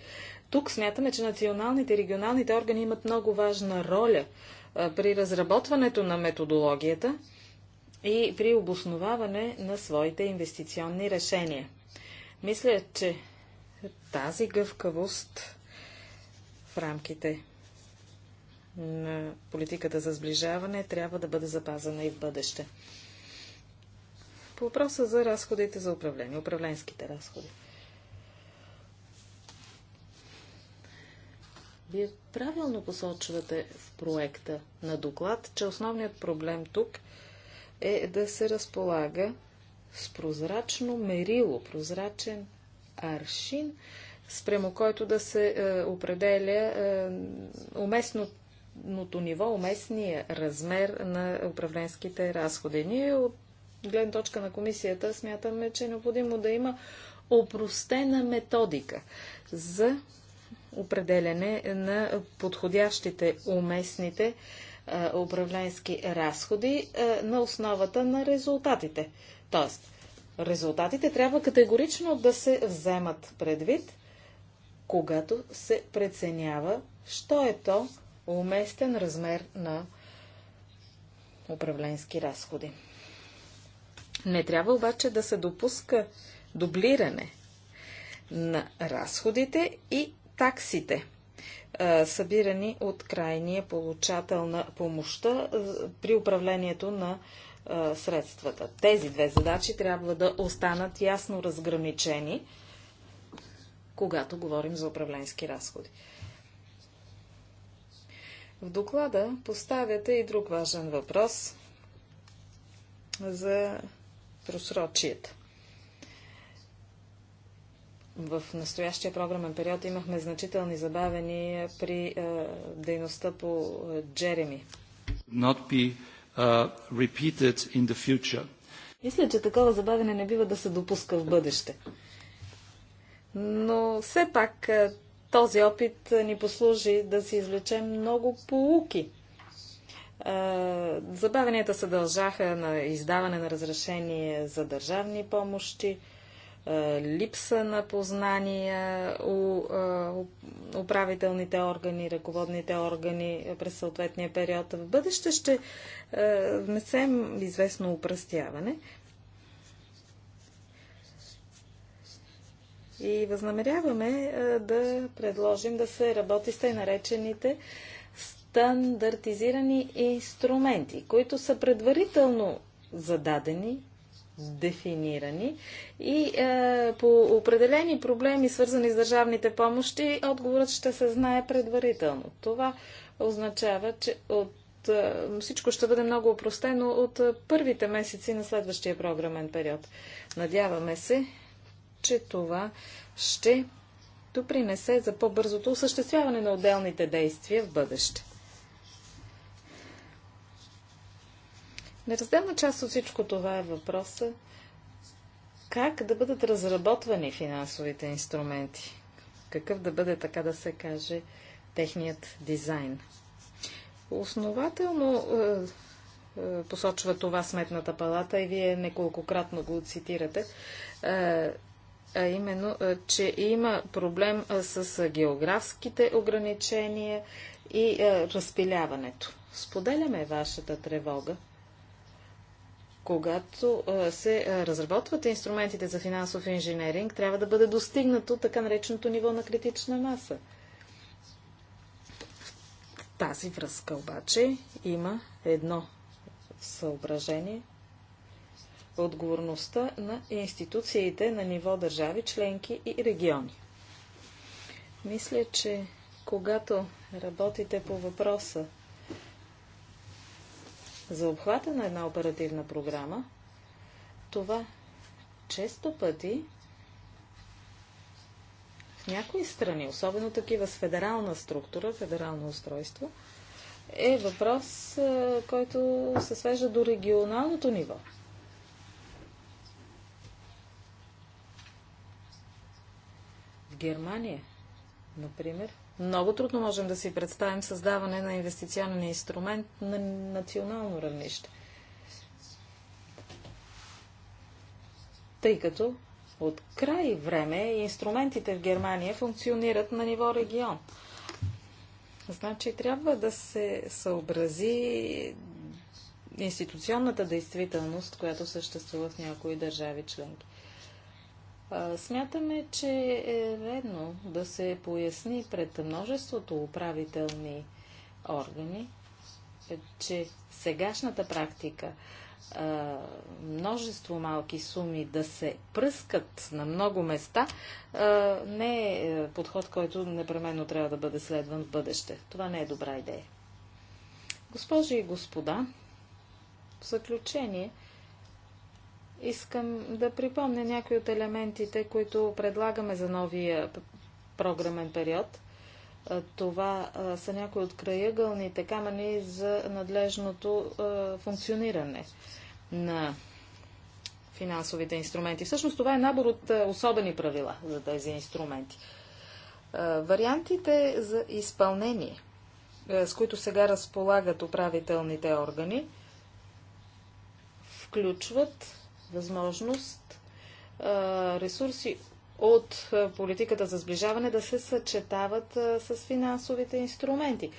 Тук смятаме, че националните и регионалните органи имат много важна роля е, при разработването на методологията и при обосноваване на своите инвестиционни решения. Мисля, че тази гъвкавост в рамките на политиката за сближаване трябва да бъде запазена и в бъдеще. По въпроса за разходите за управление, управленските разходи. Вие правилно посочвате в проекта на доклад, че основният проблем тук е да се разполага с прозрачно мерило, прозрачен аршин, спрямо който да се е, определя е, уместното ниво, уместния размер на управленските разходи. Ние от гледна точка на комисията смятаме, че е необходимо да има опростена методика за определене на подходящите, уместните е, управленски разходи е, на основата на резултатите. Тоест, резултатите трябва категорично да се вземат предвид, когато се преценява, що е то уместен размер на управленски разходи. Не трябва обаче да се допуска дублиране на разходите и таксите, събирани от крайния получател на помощта при управлението на средствата. Тези две задачи трябва да останат ясно разграничени, когато говорим за управленски разходи. В доклада поставяте и друг важен въпрос за просрочията. В настоящия програмен период имахме значителни забавени при е, дейността по Джереми. Not be Uh, repeated in the future. Мисля, че такова забавене не бива да се допуска в бъдеще. Но все пак е, този опит е, ни послужи да си извлечем много полуки. Е, забавенията се дължаха на издаване на разрешение за държавни помощи – е, липса на познания е, у управителните органи, ръководните органи е, през съответния период. В бъдеще ще внесем известно упръстяване. И възнамеряваме да предложим да се работи с тъй наречените стандартизирани инструменти, които са предварително зададени дефинирани. И е, по определени проблеми, свързани с държавните помощи, отговорът ще се знае предварително. Това означава, че от, е, всичко ще бъде много опростено от е, първите месеци на следващия програмен период. Надяваме се, че това ще допринесе за по-бързото осъществяване на отделните действия в бъдеще. Неразделна част от всичко това е въпроса как да бъдат разработвани финансовите инструменти, какъв да бъде, така да се каже, техният дизайн. Основателно е, е, посочва това Сметната палата и вие неколкократно го цитирате, е, а именно, че има проблем с географските ограничения и разпиляването. Споделяме вашата тревога когато се разработват инструментите за финансов инженеринг, трябва да бъде достигнато така нареченото ниво на критична маса. В тази връзка обаче има едно съображение. Отговорността на институциите на ниво държави, членки и региони. Мисля, че когато работите по въпроса за обхвата на една оперативна програма, това често пъти в някои страни, особено такива с федерална структура, федерално устройство, е въпрос, който се свежда до регионалното ниво. В Германия, например, много трудно можем да си представим създаване на инвестиционен инструмент на национално равнище. Тъй като от край време инструментите в Германия функционират на ниво регион. Значи трябва да се съобрази институционната действителност, която съществува в някои държави членки. Смятаме, че е редно да се поясни пред множеството управителни органи, че сегашната практика множество малки суми да се пръскат на много места, не е, е подход, който непременно трябва да бъде следван в бъдеще. Това не е добра идея. Госпожи и господа, в заключение Искам да припомня някои от елементите, които предлагаме за новия програмен период. Това са някои от краягълните камъни за надлежното функциониране на финансовите инструменти. Всъщност това е набор от особени правила за тези инструменти. Вариантите за изпълнение, с които сега разполагат управителните органи, включват възможност ресурси от политиката за сближаване да се съчетават с финансовите инструменти.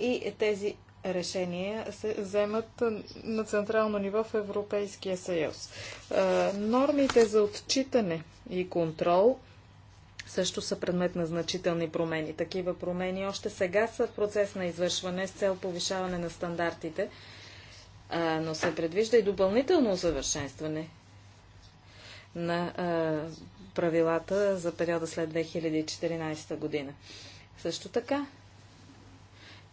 И тези решения се вземат на централно ниво в Европейския съюз. Нормите за отчитане и контрол също са предмет на значителни промени. Такива промени още сега са в процес на извършване с цел повишаване на стандартите но се предвижда и допълнително усъвършенстване на правилата за периода след 2014 година. Също така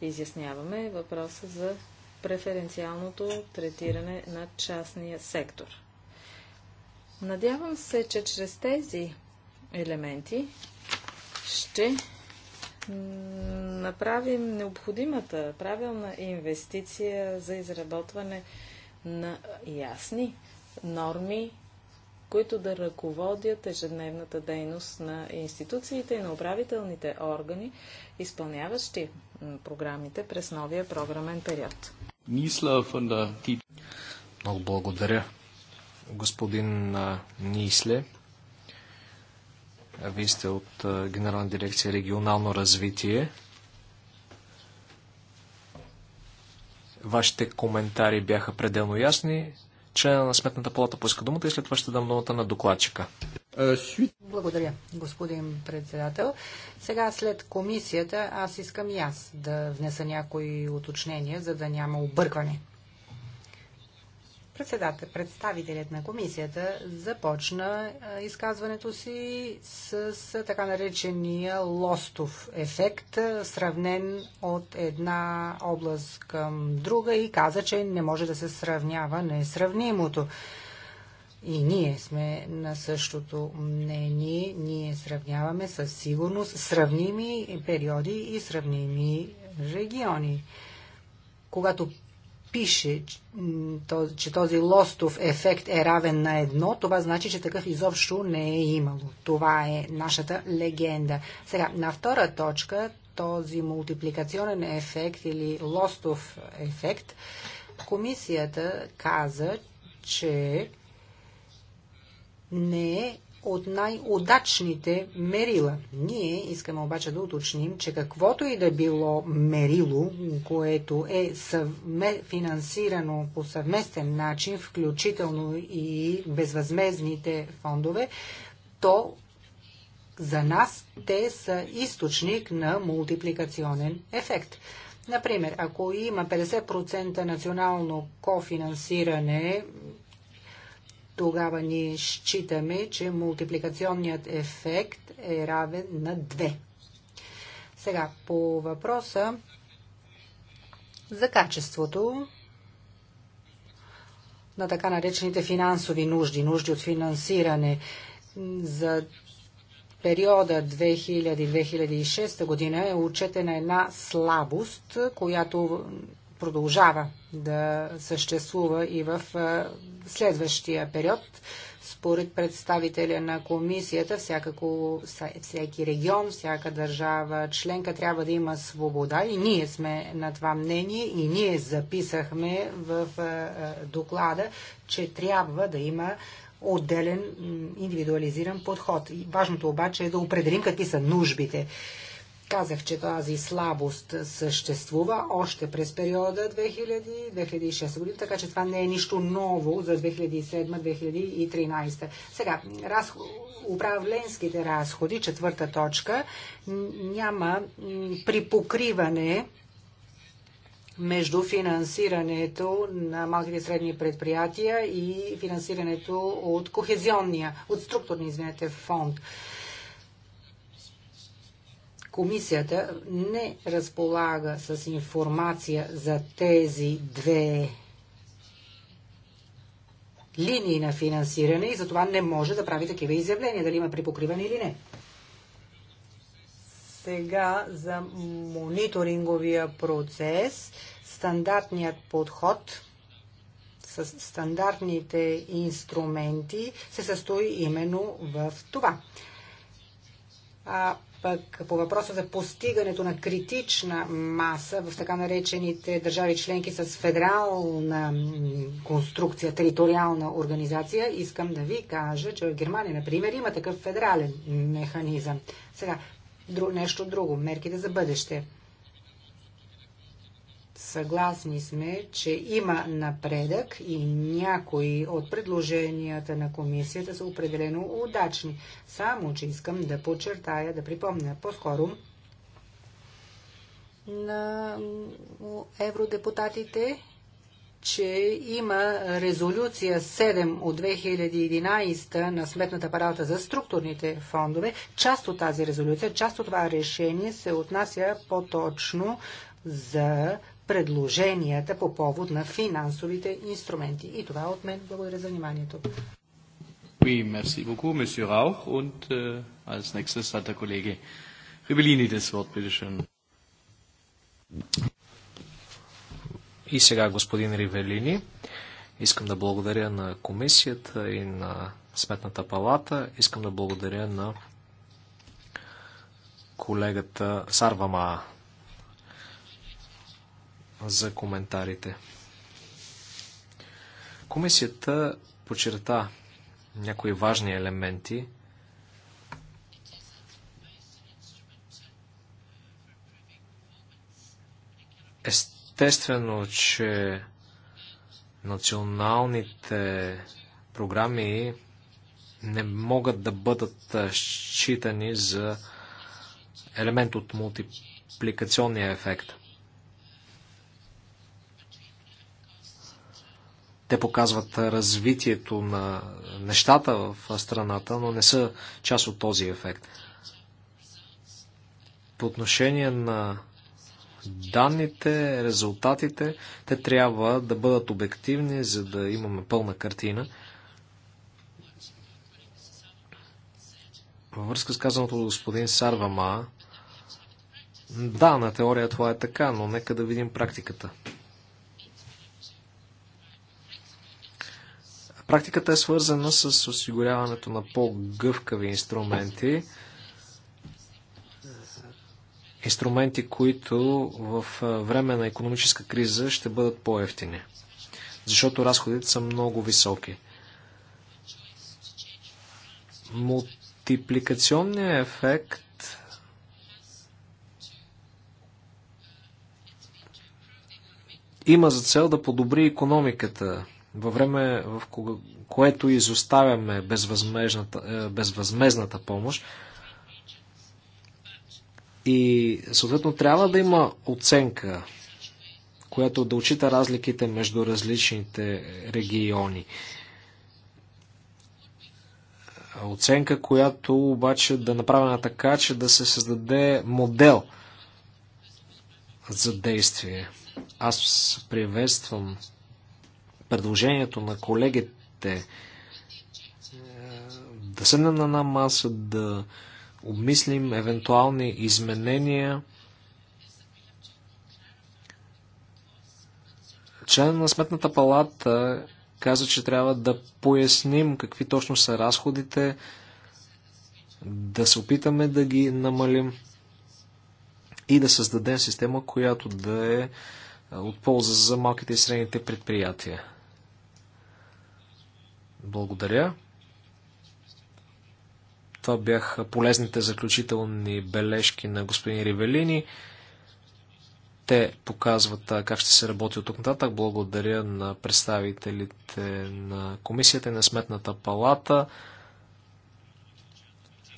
изясняваме въпроса за преференциалното третиране на частния сектор. Надявам се, че чрез тези елементи ще направим необходимата правилна инвестиция за изработване на ясни норми, които да ръководят ежедневната дейност на институциите и на управителните органи, изпълняващи програмите през новия програмен период. Много благодаря, господин Нисле. Вие сте от Генерална дирекция регионално развитие. Вашите коментари бяха пределно ясни. Члена на Сметната палата поиска думата и след това ще дам думата на докладчика. Е, Благодаря, господин председател. Сега след комисията аз искам и аз да внеса някои уточнения, за да няма объркване. Председател, представителят на комисията започна изказването си с така наречения лостов ефект, сравнен от една област към друга и каза, че не може да се сравнява несравнимото. И ние сме на същото мнение. Ние сравняваме със сигурност сравними периоди и сравними региони. Когато пише, че този лостов ефект е равен на едно, това значи, че такъв изобщо не е имало. Това е нашата легенда. Сега, на втора точка, този мултипликационен ефект или лостов ефект, комисията каза, че не е от най-удачните мерила. Ние искаме обаче да уточним, че каквото и да било мерило, което е съвме, финансирано по съвместен начин, включително и безвъзмезните фондове, то за нас те са източник на мултипликационен ефект. Например, ако има 50% национално кофинансиране тогава ние считаме, че мултипликационният ефект е равен на 2. Сега, по въпроса за качеството на така наречените финансови нужди, нужди от финансиране за периода 2000-2006 година е отчетена една слабост, която продължава да съществува и в следващия период. Според представителя на комисията, всякако, всеки регион, всяка държава членка трябва да има свобода и ние сме на това мнение и ние записахме в доклада, че трябва да има отделен индивидуализиран подход. Важното обаче е да определим какви са нуждите. Казах, че тази слабост съществува още през периода 2000-2006 година, така че това не е нищо ново за 2007-2013. Сега, разход, управленските разходи, четвърта точка, няма припокриване между финансирането на малките и средни предприятия и финансирането от кохезионния, от структурни, извинете, фонд. Комисията не разполага с информация за тези две линии на финансиране и затова не може да прави такива изявления, дали има припокриване или не. Сега за мониторинговия процес, стандартният подход с стандартните инструменти се състои именно в това – а пък по въпроса за постигането на критична маса в така наречените държави членки с федерална конструкция, териториална организация, искам да ви кажа, че в Германия, например, има такъв федерален механизъм. Сега, дру нещо друго, мерките за бъдеще. Съгласни сме, че има напредък и някои от предложенията на комисията са определено удачни. Само, че искам да подчертая, да припомня по-скоро на евродепутатите, че има резолюция 7 от 2011 на Сметната парата за структурните фондове. Част от тази резолюция, част от това решение се отнася по-точно за предложенията по повод на финансовите инструменти. И това е от мен. Благодаря за вниманието. Oui, merci beaucoup, Monsieur Rauch. Und äh, als nächstes hat der Kollege Ribellini das Wort, bitte schön. И сега господин Ривелини. Искам да благодаря на комисията и на Сметната палата. Искам да благодаря на колегата Сарвама за коментарите. Комисията почерта някои важни елементи. Естествено, че националните програми не могат да бъдат считани за елемент от мултипликационния ефект. Те показват развитието на нещата в страната, но не са част от този ефект. По отношение на данните, резултатите, те трябва да бъдат обективни, за да имаме пълна картина. Във връзка с казаното от господин Сарвама, да, на теория това е така, но нека да видим практиката. Практиката е свързана с осигуряването на по-гъвкави инструменти, инструменти, които в време на економическа криза ще бъдат по-ефтини, защото разходите са много високи. Мултипликационният ефект има за цел да подобри економиката във време, в кога, което изоставяме безвъзмезната, е, безвъзмезната помощ. И съответно трябва да има оценка, която да очита разликите между различните региони. Оценка, която обаче да е направена така, че да се създаде модел за действие. Аз приветствам предложението на колегите е, да седнем на една маса, да обмислим евентуални изменения. Член на Сметната палата каза, че трябва да поясним какви точно са разходите, да се опитаме да ги намалим и да създадем система, която да е от полза за малките и средните предприятия. Благодаря. Това бяха полезните заключителни бележки на господин Ривелини. Те показват как ще се работи от тук нататък. Благодаря на представителите на комисията и на Сметната палата.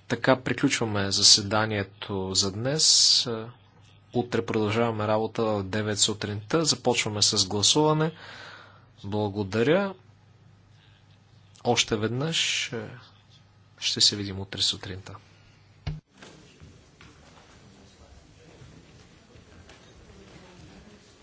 Така приключваме заседанието за днес. Утре продължаваме работа в 9 сутринта. Започваме с гласуване. Благодаря. Още веднъж е, ще се видим утре сутринта.